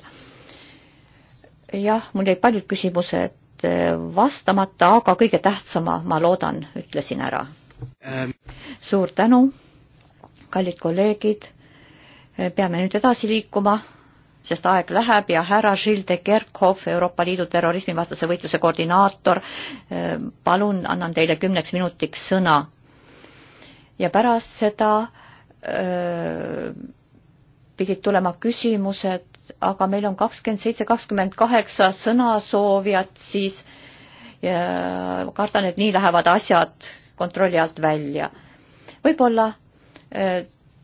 jah, mul jäid paljud küsimused vastamata, aga kõige tähtsama, ma loodan, ütlesin ära ähm.. suur tänu, kallid kolleegid peame nüüd edasi liikuma, sest aeg läheb ja härra Gilles de Kerkhoff, Euroopa Liidu terrorismivastase võitluse koordinaator, palun, annan teile kümneks minutiks sõna. ja pärast seda öö, pidid tulema küsimused, aga meil on kakskümmend seitse, kakskümmend kaheksa sõnasoovijat, siis ja kardan, et nii lähevad asjad kontrolli alt välja. võib-olla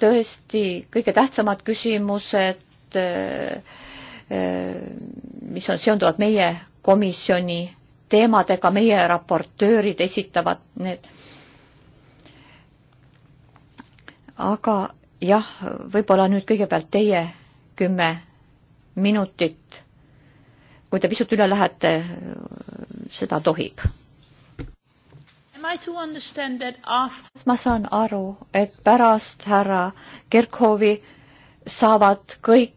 tõesti kõige tähtsamad küsimused, eh, eh, mis on seonduvad meie komisjoni teemadega, meie raportöörid esitavad need. aga jah, võib-olla nüüd kõigepealt teie kümme minutit, kui te pisut üle lähete, seda tohib After... ma saan aru, et pärast härra Kerkhoovi saavad kõik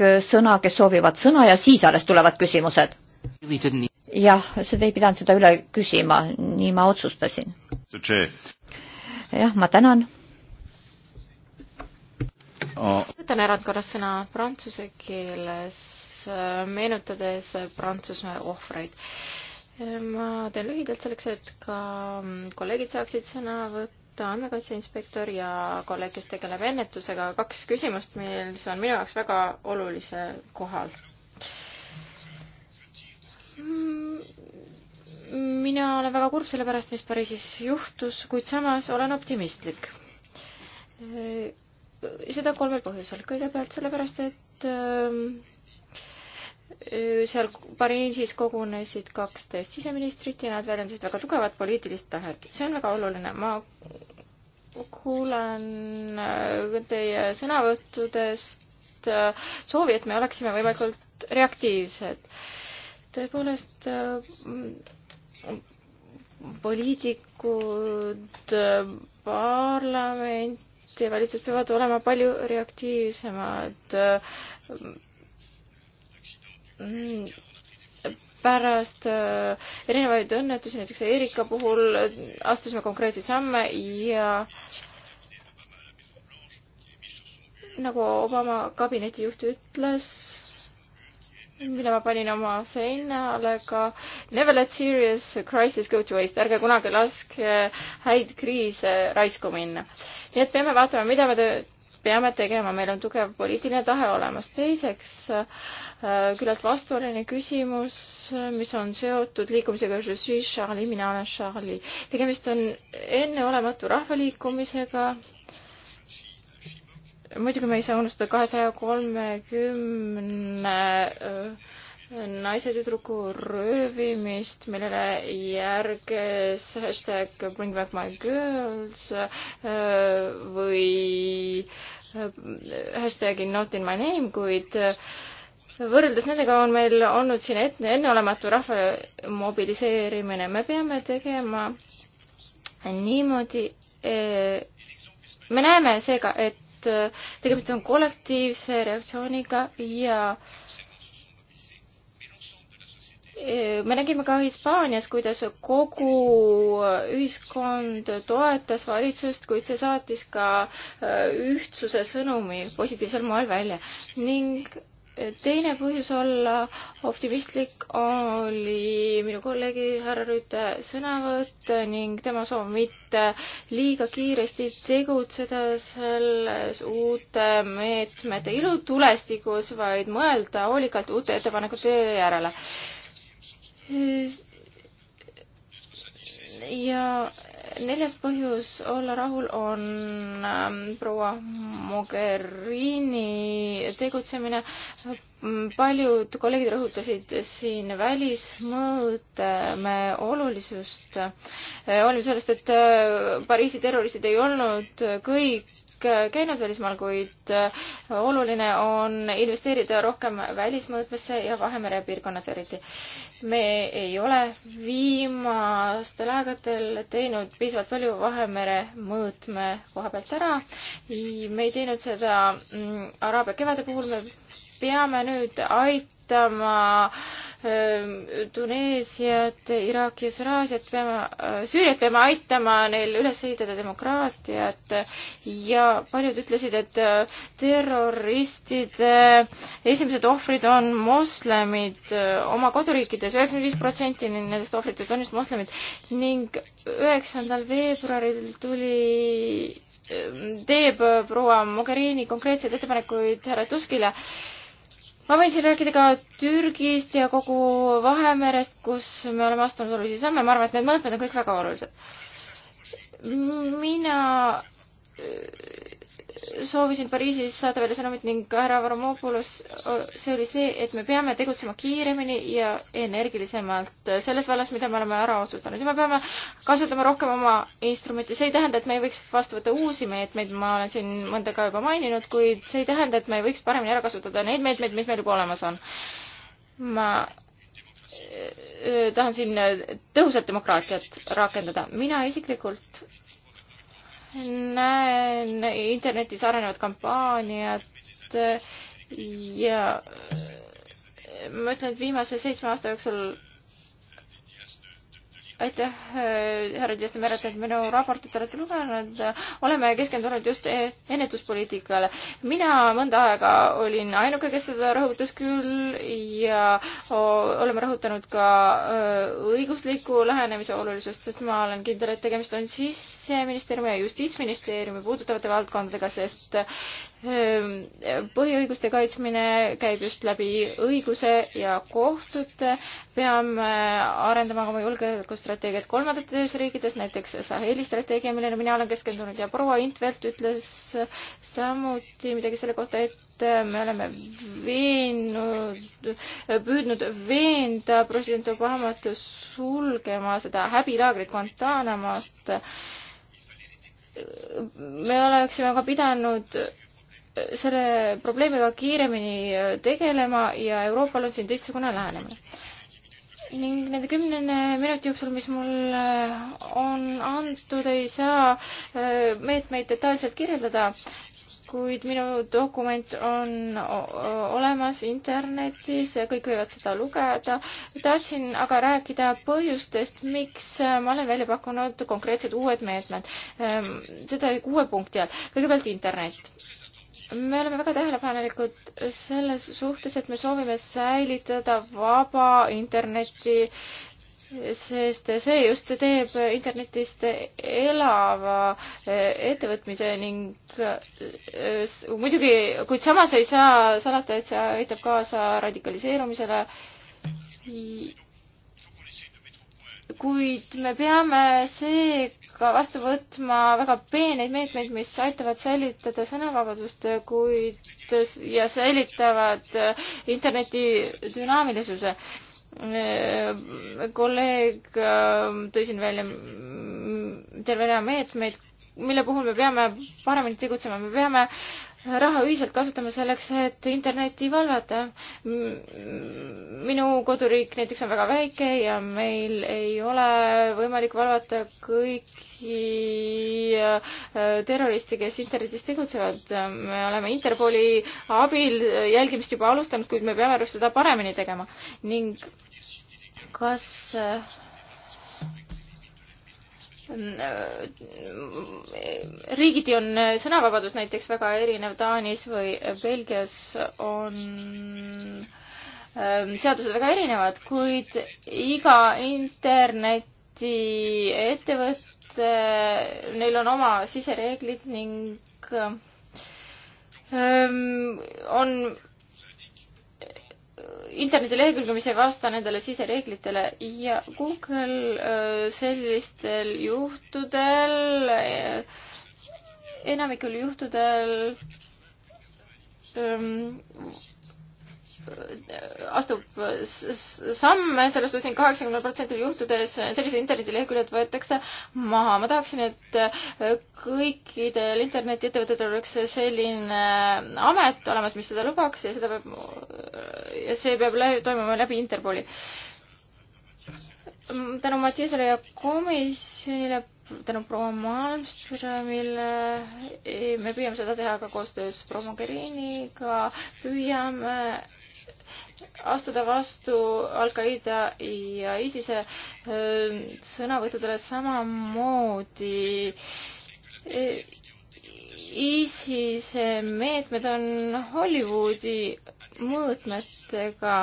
äh, sõna, kes soovivad sõna ja siis alles tulevad küsimused. jah, seda ei pidanud seda üle küsima, nii ma otsustasin. jah, ma tänan. Oh. võtan erandkorras sõna prantsuse keeles, äh, meenutades Prantsusmaa ohvreid ma teen lühidalt selleks, et ka kolleegid saaksid sõna võtta. andmekaitse inspektor ja kolleeg, kes tegeleb ennetusega, kaks küsimust, mis on minu jaoks väga olulisel kohal. mina olen väga kurb selle pärast, mis Pariisis juhtus, kuid samas olen optimistlik. seda kolmel põhjusel. kõigepealt sellepärast, et ähm, seal Pariisis kogunesid kaksteist siseministrit ja nad väljendasid väga tugevat poliitilist tahet. see on väga oluline. ma kuulan äh, teie sõnavõttudest äh, soovi, et me oleksime võimalikult reaktiivsed. tõepoolest äh, poliitikud, parlament ja valitsus peavad olema palju reaktiivsemad pärast äh, erinevaid õnnetusi, näiteks Erika puhul äh, astusime konkreetseid samme ja nagu Obama kabinetijuht ütles, mille ma panin oma seinale ka Never let serious crisis go to waste, ärge kunagi laske häid kriise raisku minna. nii et peame vaatama, mida me peame tegema, meil on tugev poliitiline tahe olemas. teiseks äh, küllalt vastuoluline küsimus, mis on seotud liikumisega Je suis Charlie, mina olen Charlie. tegemist on enneolematu rahvaliikumisega. muidugi me ei saa unustada kahesaja kolmekümne 20 äh, naise tüdruku röövimist, millele järges hashtag bring back my girls äh, või äh, hashtag not in my name, kuid äh, võrreldes nendega on meil olnud siin ette enneolematu rahva mobiliseerimine. me peame tegema niimoodi, me näeme seega, et tegemist on kollektiivse reaktsiooniga ja äh, me nägime ka Hispaanias, kuidas kogu ühiskond toetas valitsust, kuid see saatis ka äh, ühtsuse sõnumi positiivsel moel välja ning äh, teine põhjus olla optimistlik oli minu kolleegi härra Rüüte sõnavõtt ning tema soov mitte liiga kiiresti tegutseda selles uute meetmete ilutulestikus, vaid mõelda hoolikalt uute ettepanekute järele ja neljas põhjus olla rahul on ähm, proua Mogherini tegutsemine. paljud kolleegid rõhutasid siin välismõõtme olulisust. hoolimata äh, sellest, et äh, Pariisi terroristid ei olnud kõik Äh, käinud välismaal, kuid äh, oluline on investeerida rohkem välismõõtmesse ja Vahemere piirkonnas eriti. me ei ole viimastel aegadel teinud piisavalt palju Vahemere mõõtme koha pealt ära. me ei teinud seda mm, Araabia kevade puhul, me peame nüüd aitama äh, Ehm, Tuneesiat, Iraaki ja Süraasiat peame, äh, Süüriat peame aitama neil üles ehitada demokraatiat ja paljud ütlesid, et äh, terroristide esimesed ohvrid on moslemid äh, oma koduriikides, üheksakümmend viis protsenti nendest ohvritest on just moslemid ning üheksandal veebruaril tuli ehm, teeb proua Mogherini konkreetseid ettepanekuid härra Tuskile äh, ma võin siin rääkida ka Türgist ja kogu Vahemerest, kus me oleme astunud olulisi samme, ma arvan, et need mõõtmed on kõik väga olulised. mina soovisin Pariisis saada välja sõnumit ning härra Varomopoulos, see oli see, et me peame tegutsema kiiremini ja energilisemalt selles vallas, mida me oleme ära otsustanud ja me peame kasutama rohkem oma instrumenti. see ei tähenda, et me ei võiks vastu võtta uusi meetmeid, ma olen siin mõnda ka juba maininud, kuid see ei tähenda, et me ei võiks paremini ära kasutada neid meetmeid, mis meil juba olemas on. ma eh, eh, tahan siin tõhusat demokraatiat rakendada. mina isiklikult näen internetis arenevat kampaaniat ja ma ütlen, et viimase seitsme aasta jooksul aitäh, äh, härra Testamenet, et minu raportit olete lugenud. oleme keskendunud just e- ennetuspoliitikale. mina mõnda aega olin ainuke, kes seda rõhutas küll ja oleme rõhutanud ka äh, õigusliku lähenemise olulisust, sest ma olen kindel, et tegemist on siseministeeriumi ja justiitsministeeriumi puudutavate valdkondadega, sest Ehm, põhiõiguste kaitsmine käib just läbi õiguse ja kohtute. peame äh, arendama ka oma julgeolekustrateegiat kolmandates riikides, näiteks Saheli strateegia, millele mina olen keskendunud ja proua Intvelt ütles samuti midagi selle kohta, et äh, me oleme veennud, püüdnud veenda president Obamat sulgema seda häbilaagrit Guantanamast me oleksime ka pidanud selle probleemiga kiiremini tegelema ja Euroopal on siin teistsugune lähenemine. ning nende kümnene minuti jooksul, mis mul äh, on antud, ei saa äh, meetmeid detailselt kirjeldada, kuid minu dokument on olemas internetis, kõik võivad seda lugeda. tahtsin aga rääkida põhjustest, miks äh, ma olen välja pakkunud konkreetsed uued meetmed. Ähm, seda kuue punkti all. kõigepealt internet me oleme väga tähelepanelikud selles suhtes, et me soovime säilitada vaba interneti, sest see just teeb internetist elava eh, ettevõtmise ning eh, muidugi, kuid samas ei saa salata, et see aitab kaasa radikaliseerumisele. kuid me peame seega ka vastu võtma väga peeneid meetmeid, mis aitavad säilitada sõnavabadust, kuid ja säilitavad interneti dünaamilisuse. kolleeg ähm, tõi siin välja terve rea meetmeid, mille puhul me peame paremini tegutsema, me peame raha ühiselt kasutame selleks, et internetti valvata. minu koduriik näiteks on väga väike ja meil ei ole võimalik valvata kõiki äh, terroriste, kes internetis tegutsevad. me oleme Interpoli abil jälgimist juba alustanud, kuid me peame seda paremini tegema ning kas äh, riigiti on sõnavabadus näiteks väga erinev, Taanis või Belgias on ähm, seadused väga erinevad, kuid iga internetiettevõte, neil on oma sisereeglid ning ähm, on internetilehekülge, mis ei vasta nendele sisereeglitele ja Google äh, sellistel juhtudel, äh, enamikul juhtudel ähm, astub samme sellest üsna kaheksakümnel protsendil juhtudes sellised internetileheküljed võetakse maha. ma tahaksin, et kõikidel internetiettevõtetel oleks selline amet olemas, mis seda lubaks ja seda peab, ja see peab läbi, toimuma läbi Interpoli. tänu Mattiasele ja komisjonile tänu proua Malmströmile eh, me püüame seda teha ka koostöös proua Mogheriniga, püüame astuda vastu Al-Qaeda ja ISISe sõnavõttudele samamoodi. E, ISISe meetmed on Hollywoodi mõõtmetega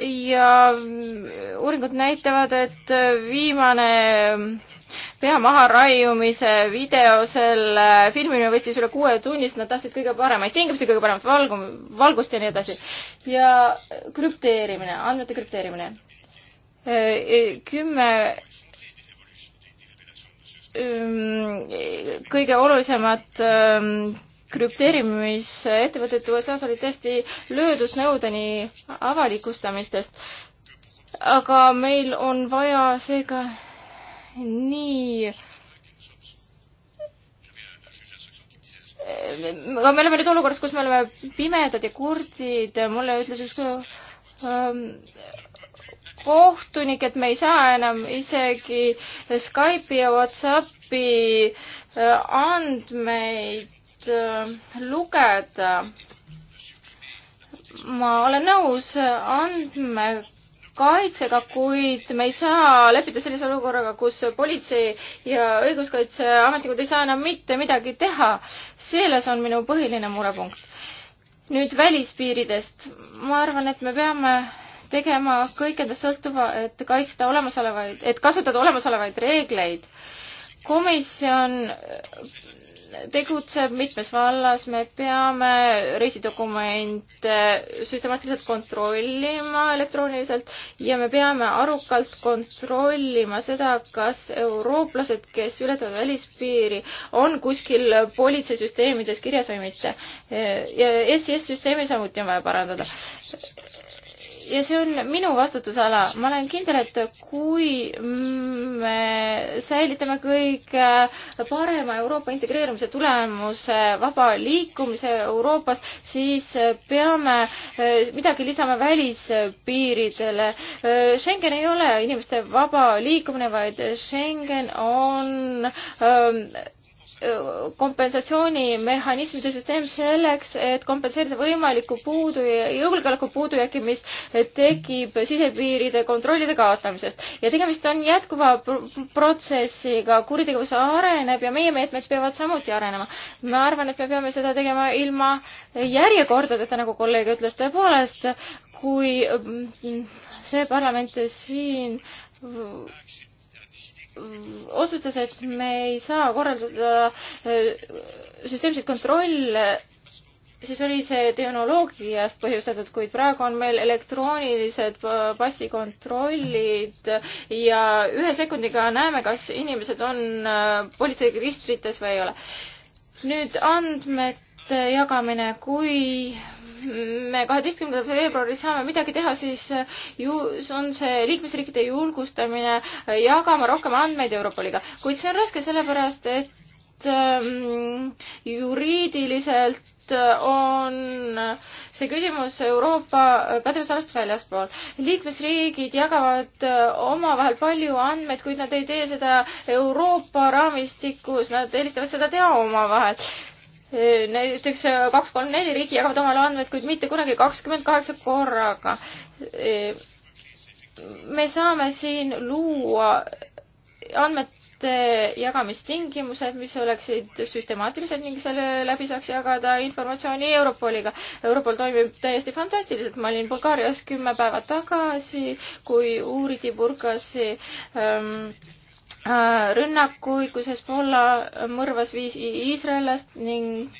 ja uuringud näitavad, et viimane pea maharaiumise video, selle filmimine võttis üle kuue tunnist, nad tahtsid kõige paremaid tingimusi, kõige paremat valgu, valgust ja nii edasi. ja krüpteerimine, andmete krüpteerimine. Äh, äh, kümme ähm, kõige olulisemat ähm, krüpteerimisettevõtet USA-s olid tõesti löödud Snowdeni avalikustamistest. aga meil on vaja seega nii aga me oleme nüüd olukorras, kus me oleme pimedad ja kurdid, mulle ütles üks ähm, kohtunik, et me ei saa enam isegi Skype'i ja Whatsappi äh, andmeid äh, lugeda. ma olen nõus andme kaitsega, kuid me ei saa leppida sellise olukorraga, kus politsei ja õiguskaitseametnikud ei saa enam mitte midagi teha. selles on minu põhiline murepunkt. nüüd välispiiridest. ma arvan, et me peame tegema kõik endast sõltuva, et kaitsta olemasolevaid, et kasutada olemasolevaid reegleid. komisjon tegutseb mitmes vallas, me peame reisidokumente süstemaatiliselt kontrollima elektrooniliselt ja me peame arukalt kontrollima seda, kas eurooplased, kes ületavad välispiiri, on kuskil politseisüsteemides kirjas või mitte. ja SIS-süsteemi samuti on vaja parandada ja see on minu vastutusala. ma olen kindel, et kui me säilitame kõige äh, parema Euroopa integreerumise tulemuse vaba liikumise Euroopas, siis äh, peame äh, midagi lisama välispiiridele. Schengen ei ole inimeste vaba liikumine, vaid Schengen on öö, ähm, kompensatsioonimehhanismide süsteem selleks, et kompenseerida võimalikku puudu, julgeoleku puudujääki, mis tekib sisepiiride kontrollide kaotamisest. ja tegemist on jätkuva protsessiga, kuritegevus areneb ja meie meetmed peavad samuti arenema. ma arvan, et me peame seda tegema ilma järjekordadeta, nagu kolleeg ütles, tõepoolest, kui mm, see parlament siin otsustas, et me ei saa korraldada äh, süsteemseid kontrolle, siis oli see tehnoloogiast põhjustatud, kuid praegu on meil elektroonilised äh, passikontrollid ja ühe sekundiga näeme, kas inimesed on äh, politseiregistrites või ei ole. nüüd andmete jagamine, kui me kaheteistkümnendal veebruaril saame midagi teha, siis äh, ju on see liikmesriikide julgustamine äh, jagama rohkem andmeid Europoliga, kuid see on raske sellepärast, et ähm, juriidiliselt äh, on see küsimus Euroopa pädevusalast väljaspool. liikmesriigid jagavad omavahel palju andmeid, kuid nad ei tee seda Euroopa raamistikus, nad eelistavad seda teha omavahel näiteks kaks, kolm, neli riiki jagavad omale andmeid, kuid mitte kunagi kakskümmend kaheksa korraga. me saame siin luua andmete jagamistingimused, mis oleksid süstemaatilised ning selle läbi saaks jagada informatsiooni Europoliga. Europol toimib täiesti fantastiliselt, ma olin Bulgaarias kümme päeva tagasi, kui uuriti Burgasi ähm, Äh, rünnakuid, kus Hezbollah mõrvas viis Iisraelast ning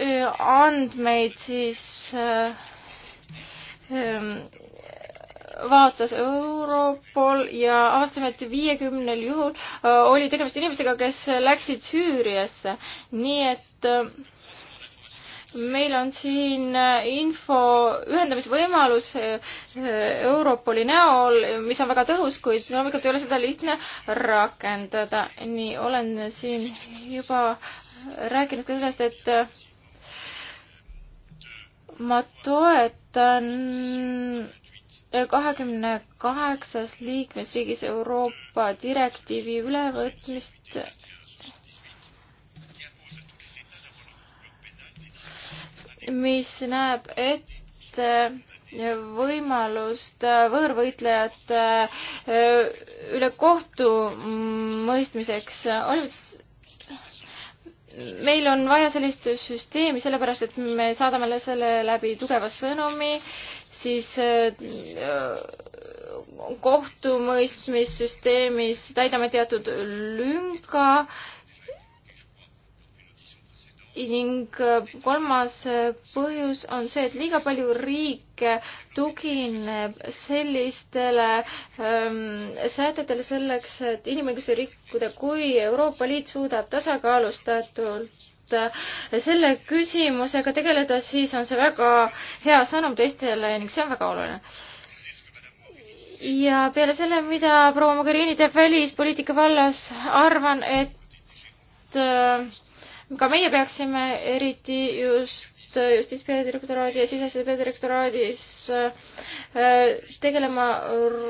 äh, andmeid siis äh, ähm, vaatas Europol ja avastasime, et viiekümnel juhul oli tegemist inimestega, kes läksid Süüriasse, nii et äh, meil on siin äh, info ühendamisvõimalus äh, Europoli näol, mis on väga tõhus, kuid loomulikult ei ole seda lihtne rakendada. nii, olen siin juba rääkinud ka sellest, et äh, ma toetan kahekümne kaheksas liikmesriigis Euroopa direktiivi ülevõtmist mis näeb ette võimalust äh, võõrvõitlejate äh, üle kohtu mõistmiseks. meil on vaja sellist süsteemi, sellepärast et me saadame selle läbi tugeva sõnumi, siis äh, kohtumõistmissüsteemis täidame teatud lünga ning äh, kolmas äh, põhjus on see, et liiga palju riike tugineb sellistele ähm, sätetele selleks, et inimõigusi rikkuda, kui Euroopa Liit suudab tasakaalustatult äh, selle küsimusega tegeleda, siis on see väga hea sõnum teistele ning see on väga oluline ja peale selle, mida proua Mogherini teeb välispoliitika vallas, arvan, et äh, ka meie peaksime eriti just äh, justiitspeadirektoraadi ja sisesede peadirektoraadis äh, tegelema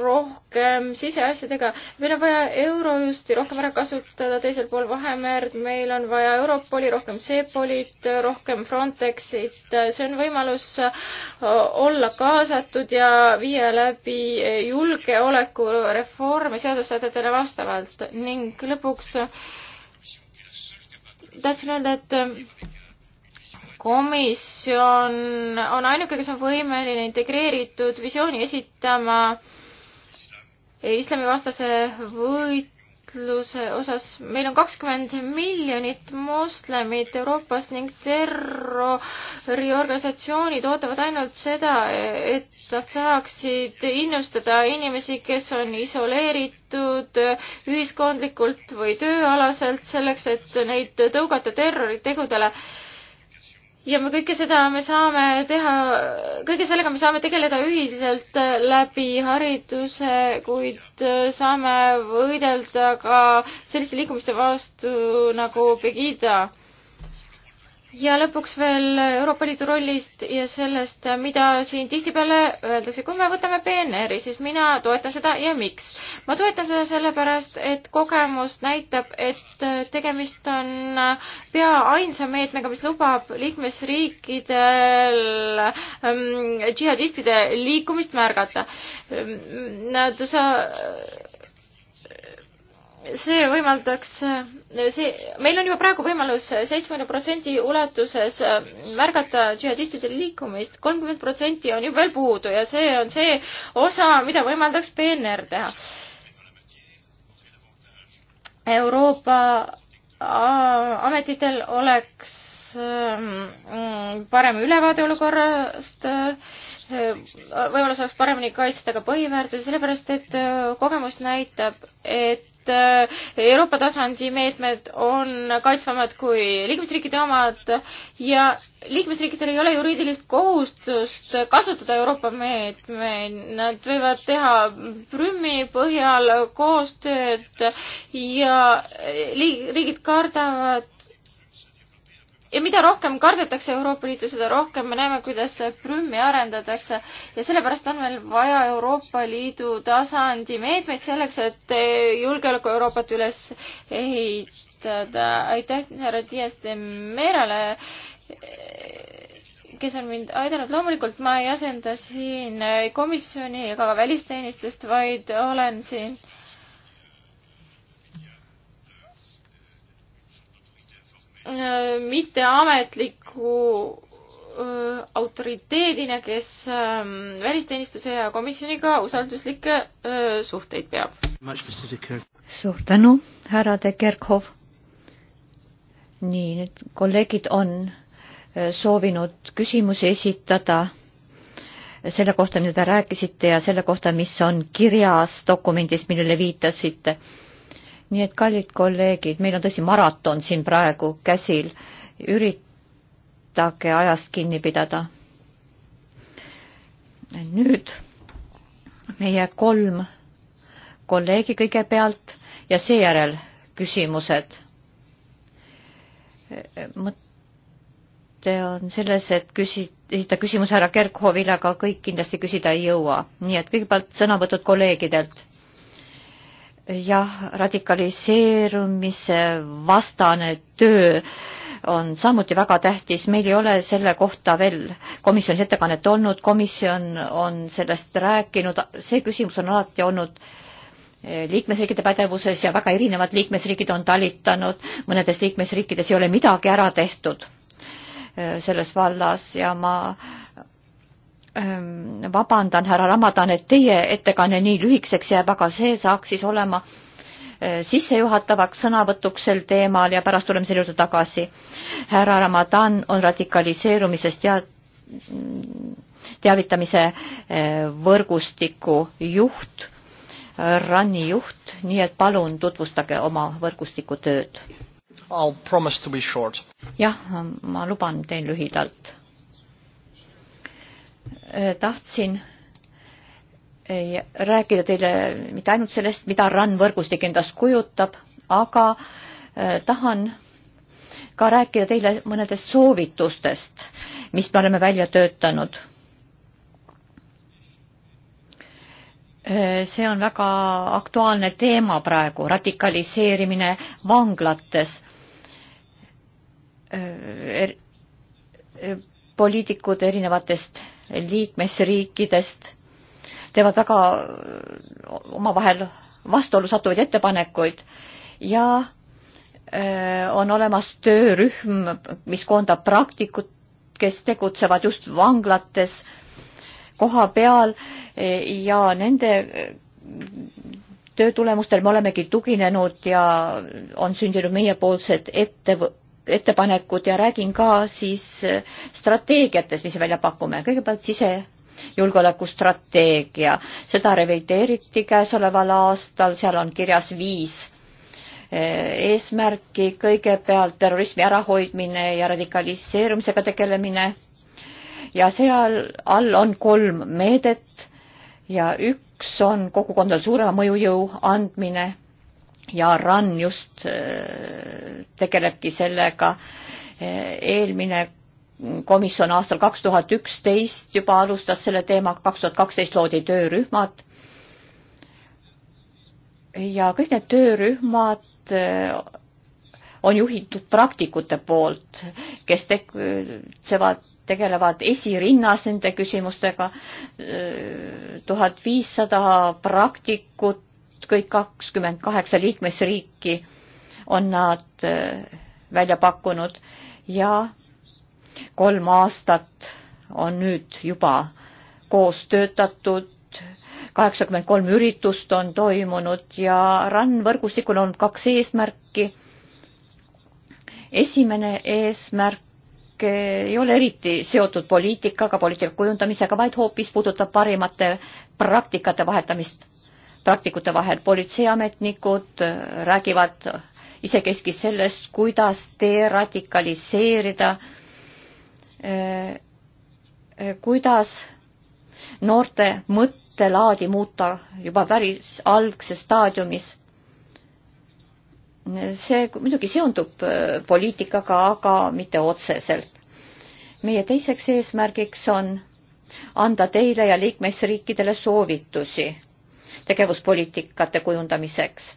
rohkem siseasjadega. meil on vaja Eurojusti rohkem ära kasutada teisel pool Vahemerd, meil on vaja Europoli, rohkem Sepolit, rohkem Frontexit. see on võimalus äh, olla kaasatud ja viia läbi julgeolekureforme seadussätetele vastavalt ning lõpuks tahtsin öelda, et ähm, komisjon on ainuke, kes on võimeline integreeritud visiooni esitama islamivastase võit-, võitluse osas, meil on kakskümmend miljonit moslemit Euroopas ning terroriorganisatsioonid ootavad ainult seda, et nad saaksid innustada inimesi, kes on isoleeritud ühiskondlikult või tööalaselt, selleks et neid tõugata terroritegudele ja me kõike seda me saame teha, kõige sellega me saame tegeleda ühiselt läbi hariduse, kuid äh, saame võidelda ka selliste liikumiste vastu nagu Pegida ja lõpuks veel Euroopa Liidu rollist ja sellest, mida siin tihtipeale öeldakse, kui me võtame PNR-i, siis mina toetan seda ja miks? ma toetan seda sellepärast, et kogemus näitab, et tegemist on pea ainsa meetmega, mis lubab liikmesriikidel ähm, džihadistide liikumist märgata ähm,. Nad sa- see võimaldaks, see, meil on juba praegu võimalus seitsmekümne protsendi ulatuses märgata džihadistide liikumist, kolmkümmend protsenti on ju veel puudu ja see on see osa, mida võimaldaks PNR teha. Euroopa ametitel oleks mm, parem ülevaade olukorrast äh, võib-olla saaks paremini kaitsta ka põhiväärtusi, sellepärast et äh, kogemus näitab, et äh, Euroopa tasandi meetmed on kaitsvamad kui liikmesriikide omad ja liikmesriikidel ei ole juriidilist kohustust kasutada Euroopa meetmeid. Nad võivad teha Prümi põhjal koostööd ja riigid kardavad ja mida rohkem kardetakse Euroopa Liitu, seda rohkem me näeme, kuidas Prümmi arendatakse ja sellepärast on meil vaja Euroopa Liidu tasandi meetmeid selleks, et julgeoleku Euroopat üles ehitada. aitäh härra Dias de Merale, kes on mind aidanud. loomulikult ma ei asenda siin komisjoni ega ka välisteenistust, vaid olen siin äh, Äh, mitteametliku äh, autoriteedina, kes ähm, välisteenistuse ja komisjoniga usalduslikke äh, suhteid peab. suur tänu, härra de Kerkhoff. nii, nüüd kolleegid on soovinud küsimusi esitada selle kohta, mida te rääkisite ja selle kohta, mis on kirjas dokumendis, millele viitasite nii et kallid kolleegid, meil on tõesti maraton siin praegu käsil, üritage ajast kinni pidada. nüüd meie kolm kolleegi kõigepealt ja seejärel küsimused. mõte on selles, et küsi-, esita küsimuse härra Kerkhovile, aga kõik kindlasti küsida ei jõua, nii et kõigepealt sõnavõtud kolleegidelt jah, radikaliseerumise vastane töö on samuti väga tähtis, meil ei ole selle kohta veel komisjonis ettekannet olnud, komisjon on sellest rääkinud, see küsimus on alati olnud eh, liikmesriikide pädevuses ja väga erinevad liikmesriigid on talitanud, mõnedes liikmesriikides ei ole midagi ära tehtud eh, selles vallas ja ma vabandan, härra Ramadan, et teie ettekanne nii lühikeseks jääb, aga see saaks siis olema sissejuhatavaks sõnavõtuks sel teemal ja pärast tuleme selle juurde tagasi. härra Ramadan on radikaliseerumisest ja teavitamise võrgustiku juht, RAN-i juht, nii et palun tutvustage oma võrgustiku tööd. jah, ma luban, teen lühidalt Äh, tahtsin äh, rääkida teile mitte ainult sellest, mida RAN võrgustik endast kujutab, aga äh, tahan ka rääkida teile mõnedest soovitustest, mis me oleme välja töötanud. see on väga aktuaalne teema praegu, radikaliseerimine vanglates. Er-, poliitikud erinevatest liikmesriikidest teevad väga omavahel vastuolu sattuvaid ettepanekuid ja on olemas töörühm, mis koondab praktikud, kes tegutsevad just vanglates koha peal ja nende töö tulemustel me olemegi tuginenud ja on sündinud meiepoolsed ette, ettepanekud ja räägin ka siis strateegiatest, mis välja pakume. kõigepealt sisejulgeolekustrateegia, seda revideeriti käesoleval aastal, seal on kirjas viis eh, eesmärki, kõigepealt terrorismi ärahoidmine ja radikaliseerumisega tegelemine ja seal all on kolm meedet ja üks on kogukondadele suurema mõjujõu andmine ja RAN just äh, tegelebki sellega. Äh, eelmine komisjon aastal kaks tuhat üksteist juba alustas selle teemaga, kaks tuhat kaksteist loodi töörühmad. ja kõik need töörühmad äh, on juhitud praktikute poolt, kes tegutsevad, tegelevad esirinnas nende küsimustega. tuhat viissada praktikut kõik kakskümmend kaheksa liikmesriiki on nad äh, välja pakkunud ja kolm aastat on nüüd juba koos töötatud, kaheksakümmend kolm üritust on toimunud ja RAN võrgustikul on kaks eesmärki. esimene eesmärk ei ole eriti seotud poliitikaga, poliitika kujundamisega, vaid hoopis puudutab parimate praktikate vahetamist praktikute vahel. politseiametnikud äh, räägivad isekeskis sellest, kuidas deradikaliseerida, äh, äh, kuidas noorte mõttelaadi muuta juba päris algses staadiumis. see muidugi seondub poliitikaga, aga mitte otseselt. meie teiseks eesmärgiks on anda teile ja liikmesriikidele soovitusi tegevuspoliitikate kujundamiseks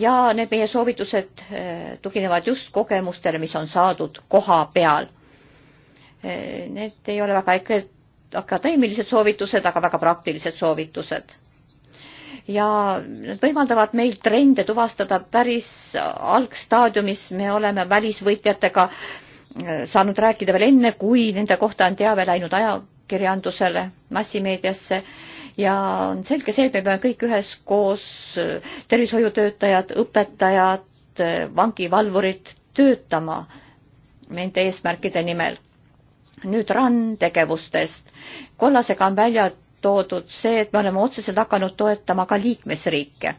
ja need meie soovitused eh, tuginevad just kogemustele, mis on saadud koha peal. Eh, need ei ole väga EKRE akadeemilised soovitused, aga väga praktilised soovitused. ja need võimaldavad meil trende tuvastada päris algstaadiumis, me oleme välisvõitjatega eh, saanud rääkida veel enne, kui nende kohta on teave läinud ajakirjandusele, massimeediasse ja on selge see, et me peame kõik üheskoos, tervishoiutöötajad, õpetajad, vangivalvurid, töötama nende eesmärkide nimel. nüüd RAN tegevustest. kollasega on välja toodud see, et me oleme otseselt hakanud toetama ka liikmesriike.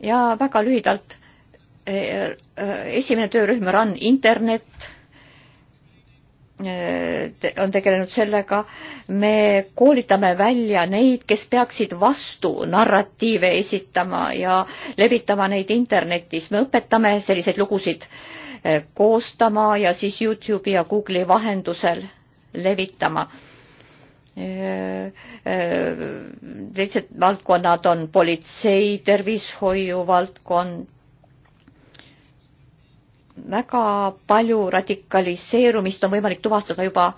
ja väga lühidalt, eh, eh, esimene töörühm RAN internet on tegelenud sellega, me koolitame välja neid, kes peaksid vastu narratiive esitama ja levitama neid internetis, me õpetame selliseid lugusid eh, koostama ja siis Youtube'i ja Google'i vahendusel levitama. Eh, eh, teised valdkonnad on politsei, tervishoiu valdkond, väga palju radikaliseerumist on võimalik tuvastada juba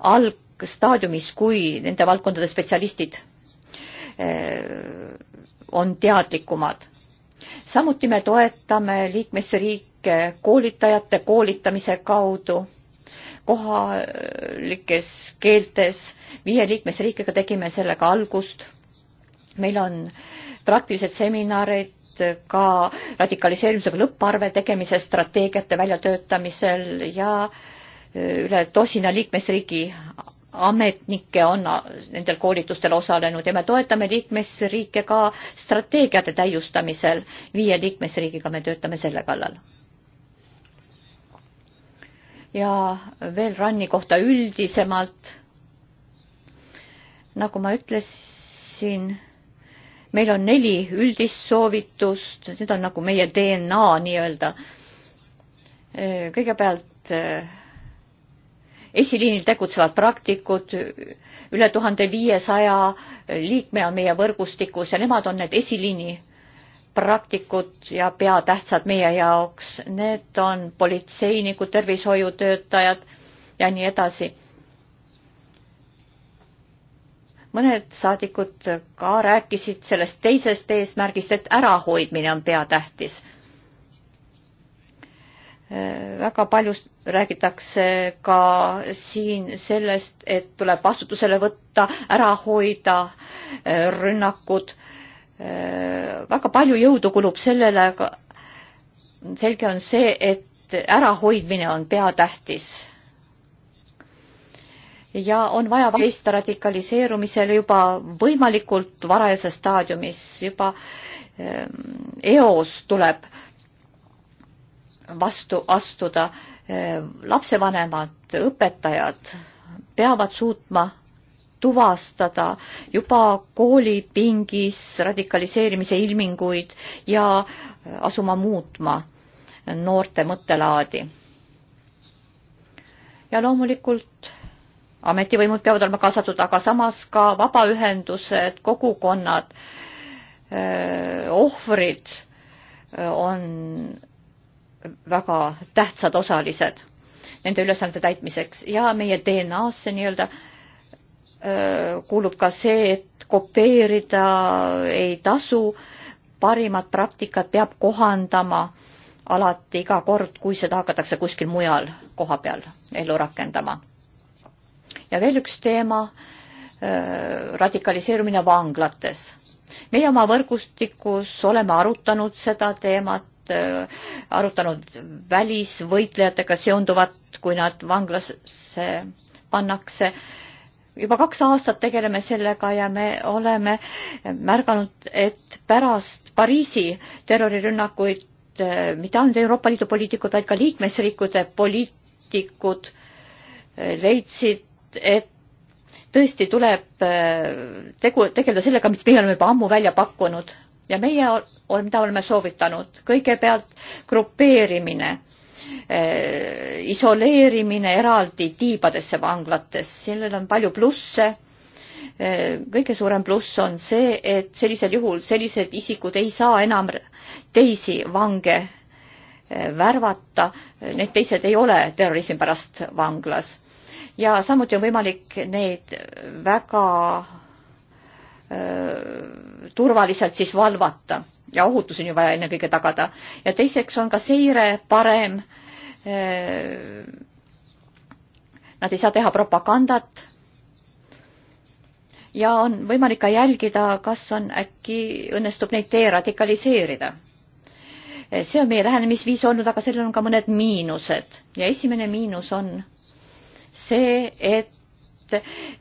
algstaadiumis, kui nende valdkondade spetsialistid eh, on teadlikumad. samuti me toetame liikmesriike koolitajate koolitamise kaudu kohalikes keeltes. viie liikmesriigiga tegime sellega algust. meil on praktilised seminarid ka radikaliseerimisega lõpparve tegemise strateegiate väljatöötamisel ja üle tosina liikmesriigi ametnikke on nendel koolitustel osalenud ja me toetame liikmesriike ka strateegiate täiustamisel. viie liikmesriigiga me töötame selle kallal. ja veel RAN-i kohta üldisemalt. nagu ma ütlesin meil on neli üldist soovitust, need on nagu meie DNA nii-öelda. Äh, kõigepealt äh, esiliinil tegutsevad praktikud, üle tuhande viiesaja liikme on meie võrgustikus ja nemad on need esiliini praktikud ja peatähtsad meie jaoks. Need on politseinikud, tervishoiutöötajad ja nii edasi mõned saadikud ka rääkisid sellest teisest eesmärgist, et ärahoidmine on peatähtis. väga palju räägitakse ka siin sellest, et tuleb vastutusele võtta, ära hoida äh, rünnakud. Äh, väga palju jõudu kulub sellele, aga selge on see, et ärahoidmine on peatähtis ja on vaja seista radikaliseerumisel juba võimalikult varajases staadiumis, juba ehm, eos tuleb vastu astuda. Ehm, lapsevanemad, õpetajad peavad suutma tuvastada juba koolipingis radikaliseerimise ilminguid ja asuma muutma noorte mõttelaadi. ja loomulikult ametivõimud peavad olema kaasatud, aga samas ka vabaühendused, kogukonnad, ohvrid on väga tähtsad osalised nende ülesannete täitmiseks ja meie DNA-sse nii-öelda kuulub ka see, et kopeerida ei tasu, parimat praktikat peab kohandama alati iga kord, kui seda hakatakse kuskil mujal kohapeal ellu rakendama ja veel üks teema, äh, radikaliseerumine vanglates. meie oma võrgustikus oleme arutanud seda teemat, äh, arutanud välisvõitlejatega seonduvat, kui nad vanglasse pannakse. juba kaks aastat tegeleme sellega ja me oleme märganud, et pärast Pariisi terrorirünnakuid äh, mitte ainult Euroopa Liidu poliitikud, vaid ka liikmesriikide poliitikud leidsid, et tõesti tuleb äh, tegu, tegeleda sellega, mis meie oleme juba ammu välja pakkunud ja meie oleme, mida oleme soovitanud, kõigepealt grupeerimine, äh, isoleerimine eraldi tiibadesse vanglates, sellel on palju plusse. Äh, kõige suurem pluss on see, et sellisel juhul sellised isikud ei saa enam teisi vange värvata, need teised ei ole terrorismi pärast vanglas ja samuti on võimalik neid väga öö, turvaliselt siis valvata ja ohutus on ju vaja ennekõike tagada. ja teiseks on ka seire parem. Nad ei saa teha propagandat. ja on võimalik ka jälgida, kas on äkki õnnestub neid deradikaliseerida. see on meie lähenemisviis olnud, aga sellel on ka mõned miinused ja esimene miinus on see, et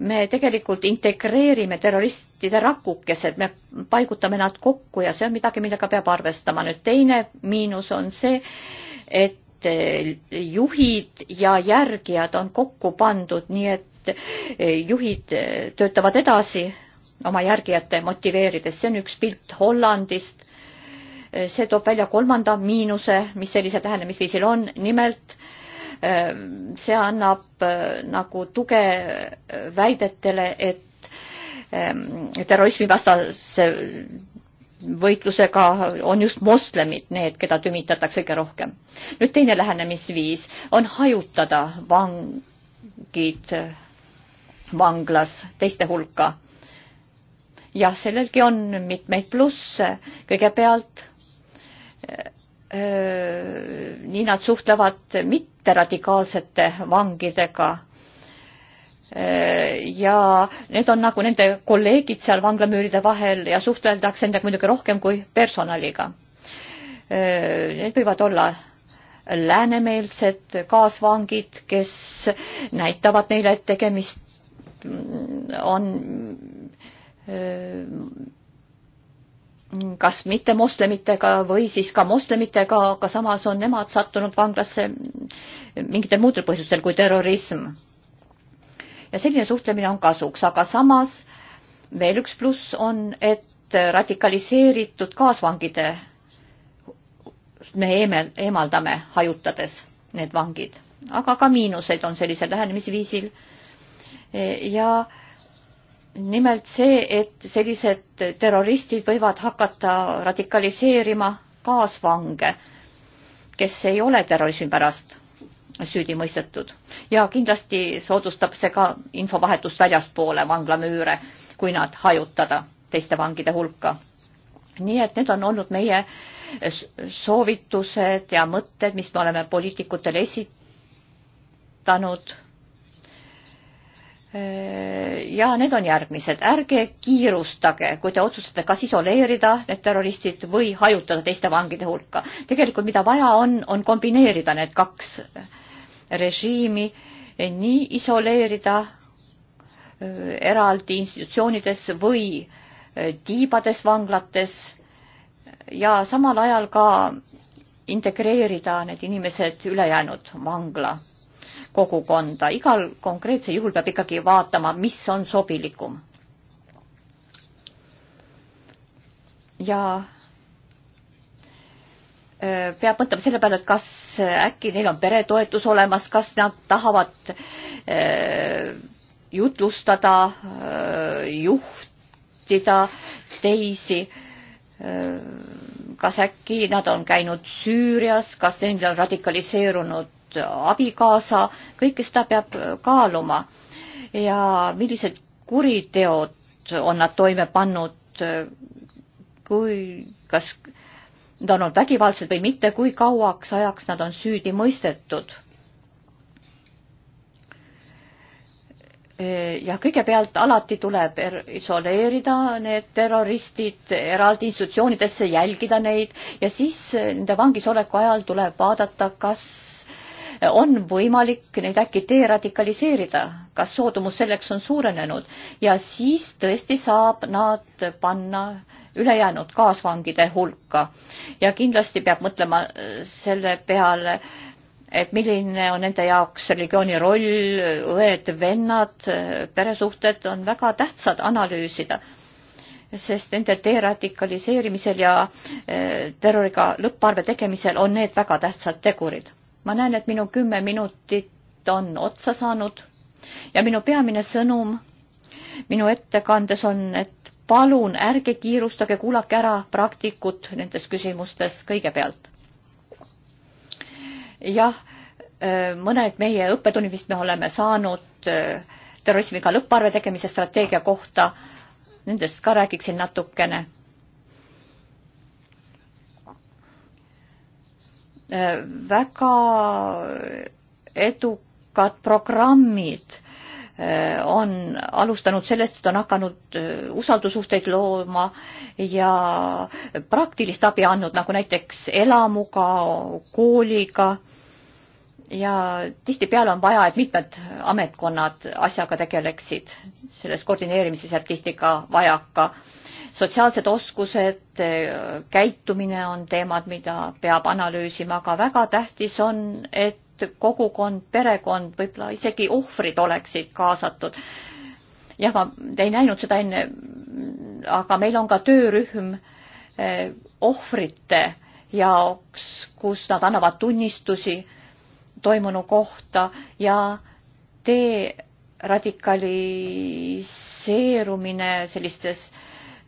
me tegelikult integreerime terroristide rakukesed, me paigutame nad kokku ja see on midagi, millega peab arvestama. nüüd teine miinus on see, et juhid ja järgijad on kokku pandud, nii et juhid töötavad edasi oma järgijate motiveerides, see on üks pilt Hollandist. see toob välja kolmanda miinuse, mis sellisel lähenemisviisil on, nimelt äh, Ehm, see annab eh, nagu tuge eh, väidetele, et ehm, terrorismivastase võitlusega on just moslemid need, keda tümitatakse kõige rohkem. nüüd teine lähenemisviis on hajutada vangid eh, vanglas teiste hulka. jah, sellelgi on mitmeid plusse. kõigepealt nii nad suhtlevad mitteradikaalsete vangidega. ja need on nagu nende kolleegid seal vanglamüüride vahel ja suhteldakse nendega muidugi rohkem kui personaliga. Need võivad olla läänemeelsed kaasvangid, kes näitavad neile, et tegemist on kas mitte moslemitega või siis ka moslemitega, aga samas on nemad sattunud vanglasse mingitel muudel põhjustel kui terrorism. ja selline suhtlemine on kasuks, aga samas veel üks pluss on, et radikaliseeritud kaasvangide me eemel, eemaldame hajutades need vangid, aga ka miinuseid on sellisel lähenemisviisil ja äh, nimelt see, et sellised terroristid võivad hakata radikaliseerima kaasvange, kes ei ole terrorismi pärast süüdi mõistetud ja kindlasti soodustab see ka infovahetust väljaspoole vanglamüüre, kui nad hajutada teiste vangide hulka. nii et need on olnud meie soovitused ja mõtted, mis me oleme poliitikutele esitanud Äh, ja need on järgmised. ärge kiirustage, kui te otsustate, kas isoleerida need terroristid või hajutada teiste vangide hulka. tegelikult mida vaja on, on kombineerida need kaks režiimi, nii isoleerida äh, eraldi institutsioonides või äh, tiibades vanglates ja samal ajal ka integreerida need inimesed ülejäänud vangla kogukonda. igal konkreetsel juhul peab ikkagi vaatama, mis on sobilikum. ja äh, peab mõtlema selle peale, et kas äkki neil on peretoetus olemas, kas nad tahavad äh, jutlustada, äh, juhtida teisi kas äkki nad on käinud Süürias, kas neil on radikaliseerunud abikaasa, kõike seda peab kaaluma. ja millised kuriteod on nad toime pannud, kui, kas nad on olnud vägivaldsed või mitte, kui kauaks ajaks nad on süüdi mõistetud. ja kõigepealt alati tuleb er-, isoleerida need terroristid eraldi institutsioonidesse, jälgida neid ja siis nende vangisoleku ajal tuleb vaadata, kas on võimalik neid äkki deradikaliseerida, kas soodumus selleks on suurenenud ja siis tõesti saab nad panna ülejäänud kaasvangide hulka. ja kindlasti peab mõtlema äh, selle peale, et milline on nende jaoks religiooni roll, õed-vennad, peresuhted on väga tähtsad analüüsida sest nende deradikaliseerimisel ja äh, terroriga lõpparve tegemisel on need väga tähtsad tegurid ma näen, et minu kümme minutit on otsa saanud ja minu peamine sõnum minu ettekandes on, et palun ärge kiirustage, kuulake ära praktikud nendes küsimustes kõigepealt. jah, äh, mõned meie õppetunnid, mis me oleme saanud äh, terrorismiga lõpparve tegemise strateegia kohta, nendest ka räägiksin natukene Äh, väga edukad programmid äh, on alustanud sellest, et on hakanud äh, usaldussuhteid looma ja praktilist abi andnud, nagu näiteks elamuga, kooliga ja tihtipeale on vaja, et mitmed ametkonnad asjaga tegeleksid. selles koordineerimises jääb tihti ka vajaka. sotsiaalsed oskused, käitumine on teemad, mida peab analüüsima, aga väga tähtis on, et kogukond, perekond, võib-olla isegi ohvrid oleksid kaasatud. jah, ma ei näinud seda enne, aga meil on ka töörühm eh, ohvrite jaoks, kus nad annavad tunnistusi toimunu kohta ja tee radikaliseerumine sellistes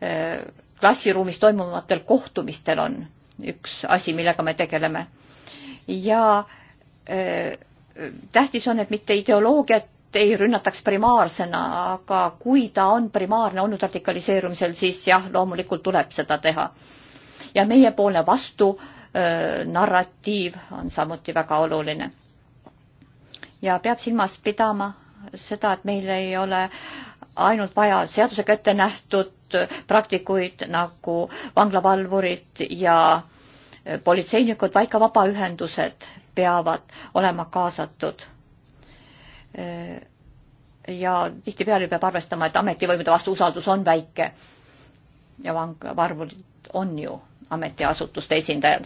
äh, klassiruumis toimuvatel kohtumistel on üks asi, millega me tegeleme. ja äh, tähtis on, et mitte ideoloogiat ei rünnataks primaarsena, aga kui ta on primaarne olnud radikaliseerumisel, siis jah, loomulikult tuleb seda teha. ja meiepoolne vastu äh, narratiiv on samuti väga oluline. ja peab silmas pidama seda, et meil ei ole ainult vaja seadusega ette nähtud praktikuid nagu vanglavalvurid ja politseinikud, vaid ka vabaühendused peavad olema kaasatud. ja tihtipeale peab arvestama, et ametivõimude vastu usaldus on väike ja vanglavalvurid on ju ametiasutuste esindajad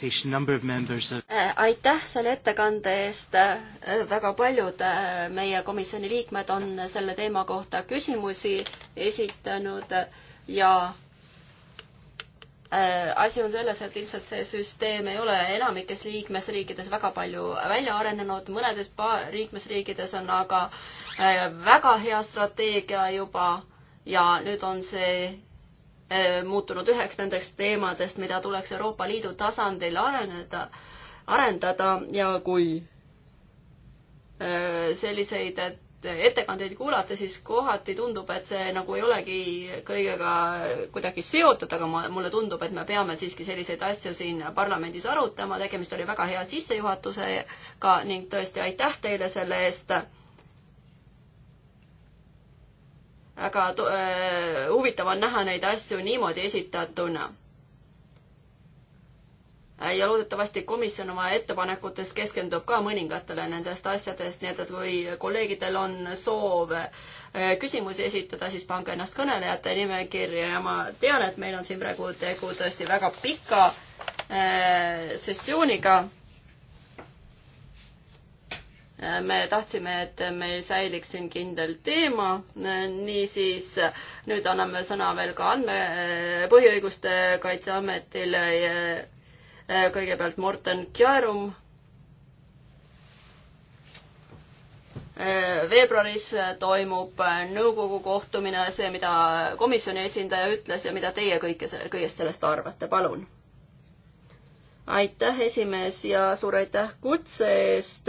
Äh, aitäh selle ettekande eest, äh, väga paljud äh, meie komisjoni liikmed on selle teema kohta küsimusi esitanud ja asi on selles, et ilmselt see süsteem ei ole enamikes liikmesriikides väga palju välja arenenud, mõnedes liikmesriikides on aga väga hea strateegia juba ja nüüd on see Äh, muutunud üheks nendest teemadest, mida tuleks Euroopa Liidu tasandil areneda, arendada ja kui äh, selliseid ettekandeid kuulata, siis kohati tundub, et see nagu ei olegi kõigega kuidagi seotud, aga ma, mulle tundub, et me peame siiski selliseid asju siin parlamendis arutama, tegemist oli väga hea sissejuhatusega ning tõesti aitäh teile selle eest aga äh, huvitav on näha neid asju niimoodi esitatuna. Äh, ja loodetavasti komisjon oma ettepanekutes keskendub ka mõningatele nendest asjadest, nii et, et kui kolleegidel on soov äh, küsimusi esitada, siis pange ennast kõnelejate nimekirja ja ma tean, et meil on siin praegu tegu tõesti väga pika äh, sessiooniga me tahtsime, et meil säiliks siin kindel teema, niisiis nüüd anname sõna veel ka andme, eh, Põhiõiguste Kaitseametile, eh, kõigepealt Morten Kjärum. Eh, veebruaris toimub nõukogu kohtumine, see, mida komisjoni esindaja ütles ja mida teie kõike, kõigest sellest arvate, palun. aitäh, esimees, ja suur aitäh kutse eest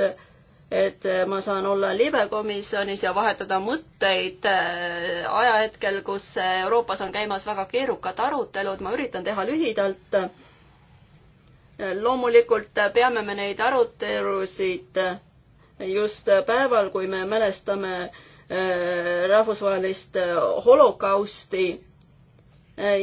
et ma saan olla libekomisjonis ja vahetada mõtteid äh, ajahetkel, kus Euroopas on käimas väga keerukad arutelud, ma üritan teha lühidalt. loomulikult peame me neid arutelusid just päeval, kui me mälestame äh, rahvusvahelist holokausti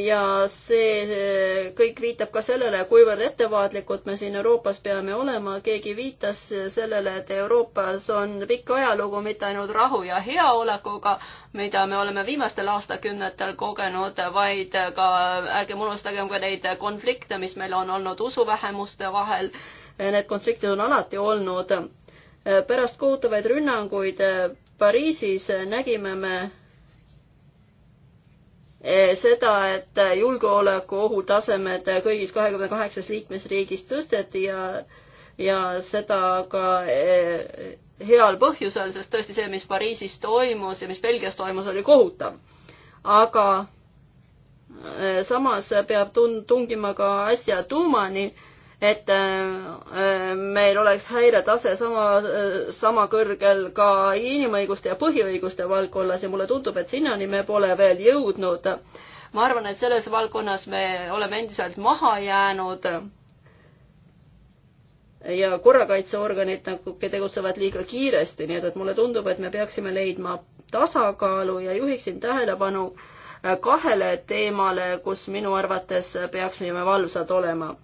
ja see eh, kõik viitab ka sellele, kuivõrd ettevaatlikud me siin Euroopas peame olema, keegi viitas sellele, et Euroopas on pikk ajalugu mitte ainult rahu ja heaolekuga, mida me oleme viimastel aastakümnetel kogenud, vaid ka ärgem unustagem ka neid konflikte, mis meil on olnud usuvähemuste vahel. Eh, need konfliktid on alati olnud. Eh, pärast kohutavaid rünnanguid Pariisis nägime me Eh, seda, et eh, julgeolekuohu tasemed eh, kõigis kahekümne kaheksas liikmesriigis tõsteti ja, ja seda ka heal põhjusel, sest tõesti see, mis Pariisis toimus ja mis Belgias toimus, oli kohutav. aga samas peab tun-, tungima ka asja tuumani et äh, äh, meil oleks häiretase sama, äh, sama kõrgel ka inimõiguste ja põhiõiguste valdkonnas ja mulle tundub, et sinnani me pole veel jõudnud. ma arvan, et selles valdkonnas me oleme endiselt maha jäänud ja korrakaitseorganid nagu tegutsevad liiga kiiresti, nii et, et mulle tundub, et me peaksime leidma tasakaalu ja juhiksin tähelepanu kahele teemale, kus minu arvates peaksime valvsad olema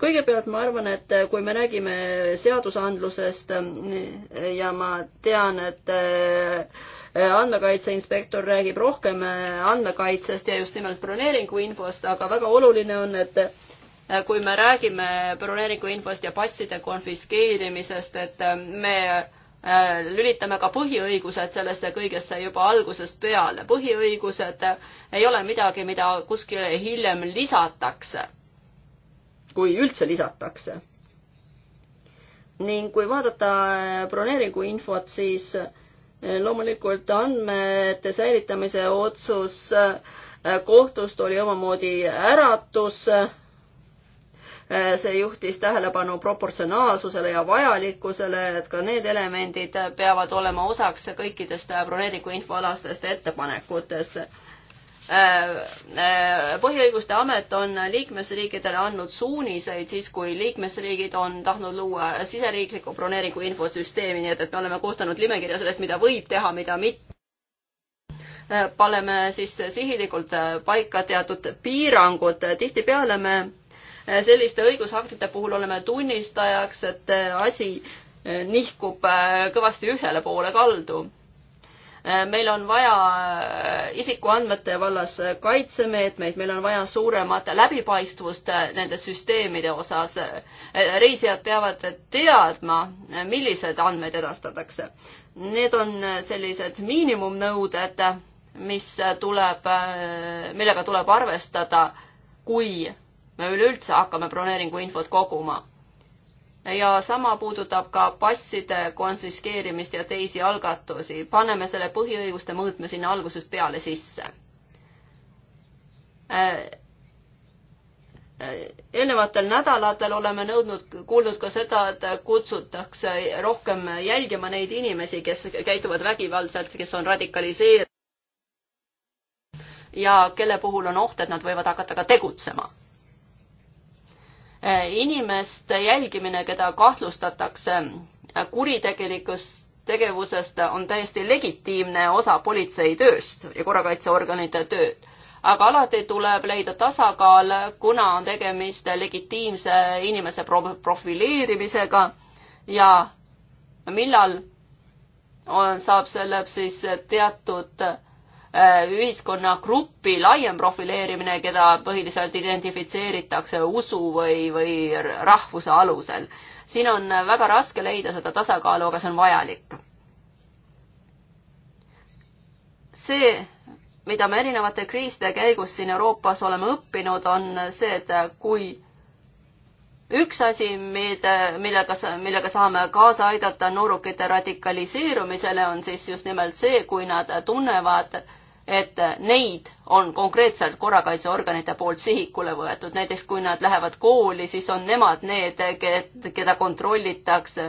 kõigepealt ma arvan, et kui me räägime seadusandlusest eh, ja ma tean, et eh, andmekaitse inspektor räägib rohkem eh, andmekaitsest ja just nimelt broneeringu infost, aga väga oluline on, et kui me räägime broneeringu infost ja passide konfiskeerimisest, et me lülitame ka põhiõigused sellesse kõigesse juba algusest peale. põhiõigused ei ole midagi, mida kuskile hiljem lisatakse kui üldse lisatakse. ning kui vaadata broneeringu infot, siis eh, loomulikult andmete säilitamise otsus eh, kohtust oli omamoodi äratus. Eh, see juhtis tähelepanu proportsionaalsusele ja vajalikkusele, et ka need elemendid peavad olema osaks kõikidest broneeringu infoalastest ettepanekutest Äh, äh, põhiõiguste amet on liikmesriikidele andnud suuniseid siis, kui liikmesriigid on tahtnud luua siseriikliku broneeringu infosüsteemi, nii et, et me oleme koostanud nimekirja sellest, mida võib teha, mida mitte. Äh, paneme siis sihilikult paika teatud piirangud, tihtipeale me selliste õigusaktide puhul oleme tunnistajaks, et asi nihkub kõvasti ühele poole kaldu Äh, meil on vaja äh, isikuandmete vallas äh, kaitsemeetmeid, meil on vaja suuremat läbipaistvust nende süsteemide osas. reisijad peavad teadma, millised andmed edastatakse. Need on sellised miinimumnõuded, mis tuleb, millega tuleb arvestada, kui me üleüldse hakkame broneeringu infot koguma ja sama puudutab ka passide konfiskeerimist ja teisi algatusi. paneme selle põhiõiguste mõõtme sinna algusest peale sisse. Äh, äh, eelnevatel nädalatel oleme nõudnud, kuulnud ka seda, et kutsutakse rohkem jälgima neid inimesi, kes käituvad vägivaldselt, kes on radikaliseeritud ja kelle puhul on oht, et nad võivad hakata ka tegutsema Äh, inimeste jälgimine, keda kahtlustatakse kuritegelikust tegevusest, on täiesti legitiimne osa politsei tööst ja korrakaitseorganite tööd. aga alati tuleb leida tasakaal, kuna on tegemist legitiimse inimese pro-, profileerimisega ja millal on, saab selle siis teatud äh, Äh, ühiskonnagrupi laiem profileerimine, keda põhiliselt identifitseeritakse usu või, või rahvuse alusel. siin on väga raske leida seda tasakaalu, aga see on vajalik. see, mida me erinevate kriiside käigus siin Euroopas oleme õppinud, on see, et kui üks asi, mida, millega, millega saame kaasa aidata noorukite radikaliseerumisele, on siis just nimelt see, kui nad tunnevad äh, et neid on konkreetselt korrakaitseorganite poolt sihikule võetud, näiteks kui nad lähevad kooli, siis on nemad need, keda kontrollitakse.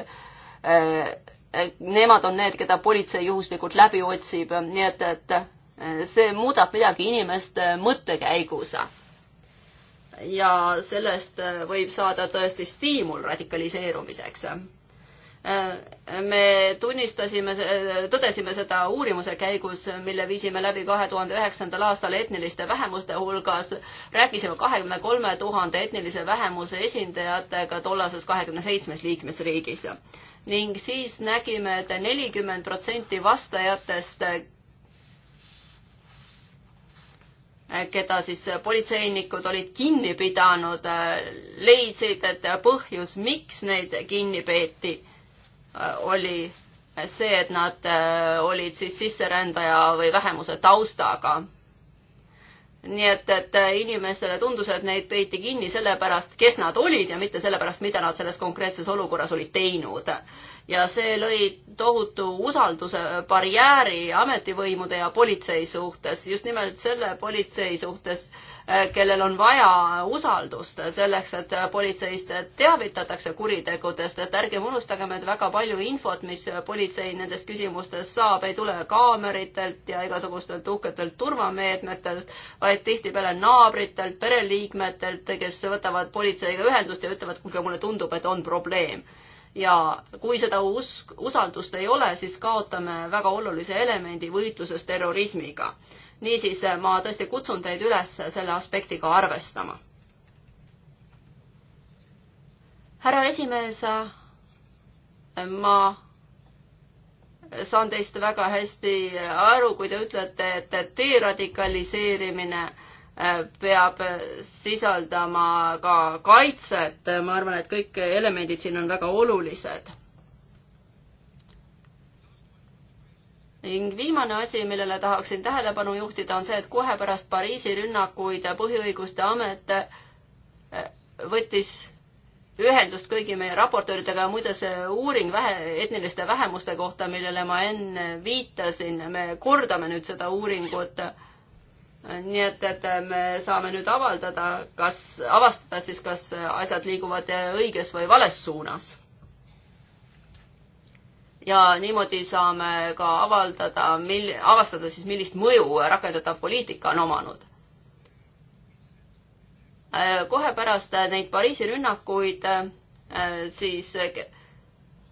Eh, nemad on need, keda politsei juhuslikult läbi otsib, nii et, et eh, see muudab midagi inimeste mõttekäigus. ja sellest eh, võib saada tõesti stiimul radikaliseerumiseks Äh, me tunnistasime, äh, tõdesime seda uurimuse käigus, mille viisime läbi kahe tuhande üheksandal aastal etniliste vähemuste hulgas. rääkisime kahekümne kolme tuhande etnilise vähemuse esindajatega tollases kahekümne seitsmes liikmesriigis ning siis nägime et, et nelikümmend protsenti vastajatest keda siis politseinikud olid kinni pidanud, leidsid, et põhjus, miks neid kinni peeti Äh, oli see, et nad äh, olid siis sisserändaja või vähemuse taustaga. nii et, et äh, inimestele tundus, et neid peeti kinni sellepärast, kes nad olid ja mitte sellepärast, mida nad selles konkreetses olukorras olid teinud. ja see lõi tohutu usalduse barjääri ametivõimude ja politsei suhtes, just nimelt selle politsei suhtes, Äh, kellel on vaja usaldust selleks, et politseist teavitatakse kuritegudest, et ärgem unustagem, et väga palju infot, mis politsei nendest küsimustest saab, ei tule kaameritelt ja igasugustelt uhketelt turvameetmetelt, vaid tihtipeale naabritelt, pereliikmetelt, kes võtavad politseiga ühendust ja ütlevad, kuulge, mulle tundub, et on probleem ja kui seda usk, usaldust ei ole, siis kaotame väga olulise elemendi võitluses terrorismiga niisiis, ma tõesti kutsun teid üles selle aspektiga arvestama. härra esimees, ma saan teist väga hästi aru, kui te ütlete, et deradikaliseerimine äh, peab sisaldama ka kaitset, ma arvan, et kõik elemendid siin on väga olulised ning viimane asi, millele tahaksin tähelepanu juhtida, on see, et kohe pärast Pariisi rünnakuid Põhiõiguste Amet eh, võttis ühendust kõigi meie raportööridega ja muide see uuring vähe, etniliste vähemuste kohta, millele ma enne viitasin, me kordame nüüd seda uuringut. nii et, et me saame nüüd avaldada, kas, avastada siis, kas asjad liiguvad õiges või vales suunas ja niimoodi saame ka avaldada, mil-, avastada siis, millist mõju rakendatav poliitika on omanud. kohe pärast neid Pariisi rünnakuid äh, siis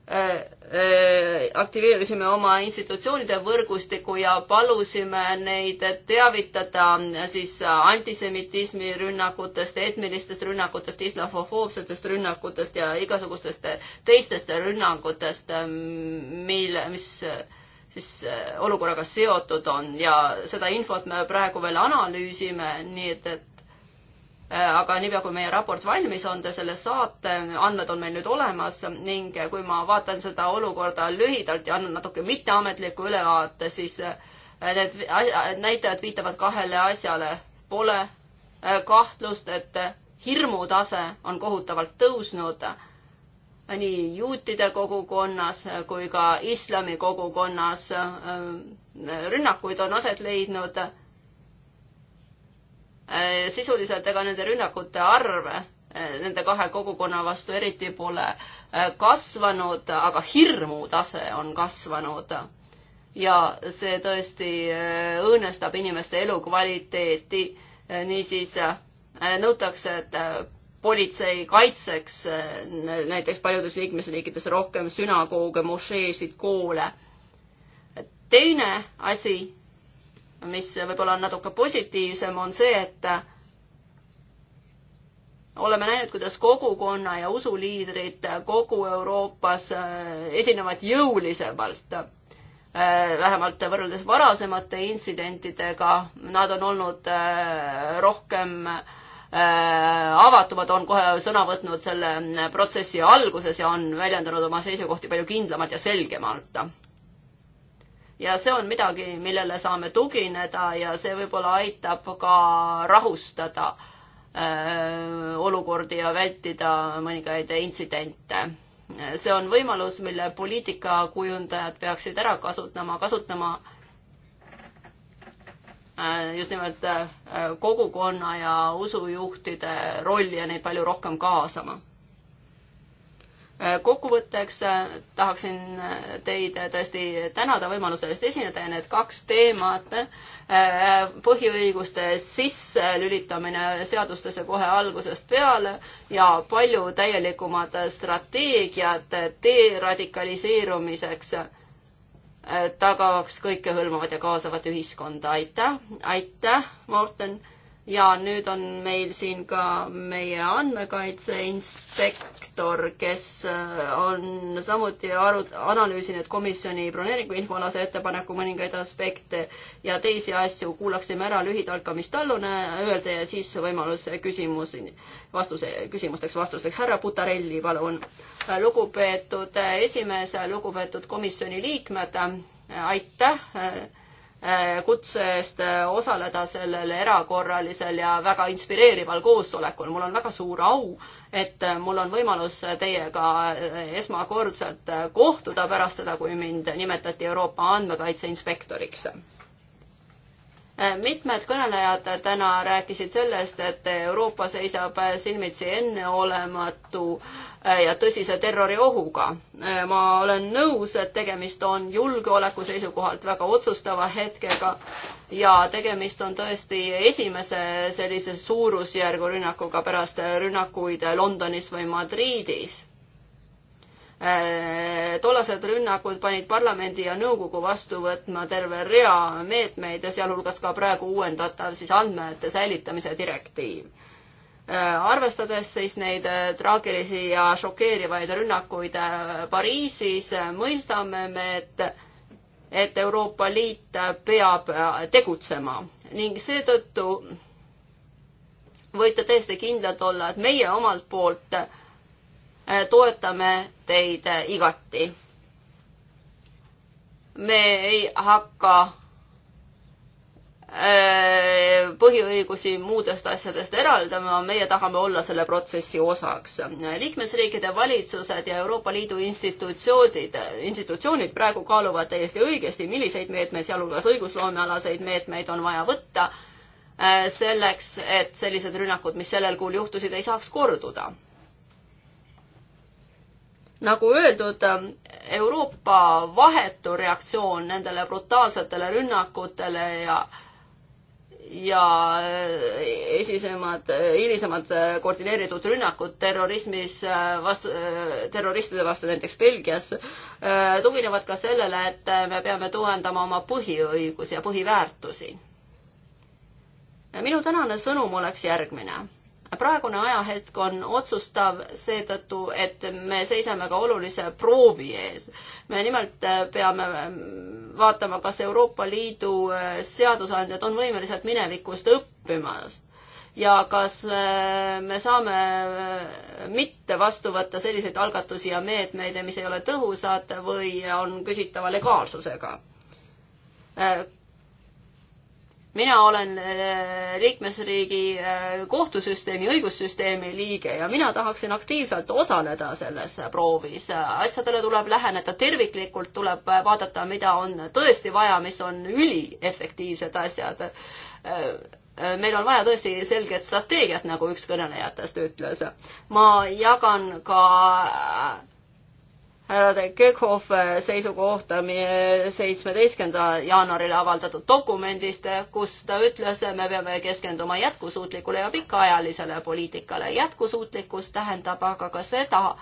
Äh, äh, aktiveerisime oma institutsioonide võrgustiku ja palusime neid teavitada äh, siis antisemitismi rünnakutest, etnilistest rünnakutest, islamofoobsetest rünnakutest ja igasugustest teistest rünnakutest, mil, mis siis olukorraga seotud on ja seda infot me praegu veel analüüsime, nii et, et Äh, aga niipea, kui meie raport valmis on, te selle saate, andmed on meil nüüd olemas ning kui ma vaatan seda olukorda lühidalt ja annan natuke mitteametliku ülevaate, siis äh, need näitajad viitavad kahele asjale. Pole äh, kahtlust, et hirmutase on kohutavalt tõusnud nii juutide kogukonnas kui ka islami kogukonnas. rünnakuid on aset leidnud Äh, sisuliselt ega nende rünnakute arv äh, nende kahe kogukonna vastu eriti pole äh, kasvanud, aga hirmu tase on kasvanud. ja see tõesti õõnestab inimeste elukvaliteeti. niisiis nõutakse, et politsei kaitseks näiteks paljudes liikmesriikides rohkem sünagooge, mošeesid, koole. teine asi mis võib-olla on natuke positiivsem, on see, et oleme näinud, kuidas kogukonna ja usuliidrid kogu Euroopas äh, esinevad jõulisemalt. Äh, vähemalt võrreldes varasemate intsidentidega, nad on olnud äh, rohkem avatumad, on kohe sõna võtnud selle protsessi alguses ja on väljendanud oma seisukohti palju kindlamalt ja selgemalt ja see on midagi, millele saame tugineda ja see võib-olla aitab ka rahustada öö, äh, olukordi ja vältida mõningaid intsidente. see on võimalus, mille poliitikakujundajad peaksid ära kasutama, kasutama äh, just nimelt äh, kogukonna ja usujuhtide rolli ja neid palju rohkem kaasama kokkuvõtteks äh, tahaksin äh, teid äh, tõesti tänada võimaluse eest esineda ja need kaks teemat, põhiõiguste sisselülitamine seadustesse kohe algusest peale ja palju täielikumad strateegiad deradikaliseerumiseks tagaks kõikehõlmavat ja kaasavat ühiskonda. aitäh, aitäh, Morten ja nüüd on meil siin ka meie andmekaitse inspektor, kes äh, on samuti aru, analüüsinud komisjoni broneeringu infoalase ettepaneku mõningaid aspekte ja teisi asju. kuulaksime ära lühidalt ka, mis tal on äh, öelda ja siis võimalus küsimusi, vastuse, küsimusteks, vastusteks. härra Butarelli, palun. lugupeetud äh, esimees, lugupeetud komisjoni liikmed, aitäh Äh, kutse eest äh, osaleda sellel erakorralisel ja väga inspireerival koosolekul. mul on väga suur au, et äh, mul on võimalus teiega esmakordselt kohtuda pärast seda, kui mind nimetati Euroopa andmekaitse inspektoriks Äh, mitmed kõnelejad täna rääkisid sellest, et Euroopa seisab silmitsi enneolematu äh, ja tõsise terroriohuga. Äh, ma olen nõus, et tegemist on julgeoleku seisukohalt väga otsustava hetkega ja tegemist on tõesti esimese sellise suurusjärgu rünnakuga pärast rünnakuid Londonis või Madridis Äh, tollased rünnakud panid parlamendi ja nõukogu vastu võtma terve rea meetmeid ja sealhulgas ka praegu uuendatav siis andmete säilitamise direktiiv. Äh, arvestades siis neid äh, traagilisi ja šokeerivaid rünnakuid Pariisis, mõistame me, et et Euroopa Liit peab tegutsema ning seetõttu võite täiesti kindlad olla, et meie omalt poolt äh, Äh, toetame teid äh, igati. me ei hakka äh, põhiõigusi muudest asjadest eraldama, meie tahame olla selle protsessi osaks. liikmesriikide valitsused ja Euroopa Liidu institutsioonid, institutsioonid praegu kaaluvad täiesti õigesti, milliseid meetmeid, sealhulgas õigusloomealaseid meetmeid on vaja võtta selleks, et sellised rünnakud, mis sellel kuul juhtusid, ei saaks korduda nagu öeldud, Euroopa vahetu reaktsioon nendele brutaalsetele rünnakutele ja ja eh, esisemad, eh, hilisemad eh, koordineeritud rünnakud terrorismis vastu, terroristide vastu näiteks Belgias tuginevad ka sellele, et me peame tuhandama oma põhiõigusi ja põhiväärtusi. minu tänane sõnum oleks järgmine praegune ajahetk on otsustav seetõttu, et me seisame ka olulise proovi ees. me nimelt äh, peame ähm, vaatama, kas Euroopa Liidu äh, seadusandjad on võimelised minevikust õppima ja kas äh, me saame mitte vastu võtta selliseid algatusi ja meetmeid, mis ei ole tõhusad või on küsitava legaalsusega mina olen äh, liikmesriigi äh, kohtusüsteemi, õigussüsteemi liige ja mina tahaksin aktiivselt osaleda selles proovis. asjadele tuleb läheneda terviklikult, tuleb vaadata, mida on tõesti vaja, mis on üliefektiivsed asjad. Äh, meil on vaja tõesti selget strateegiat, nagu üks kõnelejatest ütles. ma jagan ka härrade Kekhoff äh, seisukohta meie seitsmeteistkümnenda jaanuaril avaldatud dokumendist, kus ta ütles, me peame keskenduma jätkusuutlikule ja pikaajalisele poliitikale. jätkusuutlikkus tähendab aga ka seda,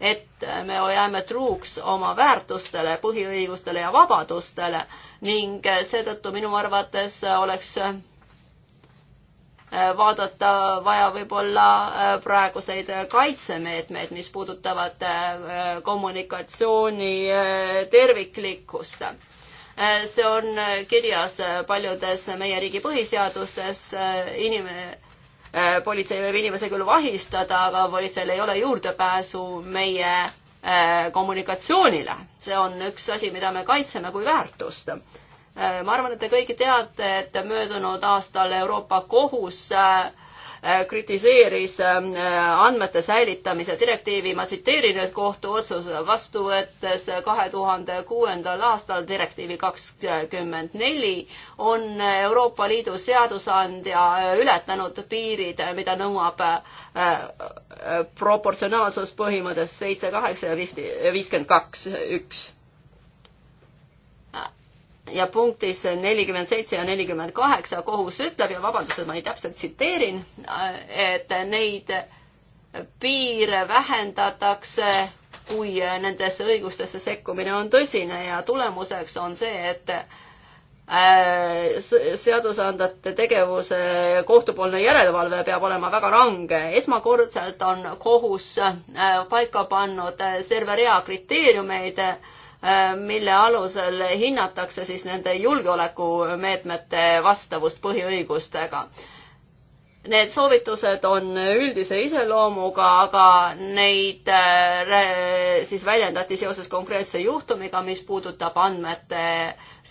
et me jääme truuks oma väärtustele, põhiõigustele ja vabadustele ning seetõttu minu arvates oleks Äh, vaadata vaja võib-olla äh, praeguseid äh, kaitsemeetmeid, mis puudutavad kommunikatsiooni terviklikkust. see on kirjas paljudes meie riigi põhiseadustes, inimene politsei võib inimese küll vahistada, aga politseil ei ole juurdepääsu meie kommunikatsioonile. see on üks asi, mida me kaitseme kui väärtust Äh, ma arvan, et te kõik teate, et möödunud aastal Euroopa Kohus äh, äh, kritiseeris andmete säilitamise direktiivi, ma tsiteerin nüüd kohtuotsuse vastu võttes kahe tuhande kuuendal aastal direktiivi kakskümmend neli on Euroopa Liidu seadusandja ületanud piirid, mida nõuab proportsionaalsuspõhimõttes seitse, kaheksa ja viiskümmend kaks, üks ja punktis nelikümmend seitse ja nelikümmend kaheksa kohus ütleb ja vabandust, et ma neid täpselt tsiteerin, et neid piire vähendatakse, kui nendesse õigustesse sekkumine on tõsine ja tulemuseks on see, et äh, seadusandjate tegevuse kohtupoolne järelevalve peab olema väga range. esmakordselt on kohus äh, paika pannud terve rea kriteeriumeid Äh, mille alusel hinnatakse siis nende julgeolekumeetmete vastavust põhiõigustega. Need soovitused on üldise iseloomuga, aga neid äh, siis väljendati seoses konkreetse juhtumiga, mis puudutab andmete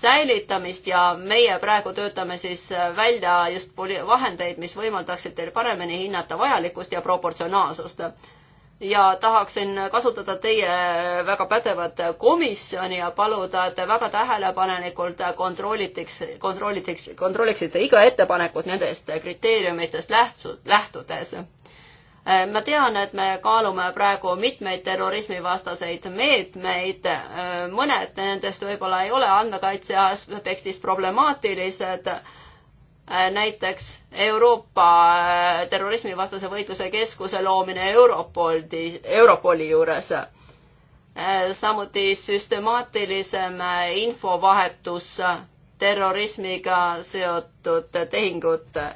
säilitamist ja meie praegu töötame siis välja just vahendeid, mis võimaldaksid teil paremini hinnata vajalikkust ja proportsionaalsust ja tahaksin kasutada teie väga pädevat komisjoni ja paluda, et te väga tähelepanelikult kontrolliteks, kontrolliteks, kontrolliksite iga ettepanekut nendest kriteeriumitest lähtud, lähtudes. ma tean, et me kaalume praegu mitmeid terrorismivastaseid meetmeid, mõned nendest võib-olla ei ole andmekaitse aspektist problemaatilised Äh, näiteks Euroopa äh, terrorismivastase võitluse keskuse loomine Europoli, Europoli juures. Äh, samuti süstemaatilisem infovahetus terrorismiga seotud tehingute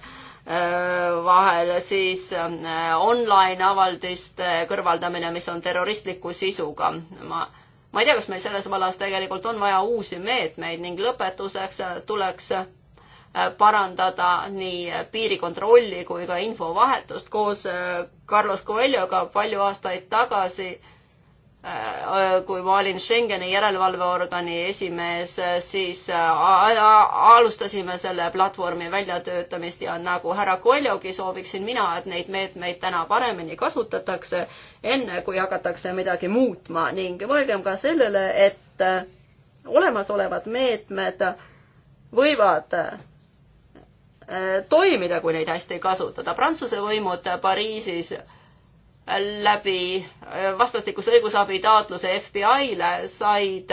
vahel, siis online avaldiste kõrvaldamine, mis on terroristliku sisuga. ma ma ei tea, kas meil selles vallas tegelikult on vaja uusi meetmeid ning lõpetuseks tuleks parandada nii piirikontrolli kui ka infovahetust koos äh, Carlos Coelhoga palju aastaid tagasi, äh, äh, kui ma olin Schengeni järelevalveorgani esimees, siis alustasime selle platvormi väljatöötamist ja nagu härra Coelhogi sooviksin mina, et neid meetmeid täna paremini kasutatakse, enne kui hakatakse midagi muutma ning mõelgem ka sellele, et olemasolevad meetmed võivad Äh, toimida, kui neid hästi kasutada. Prantsuse võimud Pariisis läbi äh, vastastikuse õigusabi taotluse FBI-le said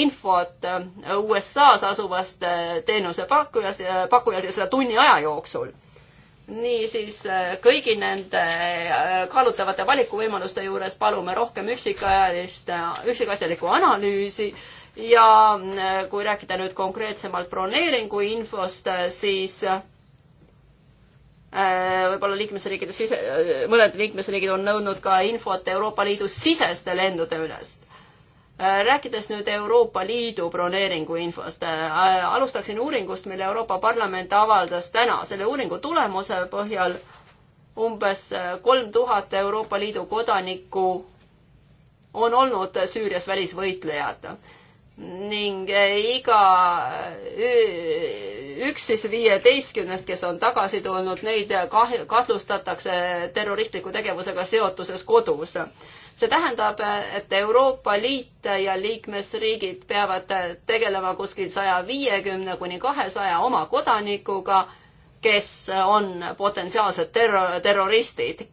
infot äh, USA-s asuvast teenusepakkujast, pakkujalt ja seda tunni aja jooksul. niisiis kõigi nende kaalutavate valikuvõimaluste juures palume rohkem üksikajalist, üksikasjalikku analüüsi ja äh, kui rääkida nüüd konkreetsemalt broneeringu infost, äh, siis äh, võib-olla liikmesriikide sise, mõned liikmesriigid on nõudnud ka infot Euroopa Liidu siseste lendude ülest. rääkides nüüd Euroopa Liidu broneeringu infost, alustaksin uuringust, mille Euroopa Parlament avaldas täna. selle uuringu tulemuse põhjal umbes kolm tuhat Euroopa Liidu kodanikku on olnud Süürias välisvõitlejad ning eh, iga eh, üks siis viieteistkümnest, kes on tagasi tulnud, neid eh, kahtlustatakse terroristliku tegevusega seotuses kodus. see tähendab, et Euroopa Liit ja liikmesriigid peavad tegelema kuskil saja viiekümne kuni kahesaja oma kodanikuga, kes on potentsiaalsed terro-, terroristid.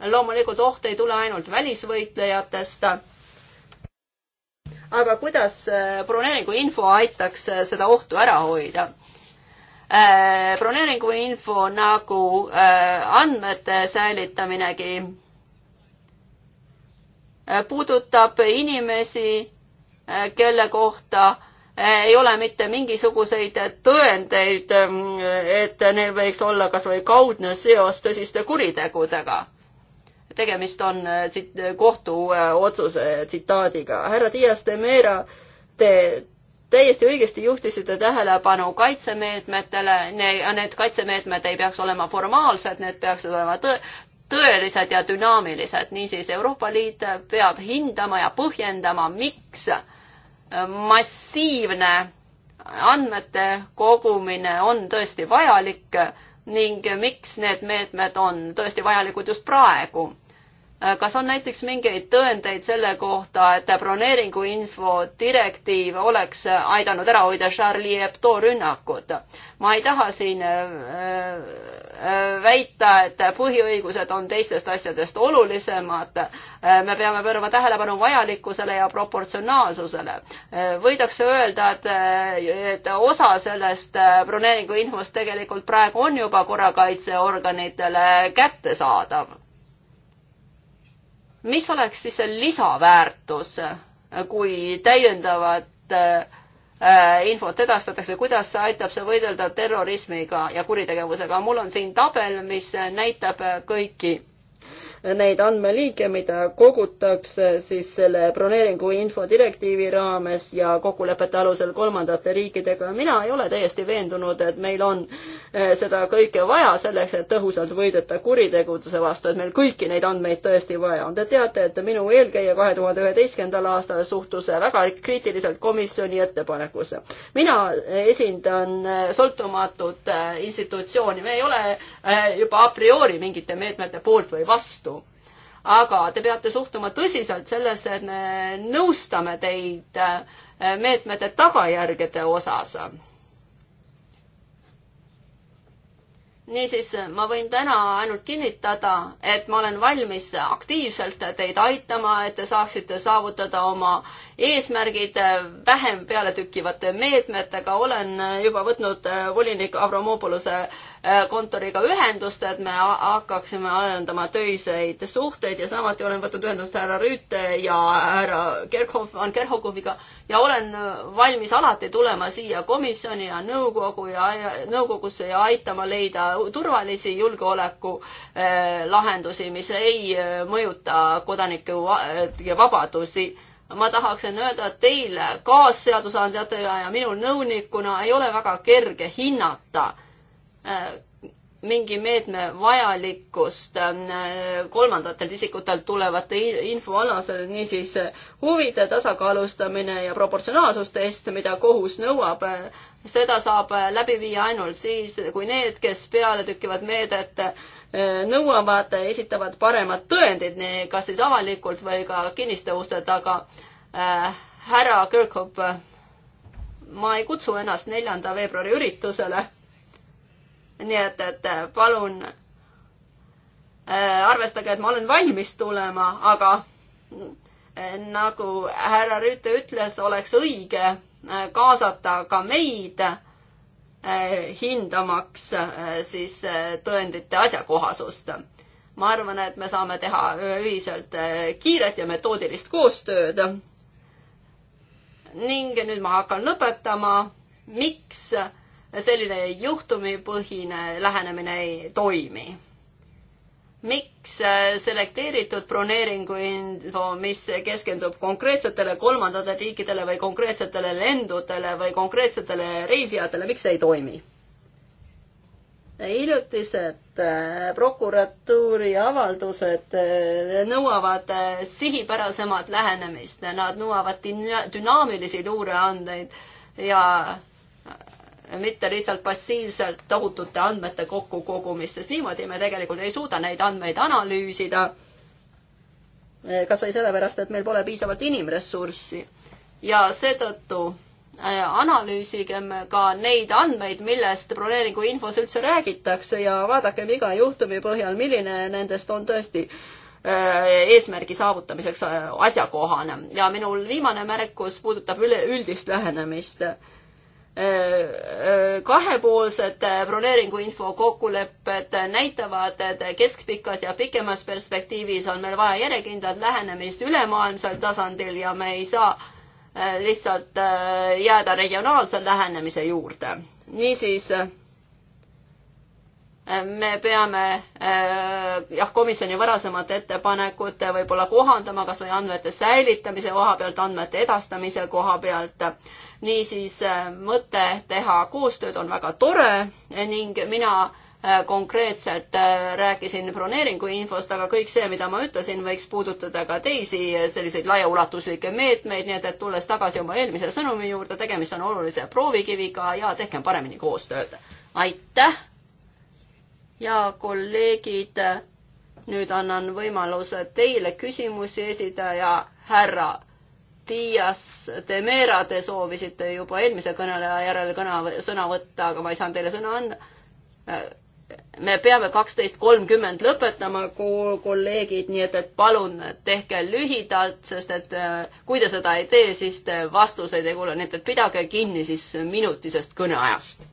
loomulikult oht ei tule ainult välisvõitlejatest aga kuidas äh, broneeringu info aitaks äh, seda ohtu ära hoida? Äh, broneeringu info nagu andmete säilitaminegi puudutab inimesi, kelle kohta ei ole mitte mingisuguseid tõendeid, ähm, et neil võiks olla kas või kaudne seos tõsiste kuritegudega tegemist on äh, kohtuotsuse äh, äh, tsitaadiga. härra Dias de Meera, te täiesti õigesti juhtisite tähelepanu kaitsemeetmetele, need kaitsemeetmed ei peaks olema formaalsed, need peaksid olema tõ-, tõelised ja dünaamilised, niisiis Euroopa Liit peab hindama ja põhjendama, miks massiivne andmete kogumine on tõesti vajalik ning miks need meetmed on tõesti vajalikud just praegu. kas on näiteks mingeid tõendeid selle kohta, et broneeringu infodirektiiv oleks aidanud ära hoida Charlie Hebdo rünnakut? ma ei taha siin äh, väita, et põhiõigused on teistest asjadest olulisemad. me peame pöörama tähelepanu vajalikkusele ja proportsionaalsusele. võidakse öelda, et, et osa sellest broneeringu infost tegelikult praegu on juba korrakaitseorganitele kättesaadav. mis oleks siis see lisaväärtus, kui täiendavat Äh, infot edastatakse, kuidas see aitab see võidelda terrorismiga ja kuritegevusega. mul on siin tabel, mis näitab kõiki neid andmeliike, mida kogutakse siis selle broneeringu infodirektiivi raames ja kokkulepete alusel kolmandate riikidega. mina ei ole täiesti veendunud, et meil on eh, seda kõike vaja selleks, et tõhusalt võidelda kuritegevuse vastu, et meil kõiki neid andmeid tõesti vaja on. Te teate, et minu eelkäija kahe tuhande üheteistkümnendal aastal suhtus väga kriitiliselt komisjoni ettepanekusse. mina esindan eh, sõltumatut eh, institutsiooni, me ei ole juba a priori mingite meetmete poolt või vastu aga te peate suhtuma tõsiselt sellesse, et me nõustame teid eh, meetmete tagajärgede osas. niisiis, ma võin täna ainult kinnitada, et ma olen valmis aktiivselt teid aitama, et te saaksite saavutada oma eesmärgid vähem pealetükkivate meetmetega. olen juba võtnud eh, volinik Avramopoluse Äh, kontoriga ühendust, et me hakkaksime arendama töiseid suhteid ja samuti olen võtnud ühendust härra Rüüte ja härra Kerkhoff, Van Kerkhoffiga ja olen äh, valmis alati tulema siia komisjoni ja nõukogu ja nõukogusse ja aitama leida turvalisi julgeoleku äh, lahendusi, mis ei mõjuta kodanike vabadusi ma tahaksin öelda, et teil kaasseadusandjatega ja minul nõunikuna ei ole väga kerge hinnata äh, Äh, mingi meetme vajalikkust äh, kolmandatelt isikutelt tulevate info alusel, niisiis äh, huvide tasakaalustamine ja proportsionaalsustest, mida kohus nõuab, seda saab läbi viia ainult siis, kui need, kes peale tükivad meedet, nõuavad, esitavad paremad tõendid, kas siis avalikult või ka kinniste uste taga. härra Kirkhope, ma ei kutsu ennast neljanda veebruari üritusele nii et, et äh, palun äh, arvestage, et ma olen valmis tulema, aga äh, nagu härra Rüütel ütles, oleks õige kaasata ka meid hindamaks siis tõendite asjakohasust. ma arvan, et me saame teha ühiselt kiiret ja metoodilist koostööd. ning nüüd ma hakkan lõpetama. miks selline juhtumipõhine lähenemine ei toimi. miks äh, selekteeritud broneeringuinfo, mis keskendub konkreetsetele kolmandatele riikidele või konkreetsetele lendudele või konkreetsetele reisijatele, miks see ei toimi? hiljutised äh, prokuratuuri avaldused äh, nõuavad sihipärasemat lähenemist, nad nõuavad dünaamilisi luureandeid ja mitte lihtsalt passiivselt tohutute andmete kokkukogumist, sest niimoodi me tegelikult ei suuda neid andmeid analüüsida. kas või sellepärast, et meil pole piisavalt inimressurssi ja seetõttu äh, analüüsigem ka neid andmeid, millest broneeringu infos üldse räägitakse ja vaadakem iga juhtumi põhjal, milline nendest on tõesti äh, eesmärgi saavutamiseks äh, asjakohane ja minu viimane märkus puudutab üleüldist lähenemist. Äh, äh, kahepoolsed äh, broneeringuinfo kokkulepped näitavad, et keskpikas ja pikemas perspektiivis on meil vaja järjekindlat lähenemist ülemaailmsel tasandil ja me ei saa lihtsalt jääda regionaalse lähenemise juurde. niisiis me peame jah, komisjoni varasemat ettepanekut võib-olla kohandama kas või andmete säilitamise koha pealt, andmete edastamise koha pealt niisiis äh, mõte teha koostööd on väga tore ning mina äh, konkreetselt äh, rääkisin broneeringu infost, aga kõik see, mida ma ütlesin, võiks puudutada ka teisi selliseid laiaulatuslikke meetmeid, nii et, et tulles tagasi oma eelmise sõnumi juurde, tegemist on olulise proovikiviga ja tehkem paremini koostööd. aitäh! ja kolleegid, nüüd annan võimaluse teile küsimusi esitada ja härra Dias de Mera, te soovisite juba eelmise kõneleja järel kõna, sõna võtta, aga ma ei saanud teile sõna anda. me peame kaksteist kolmkümmend lõpetama, kolleegid, nii et, et palun tehke lühidalt, sest et äh, kui te seda ei tee, siis te vastuseid ei kuule, nii et, et pidage kinni siis minutisest kõneajast.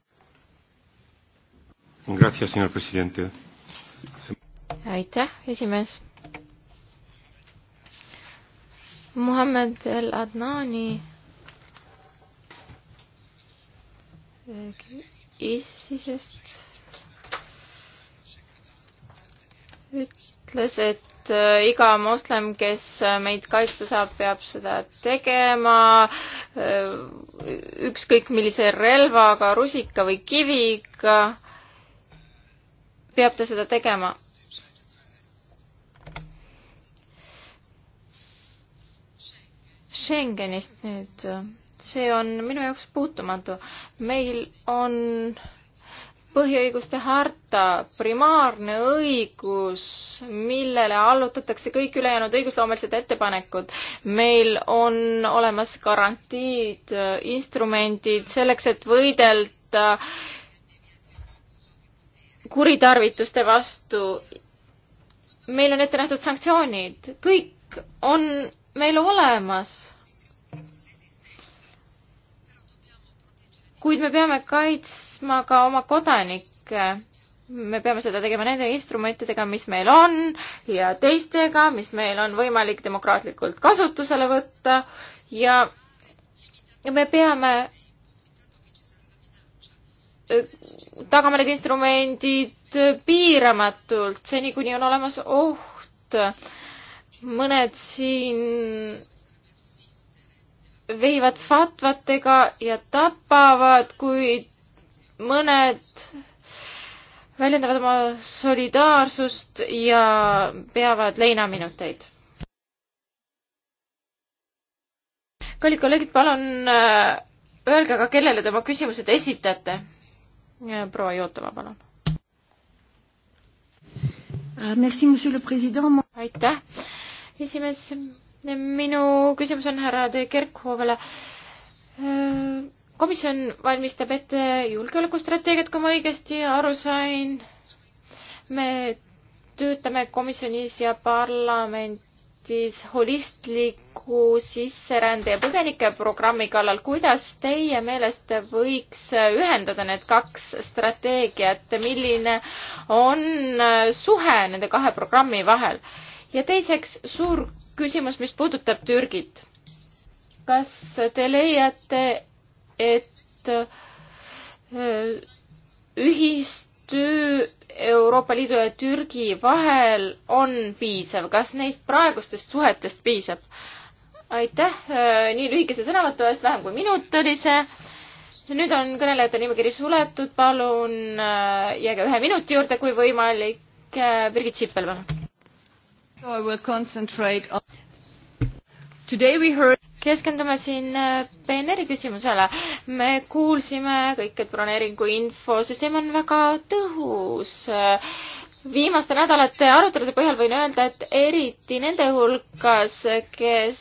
aitäh, esimees Mohamed El Adnani eh, ISISest ütles, et eh, iga moslem, kes eh, meid kaitsta saab, peab seda tegema ükskõik millise relvaga, rusika või kiviga, peab ta seda tegema Schengenist nüüd, see on minu jaoks puutumatu. meil on põhiõiguste harta, primaarne õigus, millele allutatakse kõik ülejäänud õigusloomelised ettepanekud. meil on olemas garantiid, instrumendid selleks, et võidelda kuritarvituste vastu. meil on ette nähtud sanktsioonid, kõik on meil olemas kuid me peame kaitsma ka oma kodanikke. me peame seda tegema nende instrumentidega, mis meil on ja teistega, mis meil on võimalik demokraatlikult kasutusele võtta ja, ja me peame äh, tagama need instrumendid piiramatult, seni kuni on olemas oht. mõned siin vehivad fatvatega ja tapavad, kuid mõned väljendavad oma solidaarsust ja peavad leinaminuteid. kallid kolleegid, palun äh, öelge aga, kellele te oma küsimused esitate. proua Jootova, palun. Ah, aitäh, esimees minu küsimus on härra De Kerkhoovele. komisjon valmistab ette julgeolekustrateegiat, kui ma õigesti aru sain. me töötame komisjonis ja parlamentis holistliku sisserände ja põgenike programmi kallal. kuidas teie meelest võiks ühendada need kaks strateegiat, milline on suhe nende kahe programmi vahel? ja teiseks suur küsimus, mis puudutab Türgit. kas te leiate, et äh, ühistöö Euroopa Liidu ja Türgi vahel on piisav, kas neist praegustest suhetest piisab? aitäh äh, nii lühikese sõnavõtu eest, vähem kui minut oli see. nüüd on kõnelejate nimekiri suletud, palun äh, jääge ühe minuti juurde, kui võimalik. Birgit Sippel, palun keskendume siin äh, PNR-i küsimusele. me kuulsime kõik, et broneeringu infosüsteem on väga tõhus äh, viimaste nädalate arutelude põhjal võin öelda, et eriti nende hulgas, kes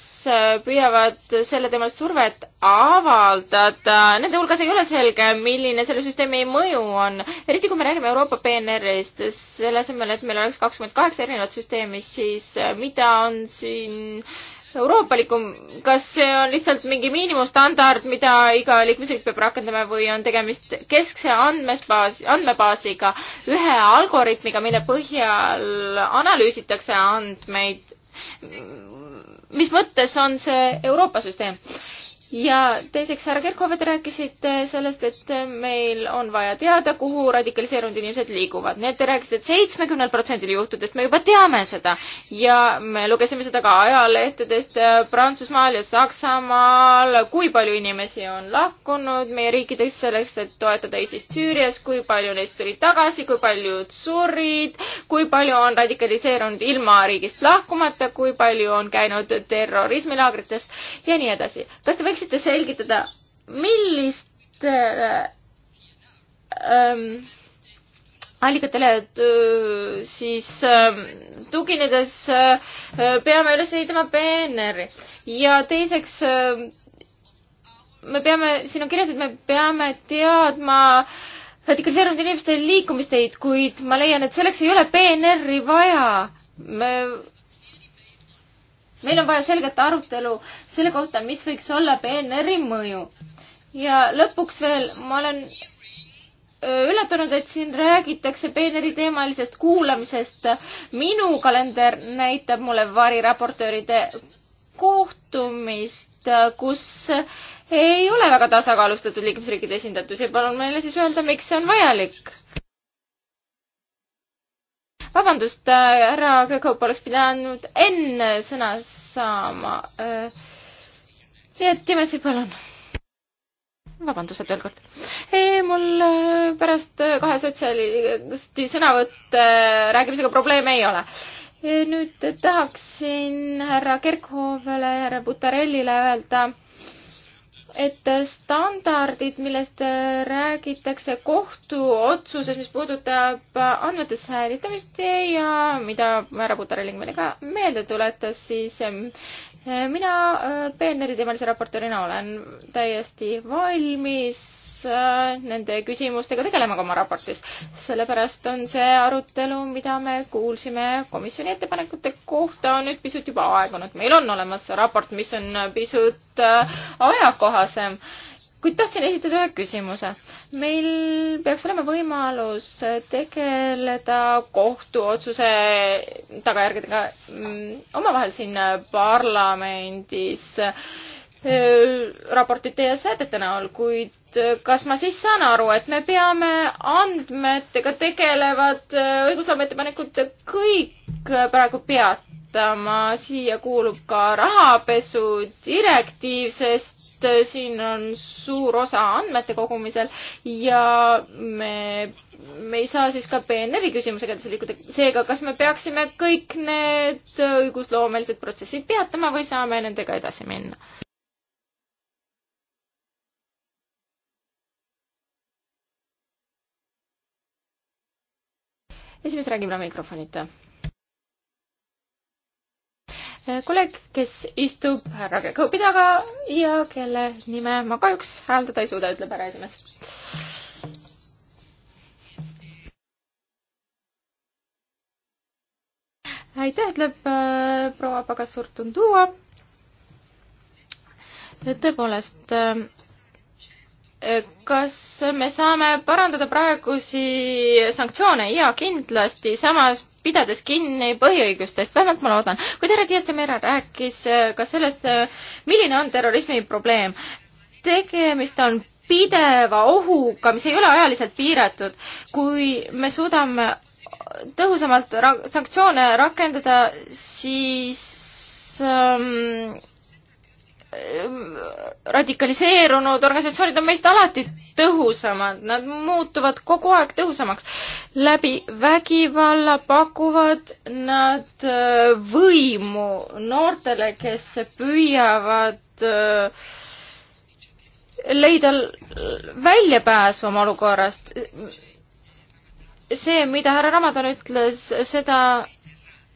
püüavad selle teemal survet avaldada, nende hulgas ei ole selge, milline selle süsteemi mõju on. eriti kui me räägime Euroopa PNR-ist, selle asemel, et meil oleks kakskümmend kaheksa erinevat süsteemi, siis mida on siin äh, euroopalikum, kas see on lihtsalt mingi miinimumstandard, mida iga liikmesriik peab rakendama või on tegemist keskse andmesbaasi, andmebaasiga, ühe algoritmiga, mille põhjal analüüsitakse andmeid? mis mõttes on see Euroopa süsteem? ja teiseks, härra Kerkhove, te rääkisite sellest, et meil on vaja teada, kuhu radikaliseerunud inimesed liiguvad. nii et te rääkisite, et seitsmekümnel protsendil juhtudest me juba teame seda ja me lugesime seda ka ajalehtedest äh, Prantsusmaal ja Saksamaal, kui palju inimesi on lahkunud meie riikidest selleks, et toetada ISIS Süürias, kui palju neist tulid tagasi, kui paljud surid, kui palju on radikaliseerunud ilma riigist lahkumata, kui palju on käinud terrorismilaagrites ja nii edasi. kas te võiks võiksite selgitada, millist äh, ähm, allikatele äh, siis äh, tuginedes äh, peame üles ehitama peeneri ja teiseks äh, me peame, siin on kirjas, et me peame teadma radikaliseerunud inimeste liikumisteid, kuid ma leian, et selleks ei ole PNR-i vaja. me meil on vaja selget arutelu selle kohta, mis võiks olla PNR-i mõju. ja lõpuks veel, ma olen üllatunud, et siin räägitakse peeneri teemalisest kuulamisest. minu kalender näitab mulle variraportööride kohtumist, kus ei ole väga tasakaalustatud liikmesriikide esindatus ja palun meile siis öelda, miks see on vajalik vabandust, äh, härra Kõkop oleks pidanud enne sõna saama. Äh, nii et Timothy, palun. vabandused veel kord. ei, mul äh, pärast kahe sotsialisti sõnavõtte rääkimisega probleeme ei ole. nüüd tahaksin härra Kerkhoovele, härra Butarellile öelda et standardid, millest räägitakse kohtuotsuses, mis puudutab andmete säilitamist ja mida härra Putarelling meile ka meelde tuletas, siis mina äh, PNR-i teemalise raportöörina olen täiesti valmis äh, nende küsimustega tegelema ka oma raportis. sellepärast on see arutelu, mida me kuulsime komisjoni ettepanekute kohta, nüüd pisut juba aegunud. meil on olemas raport, mis on pisut äh, ajakohasem kuid tahtsin esitada ühe küsimuse. meil peaks olema võimalus tegeleda kohtuotsuse tagajärgedega mm, omavahel siin parlamendis äh, raportite ja säädete näol, kuid kas ma siis saan aru, et me peame andmetega tegelevad äh, õigusloomeettepanekud kõik praegu peatama? arvestama, siia kuulub ka rahapesu direktiiv, sest siin on suur osa andmete kogumisel ja me, me ei saa siis ka PNR-i küsimusega edasi liikuda. seega, kas me peaksime kõik need õigusloomelised protsessid peatama või saame nendega edasi minna? esimees räägib üle mikrofonita kolleeg, kes istub härra Kõõpi taga ja kelle nime ma kahjuks hääldada ei suuda, ütleb härra esimees. aitäh, ütleb äh, proua Pagasurtundua. tõepoolest äh,, kas me saame parandada praegusi sanktsioone? jaa, kindlasti, samas pidades kinni põhiõigustest, vähemalt ma loodan. kuid härra Diestemera rääkis äh, ka sellest, äh, milline on terrorismi probleem. tegemist on pideva ohuga, mis ei ole ajaliselt piiratud. kui me suudame tõhusamalt ra sanktsioone rakendada, siis ähm, Ehm, radikaliseerunud organisatsioonid on meist alati tõhusamad, nad muutuvad kogu aeg tõhusamaks. läbi vägivalla pakuvad nad äh, võimu noortele, kes püüavad äh, leida väljapääsu oma olukorrast. see, mida härra Ramadan ütles, seda,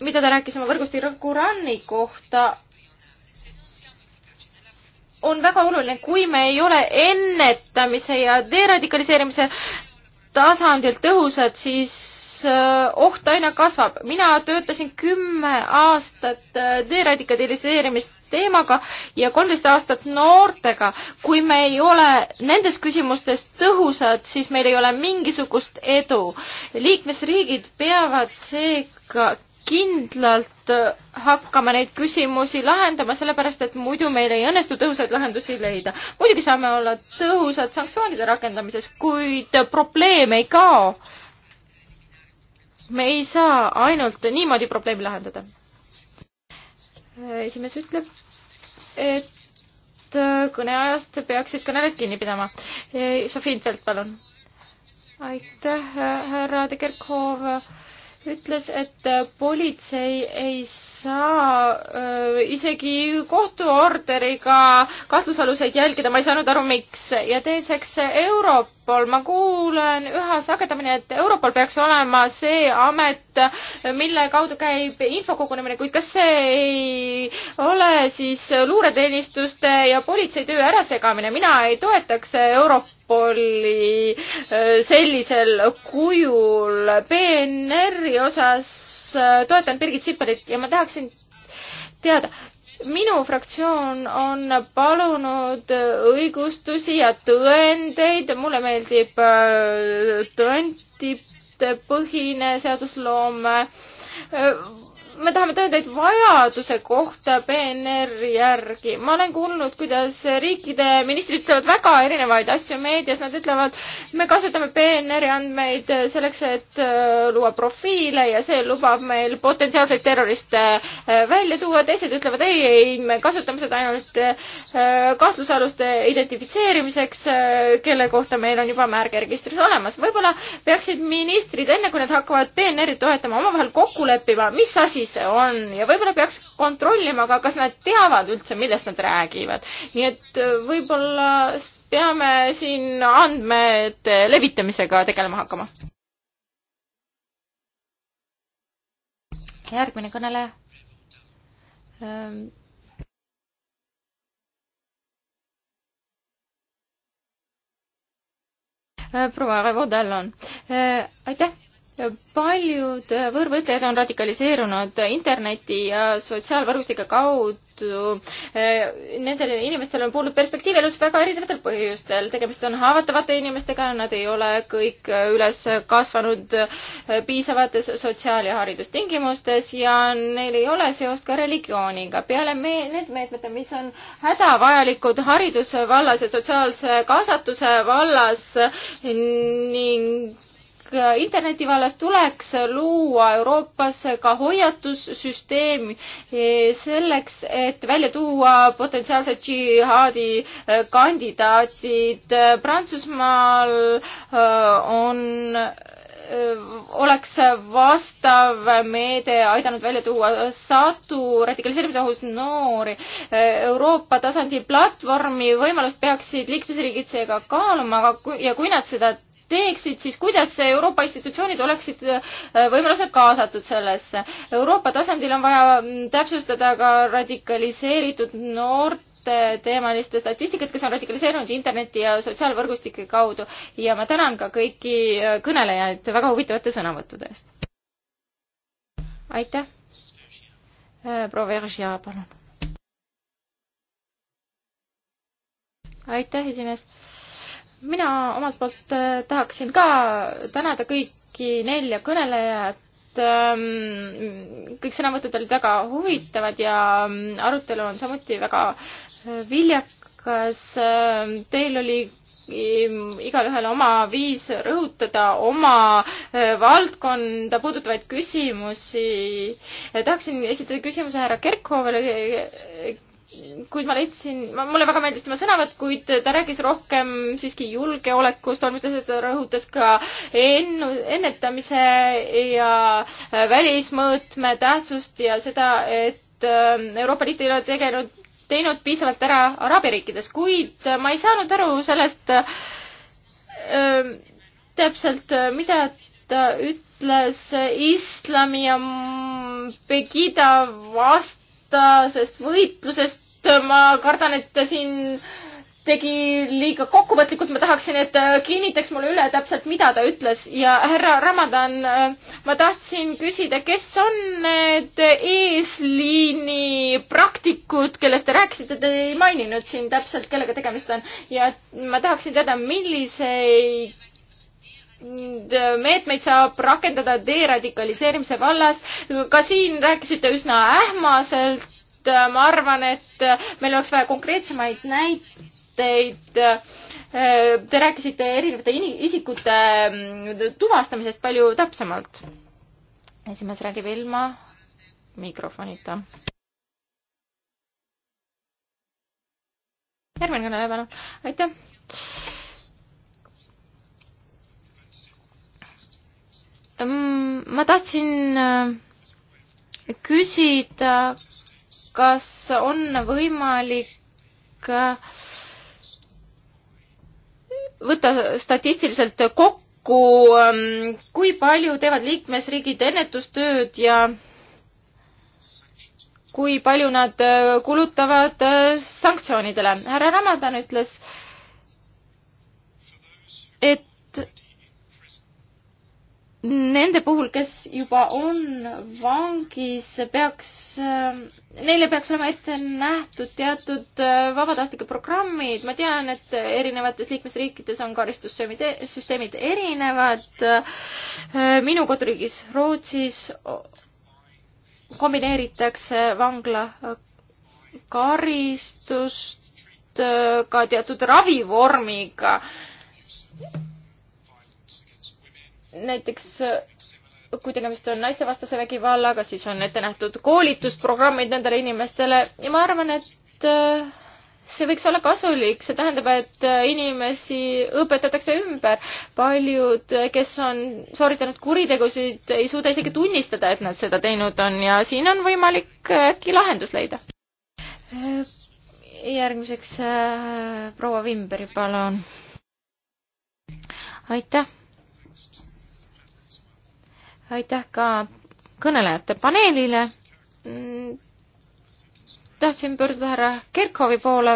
mida ta rääkis oma võrgustiku Kurani kohta, on väga oluline, kui me ei ole ennetamise ja deradikaliseerimise tasandil tõhusad, siis äh, oht aina kasvab. mina töötasin kümme aastat äh, deradikaliseerimist teemaga ja kolmteist aastat noortega. kui me ei ole nendes küsimustes tõhusad, siis meil ei ole mingisugust edu. liikmesriigid peavad seega kindlalt äh, hakkama neid küsimusi lahendama, sellepärast et muidu meil ei õnnestu tõhusaid lahendusi leida. muidugi saame olla tõhusad sanktsioonide rakendamises, kuid probleem ei kao. me ei saa ainult niimoodi probleemi lahendada. esimees ütleb, et äh, kõneajast peaksid kõnelejad kinni pidama. Sofiin Feld, palun. aitäh, härra De Kerkhove ütles, et äh, politsei ei saa öö, äh, isegi kohtuorderiga kahtlusaluseid jälgida, ma ei saanud aru, miks. ja teiseks Euroopa Europol, ma kuulen üha sagedamini, et Europol peaks olema see amet, mille kaudu käib info kogunemine, kuid kas see ei ole siis luureteenistuste ja politsei töö ärasegamine, mina ei toetaks Europoli äh, sellisel kujul. PNR-i osas äh, toetan Birgit Sipperit ja ma tahaksin teada, minu fraktsioon on palunud õigustusi ja tõendeid, mulle meeldib äh, tõendite põhine seadusloome äh, me tahame tõendeid vajaduse kohta PNR-i järgi. ma olen kuulnud, kuidas riikide ministrid ütlevad väga erinevaid asju meedias, nad ütlevad, me kasutame PNR-i andmeid selleks, et äh, luua profiile ja see lubab meil potentsiaalseid terroriste äh, välja tuua, teised ütlevad ei, ei, me kasutame seda ainult äh, kahtlusaluste identifitseerimiseks, kelle kohta meil on juba märge registris olemas. võib-olla peaksid ministrid, enne kui nad hakkavad PNR-i toetama, omavahel kokku leppima, mis asi see on ja võib-olla peaks kontrollima ka, kas nad teavad üldse, millest nad räägivad. nii et äh, võib-olla peame siin andmete levitamisega tegelema hakkama. järgmine kõneleja ähm.. Äh, proua Revo Tallon äh,, aitäh paljud võõrvõtlejad on radikaliseerunud interneti ja sotsiaalvõrgustike kaudu. Nendel inimestel on puudunud perspektiiv elus väga erinevatel põhjustel. tegemist on haavatavate inimestega, nad ei ole kõik üles kasvanud piisavates sotsiaal- ja haridustingimustes ja neil ei ole seost ka religiooniga. peale me-, need meetmed, mis on hädavajalikud hariduse vallas ja sotsiaalse kaasatuse vallas ning Äh, interneti vallas tuleks luua Euroopas ka hoiatussüsteem eh, selleks, et välja tuua potentsiaalsed džihaadi äh, kandidaadid. Prantsusmaal äh, on oleks vastav meede aidanud välja tuua sadu radikaliseerimise ohus noori. Euroopa tasandi platvormi võimalust peaksid liikmesriigid seega kaaluma, aga kui ja kui nad seda teeksid, siis kuidas Euroopa institutsioonid oleksid äh, võimalusel kaasatud sellesse? Euroopa tasandil on vaja mm, täpsustada ka radikaliseeritud noorte teemaliste statistikat, kes on radikaliseerunud interneti ja sotsiaalvõrgustike kaudu ja ma tänan ka kõiki äh, kõnelejaid väga huvitavate sõnavõttude eest. aitäh. Äh, proua Veržia, palun. aitäh, esimees mina omalt poolt äh, tahaksin ka tänada kõiki nelja kõnelejat. Ähm, kõik sõnavõtud olid väga huvitavad ja ähm, arutelu on samuti väga äh, viljakas. Ähm, teil oli igalühel oma viis rõhutada oma äh, valdkonda puudutavaid küsimusi. tahaksin esitada küsimuse härra Kerkhoovile kuid ma leidsin, mulle väga meeldis tema sõnavõtt, kuid ta rääkis rohkem siiski julgeolekust, olmitas, et ta rõhutas ka ennu, ennetamise ja välismõõtme tähtsust ja seda, et ähm, Euroopa Liit ei ole tegelenud, teinud piisavalt ära Araabia riikides, kuid ma ei saanud aru sellest öö, ähm, täpselt, mida ta ütles islami ja Pegida vastu vastasest võitlusest ma kardan, et ta siin tegi liiga kokkuvõtlikult, ma tahaksin, et kinnitaks mulle üle täpselt, mida ta ütles ja härra Ramadan, ma tahtsin küsida, kes on need eesliini praktikud, kellest te rääkisite, te ei maininud siin täpselt, kellega tegemist on ja ma tahaksin teada, milliseid Äh, meetmeid saab rakendada deradikaliseerimise vallas. ka siin rääkisite üsna ähmaselt. Äh, ma arvan, et äh, meil oleks vaja konkreetsemaid näiteid. Te rääkisite erinevate isikute mm, tuvastamisest palju täpsemalt. esimees räägib ilma mikrofonita. järgmine kõneleja, palun. aitäh Mm, ma tahtsin äh, küsida, kas on võimalik äh, võtta statistiliselt kokku, ähm, kui palju teevad liikmesriigid ennetustööd ja kui palju nad äh, kulutavad sanktsioonidele. härra Ramadan ütles, et nende puhul, kes juba on vangis, peaks, neile peaks olema ette nähtud teatud äh, vabatahtlike programmid. ma tean, et erinevates liikmesriikides on karistussüsteemid, süsteemid erinevad. Äh, minu koduriigis Rootsis kombineeritakse vangla äh, karistust ka teatud ravivormiga näiteks kui tegemist on naistevastase vägivallaga, siis on ette nähtud koolitusprogrammid nendele inimestele ja ma arvan, et äh, see võiks olla kasulik, see tähendab, et äh, inimesi õpetatakse ümber. paljud, äh, kes on sooritanud kuritegusid, ei suuda isegi tunnistada, et nad seda teinud on ja siin on võimalik äkki lahendus leida. järgmiseks proua Vimberi, palun. aitäh aitäh ka kõnelejate paneelile. tahtsin pöörduda härra Kerkhovi poole,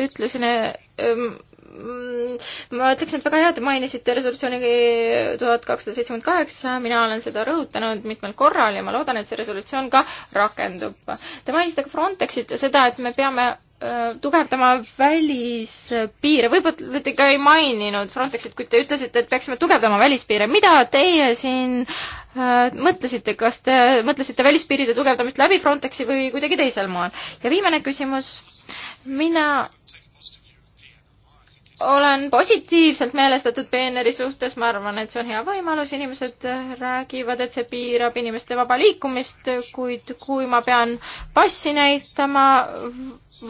ütlesin mm, ma ütleksin, et väga hea, te mainisite resolutsiooni tuhat kakssada seitsekümmend kaheksa, mina olen seda rõhutanud mitmel korral ja ma loodan, et see resolutsioon ka rakendub. Te mainisite ka Frontexit ja seda, et me peame Äh, tugevdama välispiire, võib-olla te ka ei maininud Frontexit, kui te ütlesite, et peaksime tugevdama välispiire, mida teie siin äh, mõtlesite, kas te mõtlesite välispiiride tugevdamist läbi Frontexi või kuidagi teisel moel? ja viimane küsimus, mina olen positiivselt meelestatud peeneri suhtes, ma arvan, et see on hea võimalus, inimesed räägivad, et see piirab inimeste vaba liikumist, kuid kui ma pean passi näitama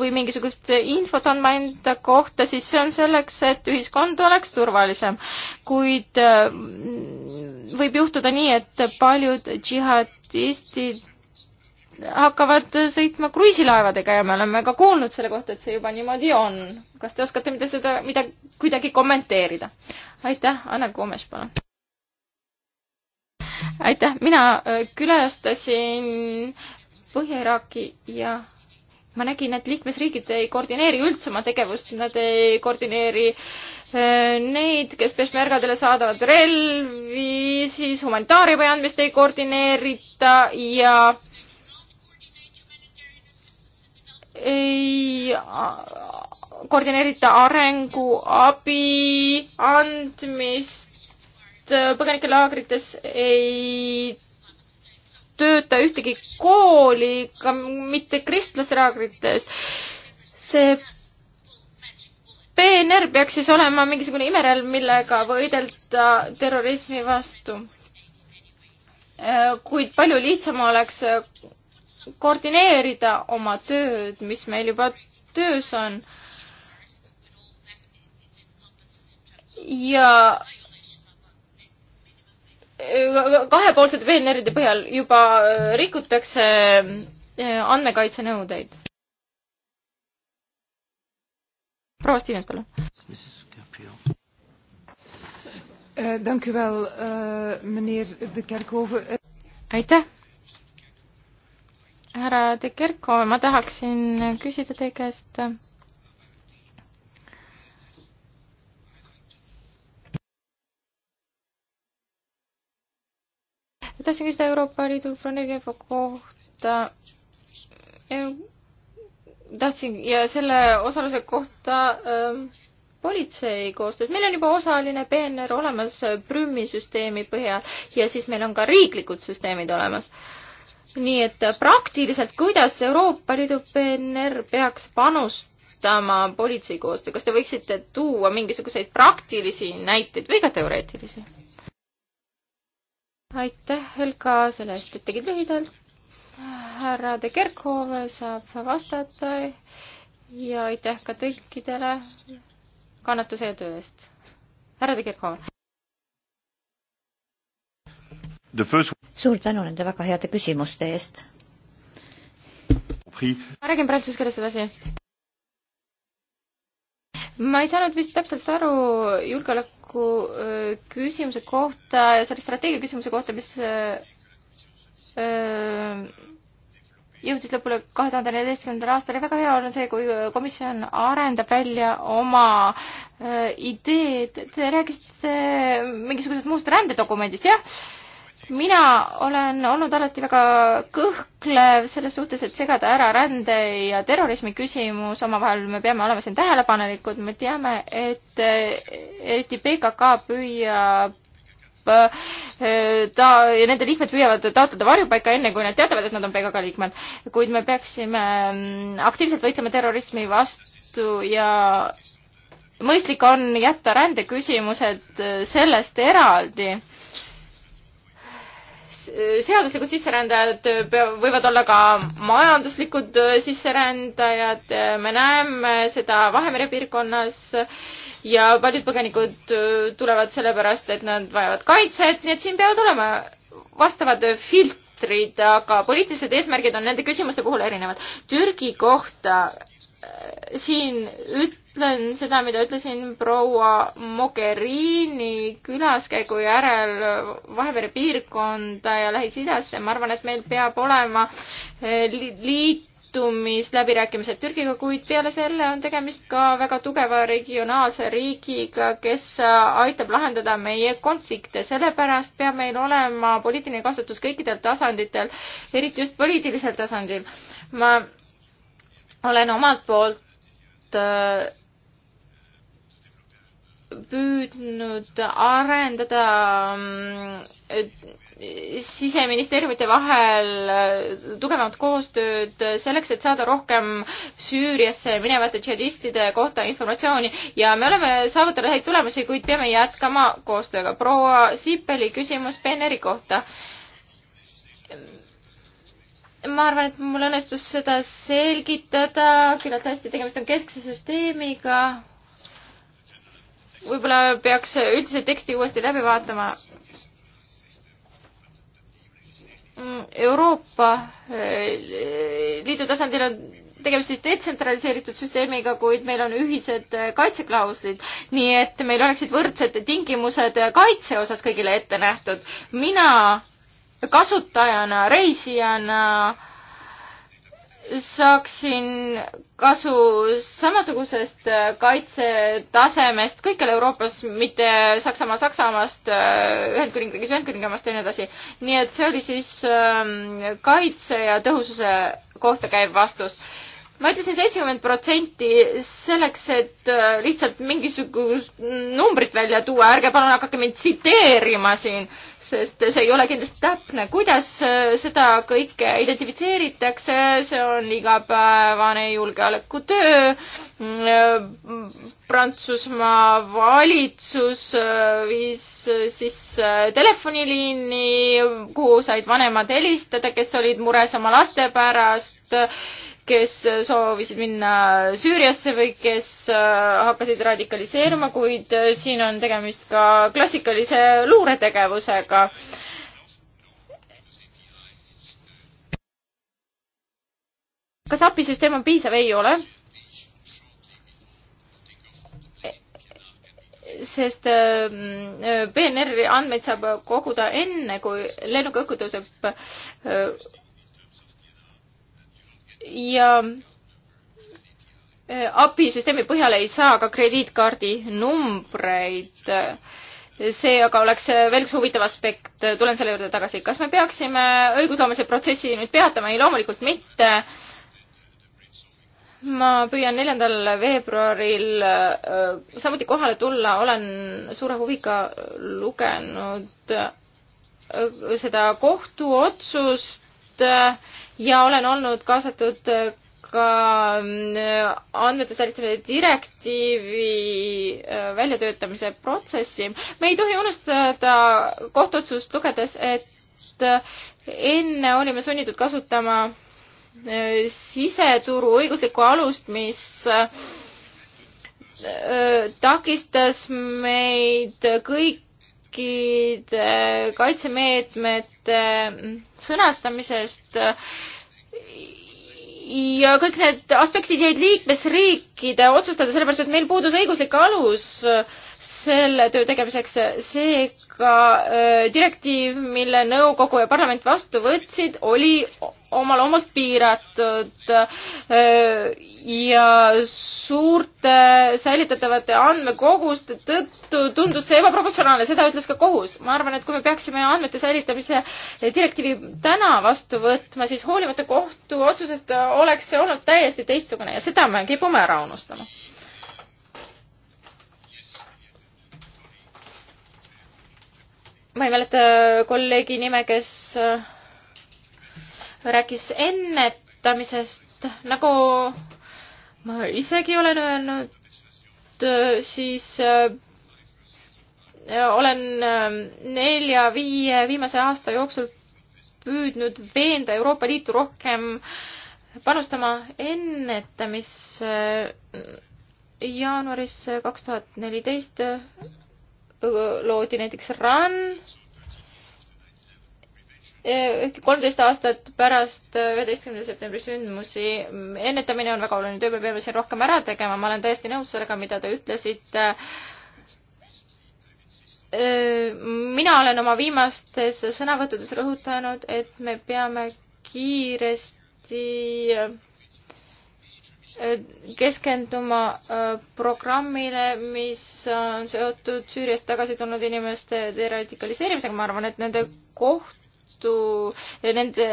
või mingisugust infot andma enda kohta, siis see on selleks, et ühiskond oleks turvalisem. kuid äh, võib juhtuda nii, et paljud džihadistid hakkavad sõitma kruiisilaevadega ja me oleme ka kuulnud selle kohta, et see juba niimoodi on. kas te oskate mida seda, mida kuidagi kommenteerida? aitäh, Anne Koomes, palun. aitäh, mina äh, külastasin Põhja-Iraaki ja ma nägin, et liikmesriigid ei koordineeri üldse oma tegevust, nad ei koordineeri äh, neid, kes peshmergadele saadavad relvi, siis humanitaarabi andmist ei koordineerita ja ei koordineerita arenguabi andmist, põgenikelaagrites ei tööta ühtegi kooli, ka mitte kristlaste laagrites. see PNR peaks siis olema mingisugune imerelv, millega võidelda terrorismi vastu. kuid palju lihtsam oleks koordineerida oma tööd, mis meil juba töös on. ja kahepoolsete peeneride põhjal juba äh, rikutakse äh, andmekaitsenõudeid. proua Stiinet, palun. Eh, dank u wel, uh, meneer De Kerkhoven. Aitäh, härra De Kerko, ma tahaksin küsida teie käest. tahtsin küsida Euroopa Liidu broneerinfo kohta. tahtsin ja selle osaluse kohta ähm, politsei koostööd, meil on juba osaline peener olemas Prümi süsteemi põhjal ja siis meil on ka riiklikud süsteemid olemas äh, nii et praktiliselt, kuidas Euroopa Liidu PNR peaks panustama politsei koostöö, kas te võiksite tuua mingisuguseid praktilisi näiteid või ka teoreetilisi? aitäh, Helga, selle eest, et tegid lühidalt. härra De Kerkhove saab vastata ja aitäh ka tõlkidele kannatuse ja töö eest. härra De Kerkhove first... suur tänu nende väga heade küsimuste eest. ma räägin prantsuse keeles edasi. ma ei saanud vist täpselt aru julgeoleku äh, küsimuse kohta ja selle strateegia küsimuse kohta, mis äh, äh, jõudis lõpule kahe tuhande neljateistkümnendal aastal ja väga hea on see, kui komisjon arendab välja oma ideed. Te rääkisite mingisugusest muust rändedokumendist, jah? mina olen olnud alati väga kõhklev selles suhtes, et segada ära rände ja terrorismi küsimus omavahel, me peame olema siin tähelepanelikud, me teame, et eh, eriti PKK püüab eh, ta ja nende liikmed püüavad taotleda varjupaika enne, kui nad teatavad, et nad on PKK liikmed. kuid me peaksime mm, aktiivselt võitlema terrorismi vastu ja mõistlik on jätta rändeküsimused eh, sellest eraldi seaduslikud sisserändajad äh, võivad olla ka majanduslikud äh, sisserändajad, äh, me näeme seda Vahemere piirkonnas ja paljud põgenikud tulevad sellepärast, et nad vajavad kaitset, nii et siin peavad olema vastavad filtrid, aga poliitilised eesmärgid on nende küsimuste puhul erinevad. Türgi kohta siin ütlen seda, mida ütlesin proua Mogherini külaskäigu järel Vahemere piirkonda ja Lähis-Idasse. ma arvan, et meil peab olema eh, liit liitumisläbirääkimised Türgiga, kuid peale selle on tegemist ka väga tugeva regionaalse riigiga, kes aitab lahendada meie konflikte. sellepärast peab meil olema poliitiline kasutus kõikidel tasanditel, eriti just poliitilisel tasandil. ma olen omalt poolt äh, püüdnud arendada mm, siseministeeriumite vahel äh, tugevamat koostööd selleks, et saada rohkem Süüriasse minevate džihadistide kohta informatsiooni ja me oleme saavutanud häid tulemusi, kuid peame jätkama koostööga. proua Sippeli küsimus PNR-i kohta ma arvan, et mul õnnestus seda selgitada küllalt hästi, tegemist on keskse süsteemiga. võib-olla peaks üldse teksti uuesti läbi vaatama. Mm, Euroopa eh, Liidu tasandil on tegemist siis detsentraliseeritud süsteemiga, kuid meil on ühised eh, kaitseklauslid, nii et meil oleksid võrdsed tingimused kaitse osas kõigile ette nähtud. mina kasutajana, reisijana saaksin kasu samasugusest kaitsetasemest kõikjal Euroopas, mitte Saksamaal Saksamaast, Ühendkuningriigis Ühendkuningamaast ja nii edasi. nii et see oli siis ähm, kaitse ja tõhususe kohta käiv vastus ma ütlesin seitsekümmend protsenti selleks, et äh, lihtsalt mingisugust numbrit välja tuua, ärge palun hakake mind tsiteerima siin, sest see ei ole kindlasti täpne. kuidas äh, seda kõike identifitseeritakse, see on igapäevane julgeolekutöö. Mm, äh, Prantsusmaa valitsus viis sisse telefoniliini, kuhu said vanemad helistada, kes olid mures oma laste pärast kes soovisid minna Süüriasse või kes äh, hakkasid radikaliseeruma, kuid äh, siin on tegemist ka klassikalise luuretegevusega. kas API-süsteem on piisav? ei ole. sest PNR-i äh, andmeid saab koguda enne, kui lennuk õhku tõuseb ja äh, abisüsteemi põhjal ei saa ka krediitkaardi numbreid. see aga oleks veel üks huvitav aspekt, tulen selle juurde tagasi. kas me peaksime õigusloomelise protsessi nüüd peatama? ei, loomulikult mitte ma püüan neljandal veebruaril äh, samuti kohale tulla, olen suure huviga lugenud äh, seda kohtuotsust, ja olen olnud kaasatud äh, ka äh, andmete säilitamise direktiivi äh, väljatöötamise protsessi. me ei tohi unustada kohtuotsust lugedes, et enne olime sunnitud kasutama siseturu õiguslikku alust, mis takistas meid kõik riikide äh, kaitsemeetmete mm, sõnastamisest ja kõik need aspektid jäid liikmesriikide otsustada, sellepärast et meil puudus õiguslik alus äh, selle töö tegemiseks. seega äh, direktiiv, mille nõukogu ja parlament vastu võtsid, oli omal omast piiratud äh, ja suurte säilitatavate andmekoguste tõttu tundus see ebaproportsionaalne, seda ütles ka kohus. ma arvan, et kui me peaksime andmete säilitamise direktiivi täna vastu võtma, siis hoolimata kohtu otsusest oleks see olnud täiesti teistsugune ja seda me kipume ära unustama ma ei mäleta kolleegi nime, kes äh, rääkis ennetamisest, nagu ma isegi olen öelnud, äh, siis äh, olen nelja-viie viimase aasta jooksul püüdnud veenda Euroopa Liitu rohkem panustama ennetamisse. jaanuaris kaks tuhat neliteist loodi näiteks RAN ehkki kolmteist aastat pärast üheteistkümnenda septembri sündmusi. ennetamine on väga oluline töö, me peame siin rohkem ära tegema, ma olen täiesti nõus sellega, mida te ütlesite. mina olen oma viimastes sõnavõttudes rõhutanud, et me peame kiiresti keskenduma äh, programmile, mis on seotud Süüriast tagasi tulnud inimeste deradikaliseerimisega, ma arvan, et nende kohtu, nende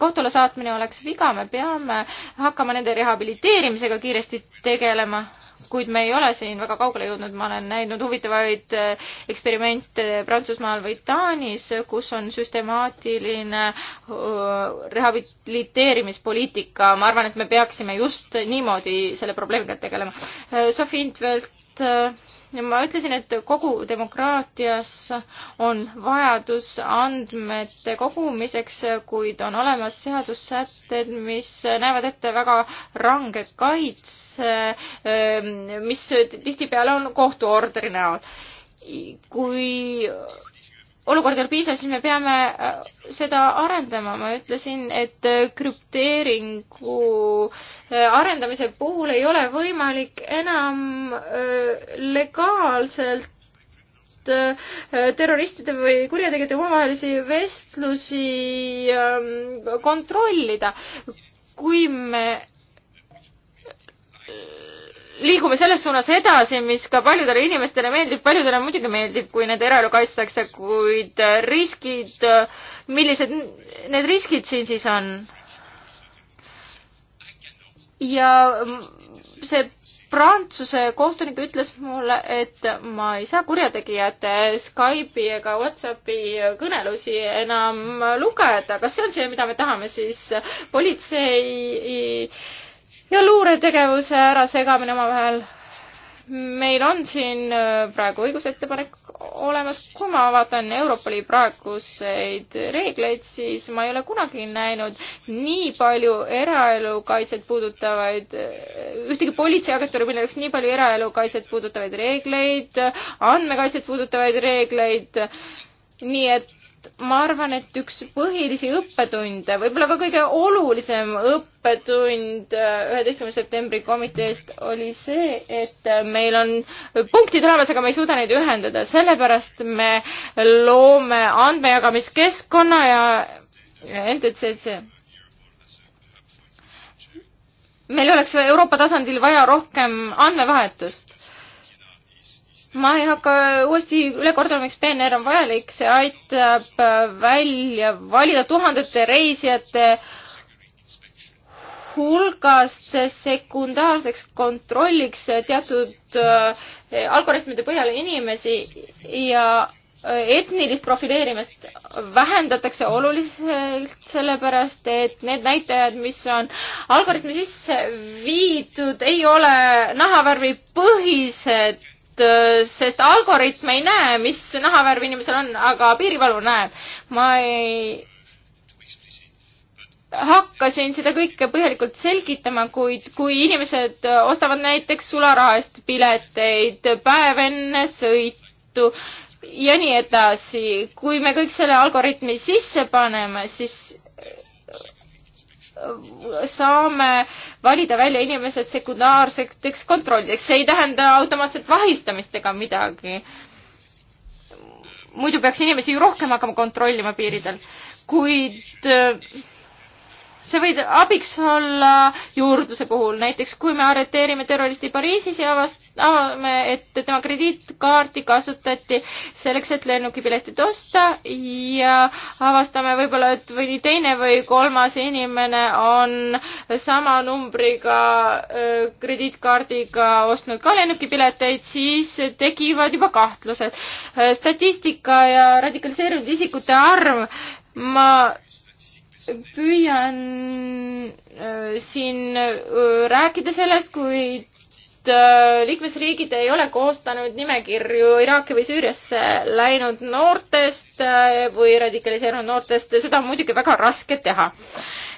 kohtule saatmine oleks viga, me peame hakkama nende rehabiliteerimisega kiiresti tegelema kuid me ei ole siin väga kaugele jõudnud, ma olen näinud huvitavaid äh, eksperimente Prantsusmaal või Taanis, kus on süstemaatiline äh, rehabiliteerimispoliitika, ma arvan, et me peaksime just niimoodi selle probleemiga tegelema. Äh, Sofi Intvelt ma ütlesin, et kogu demokraatias on vajadus andmete kogumiseks, kuid on olemas seadussätted, mis näevad ette väga range kaitse, mis tihtipeale on kohtuorderi näol. kui olukord ei ole piisav, siis me peame äh, seda arendama. ma ütlesin, et äh, krüpteeringu äh, arendamise puhul ei ole võimalik enam legaalselt terroristide või kurjategijate omavahelisi vestlusi ähm, kontrollida. kui me liigume selles suunas edasi, mis ka paljudele inimestele meeldib, paljudele muidugi meeldib, kui nende eraelu kaitstakse, kuid äh, riskid, äh, millised need riskid siin siis on? ja mm, see Prantsuse kohtunik ütles mulle, et ma ei saa kurjategijate Skype'i ega Whatsappi kõnelusi enam lugeda. kas see on see, mida me tahame siis politsei ja luuretegevuse ärasegamine omavahel. meil on siin äh, praegu õigusettepanek olemas, kui ma vaatan Europoli praeguseid reegleid, siis ma ei ole kunagi näinud nii palju eraelu kaitset puudutavaid, äh, ühtegi politseiagentuuri, millel oleks nii palju eraelu kaitset puudutavaid reegleid, andmekaitset puudutavaid reegleid, nii et et ma arvan, et üks põhilisi õppetunde, võib-olla ka kõige olulisem õppetund äh, üheteistkümnenda septembri komiteest oli see, et äh, meil on punktid olemas, aga me ei suuda neid ühendada, sellepärast me loome andmejagamiskeskkonna ja NTCC meil oleks Euroopa tasandil vaja rohkem andmevahetust ma ei hakka uuesti üle kordama, miks PNR on vajalik, see aitab välja valida tuhandete reisijate hulgast sekundaarseks kontrolliks teatud äh, algoritmide põhjal inimesi ja äh, etnilist profileerimist vähendatakse oluliselt, sellepärast et need näitajad, mis on algoritmi sisse viidud, ei ole nahavärvipõhised Äh, sest algoritm ei näe, mis nahavärv inimesel on, aga piirivalvur näeb. ma ei hakkasin seda kõike põhjalikult selgitama, kuid kui inimesed ostavad näiteks sularaha eest pileteid päev enne sõitu ja nii edasi, kui me kõik selle algoritmi sisse paneme, siis saame valida välja inimesed sekundaarseteks kontrollideks, see ei tähenda automaatselt vahistamist ega midagi. muidu peaks inimesi ju rohkem hakkama kontrollima piiridel, kuid äh, see võib abiks olla juurdluse puhul, näiteks kui me arreteerime terroristi Pariisis ja avastame, et tema krediitkaarti kasutati selleks, et lennukipiletit osta ja avastame võib-olla, et või teine või kolmas inimene on sama numbriga krediitkaardiga ostnud ka lennukipileteid, siis tekivad juba kahtlused. statistika ja radikaliseerunud isikute arv ma püüan äh, siin äh, rääkida sellest, kuid äh, liikmesriigid ei ole koostanud nimekirju Iraaki või Süüriasse läinud noortest või radikaliseerunud noortest, seda on muidugi väga raske teha.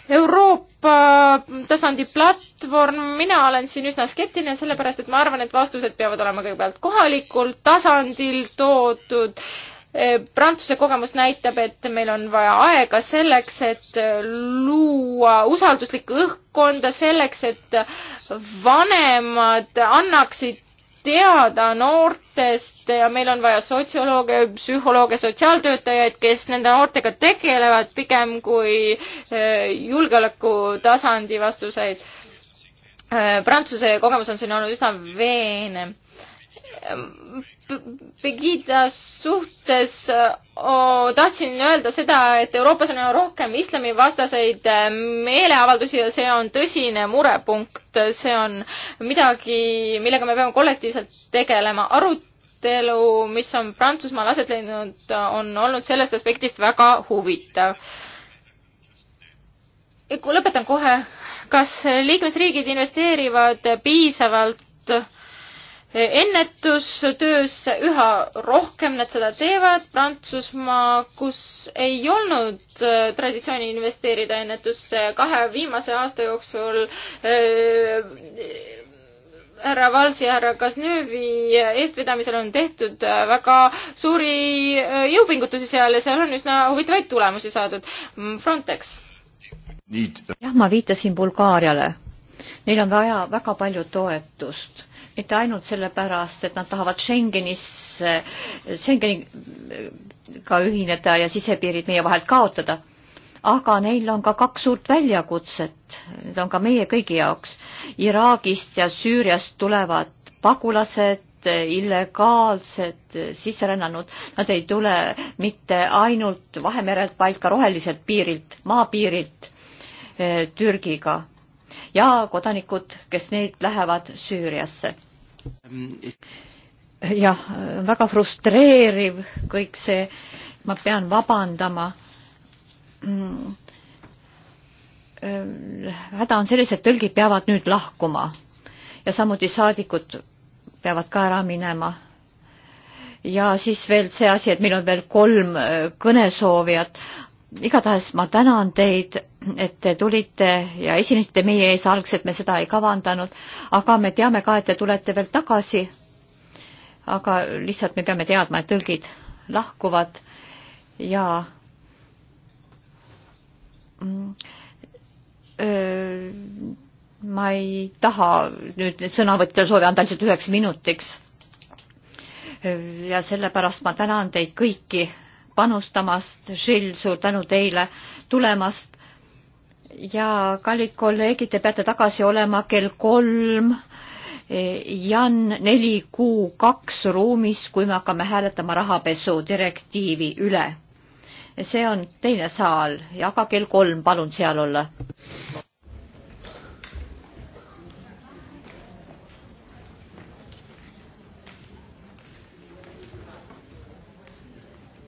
Euroopa tasandi platvorm, mina olen siin üsna skeptiline, sellepärast et ma arvan, et vastused peavad olema kõigepealt kohalikul tasandil toodud äh, Eh, Prantsuse kogemus näitab, et meil on vaja aega selleks, et eh, luua usalduslikku õhkkonda, selleks, et vanemad annaksid teada noortest ja meil on vaja sotsiolooge, psühholooge, sotsiaaltöötajaid, kes nende noortega tegelevad pigem kui eh, julgeolekutasandi vastuseid. Prantsuse kogemus on siin olnud üsna veenev Pegida suhtes oh, tahtsin öelda seda, et Euroopas on rohkem islamivastaseid äh, meeleavaldusi ja see on tõsine murepunkt, see on midagi, millega me peame kollektiivselt tegelema. arutelu, mis on Prantsusmaal aset leidnud, on olnud sellest aspektist väga huvitav. lõpetan kohe. kas liikmesriigid investeerivad piisavalt ennetustöösse, üha rohkem nad seda teevad. Prantsusmaa, kus ei olnud äh, traditsiooni investeerida ennetusse, kahe viimase aasta jooksul äh, härra Valsi ja härra Kasnöövi eestvedamisel on tehtud äh, väga suuri jõupingutusi seal ja seal on üsna huvitavaid tulemusi saadud. Frontex. jah, ma viitasin Bulgaariale. Neil on vaja väga palju toetust mitte ainult sellepärast, et nad tahavad Schengenis, Schengeniga ühineda ja sisepiirid meie vahelt kaotada, aga neil on ka kaks suurt väljakutset, need on ka meie kõigi jaoks. Iraagist ja Süüriast tulevad pagulased, illegaalsed sisserännanud, nad ei tule mitte ainult Vahemerelt, vaid ka roheliselt piirilt, maapiirilt eh, Türgiga ja kodanikud, kes neid lähevad Süüriasse jah, väga frustreeriv kõik see, ma pean vabandama. häda on selles, et tõlgid peavad nüüd lahkuma ja samuti saadikud peavad ka ära minema. ja siis veel see asi, et meil on veel kolm kõnesoovijat, igatahes ma tänan teid, et te tulite ja esinesite meie ees, algselt me seda ei kavandanud, aga me teame ka, et te tulete veel tagasi. aga lihtsalt me peame teadma, et tõlgid lahkuvad ja mm, öö, ma ei taha nüüd sõnavõtjale soovi anda lihtsalt üheks minutiks. ja sellepärast ma tänan teid kõiki panustamast, Žil, suur tänu teile tulemast. ja kallid kolleegid, te peate tagasi olema kell kolm. Jan neli kuu kaks ruumis, kui me hakkame hääletama rahapesu direktiivi üle. see on teine saal ja ka kell kolm, palun seal olla.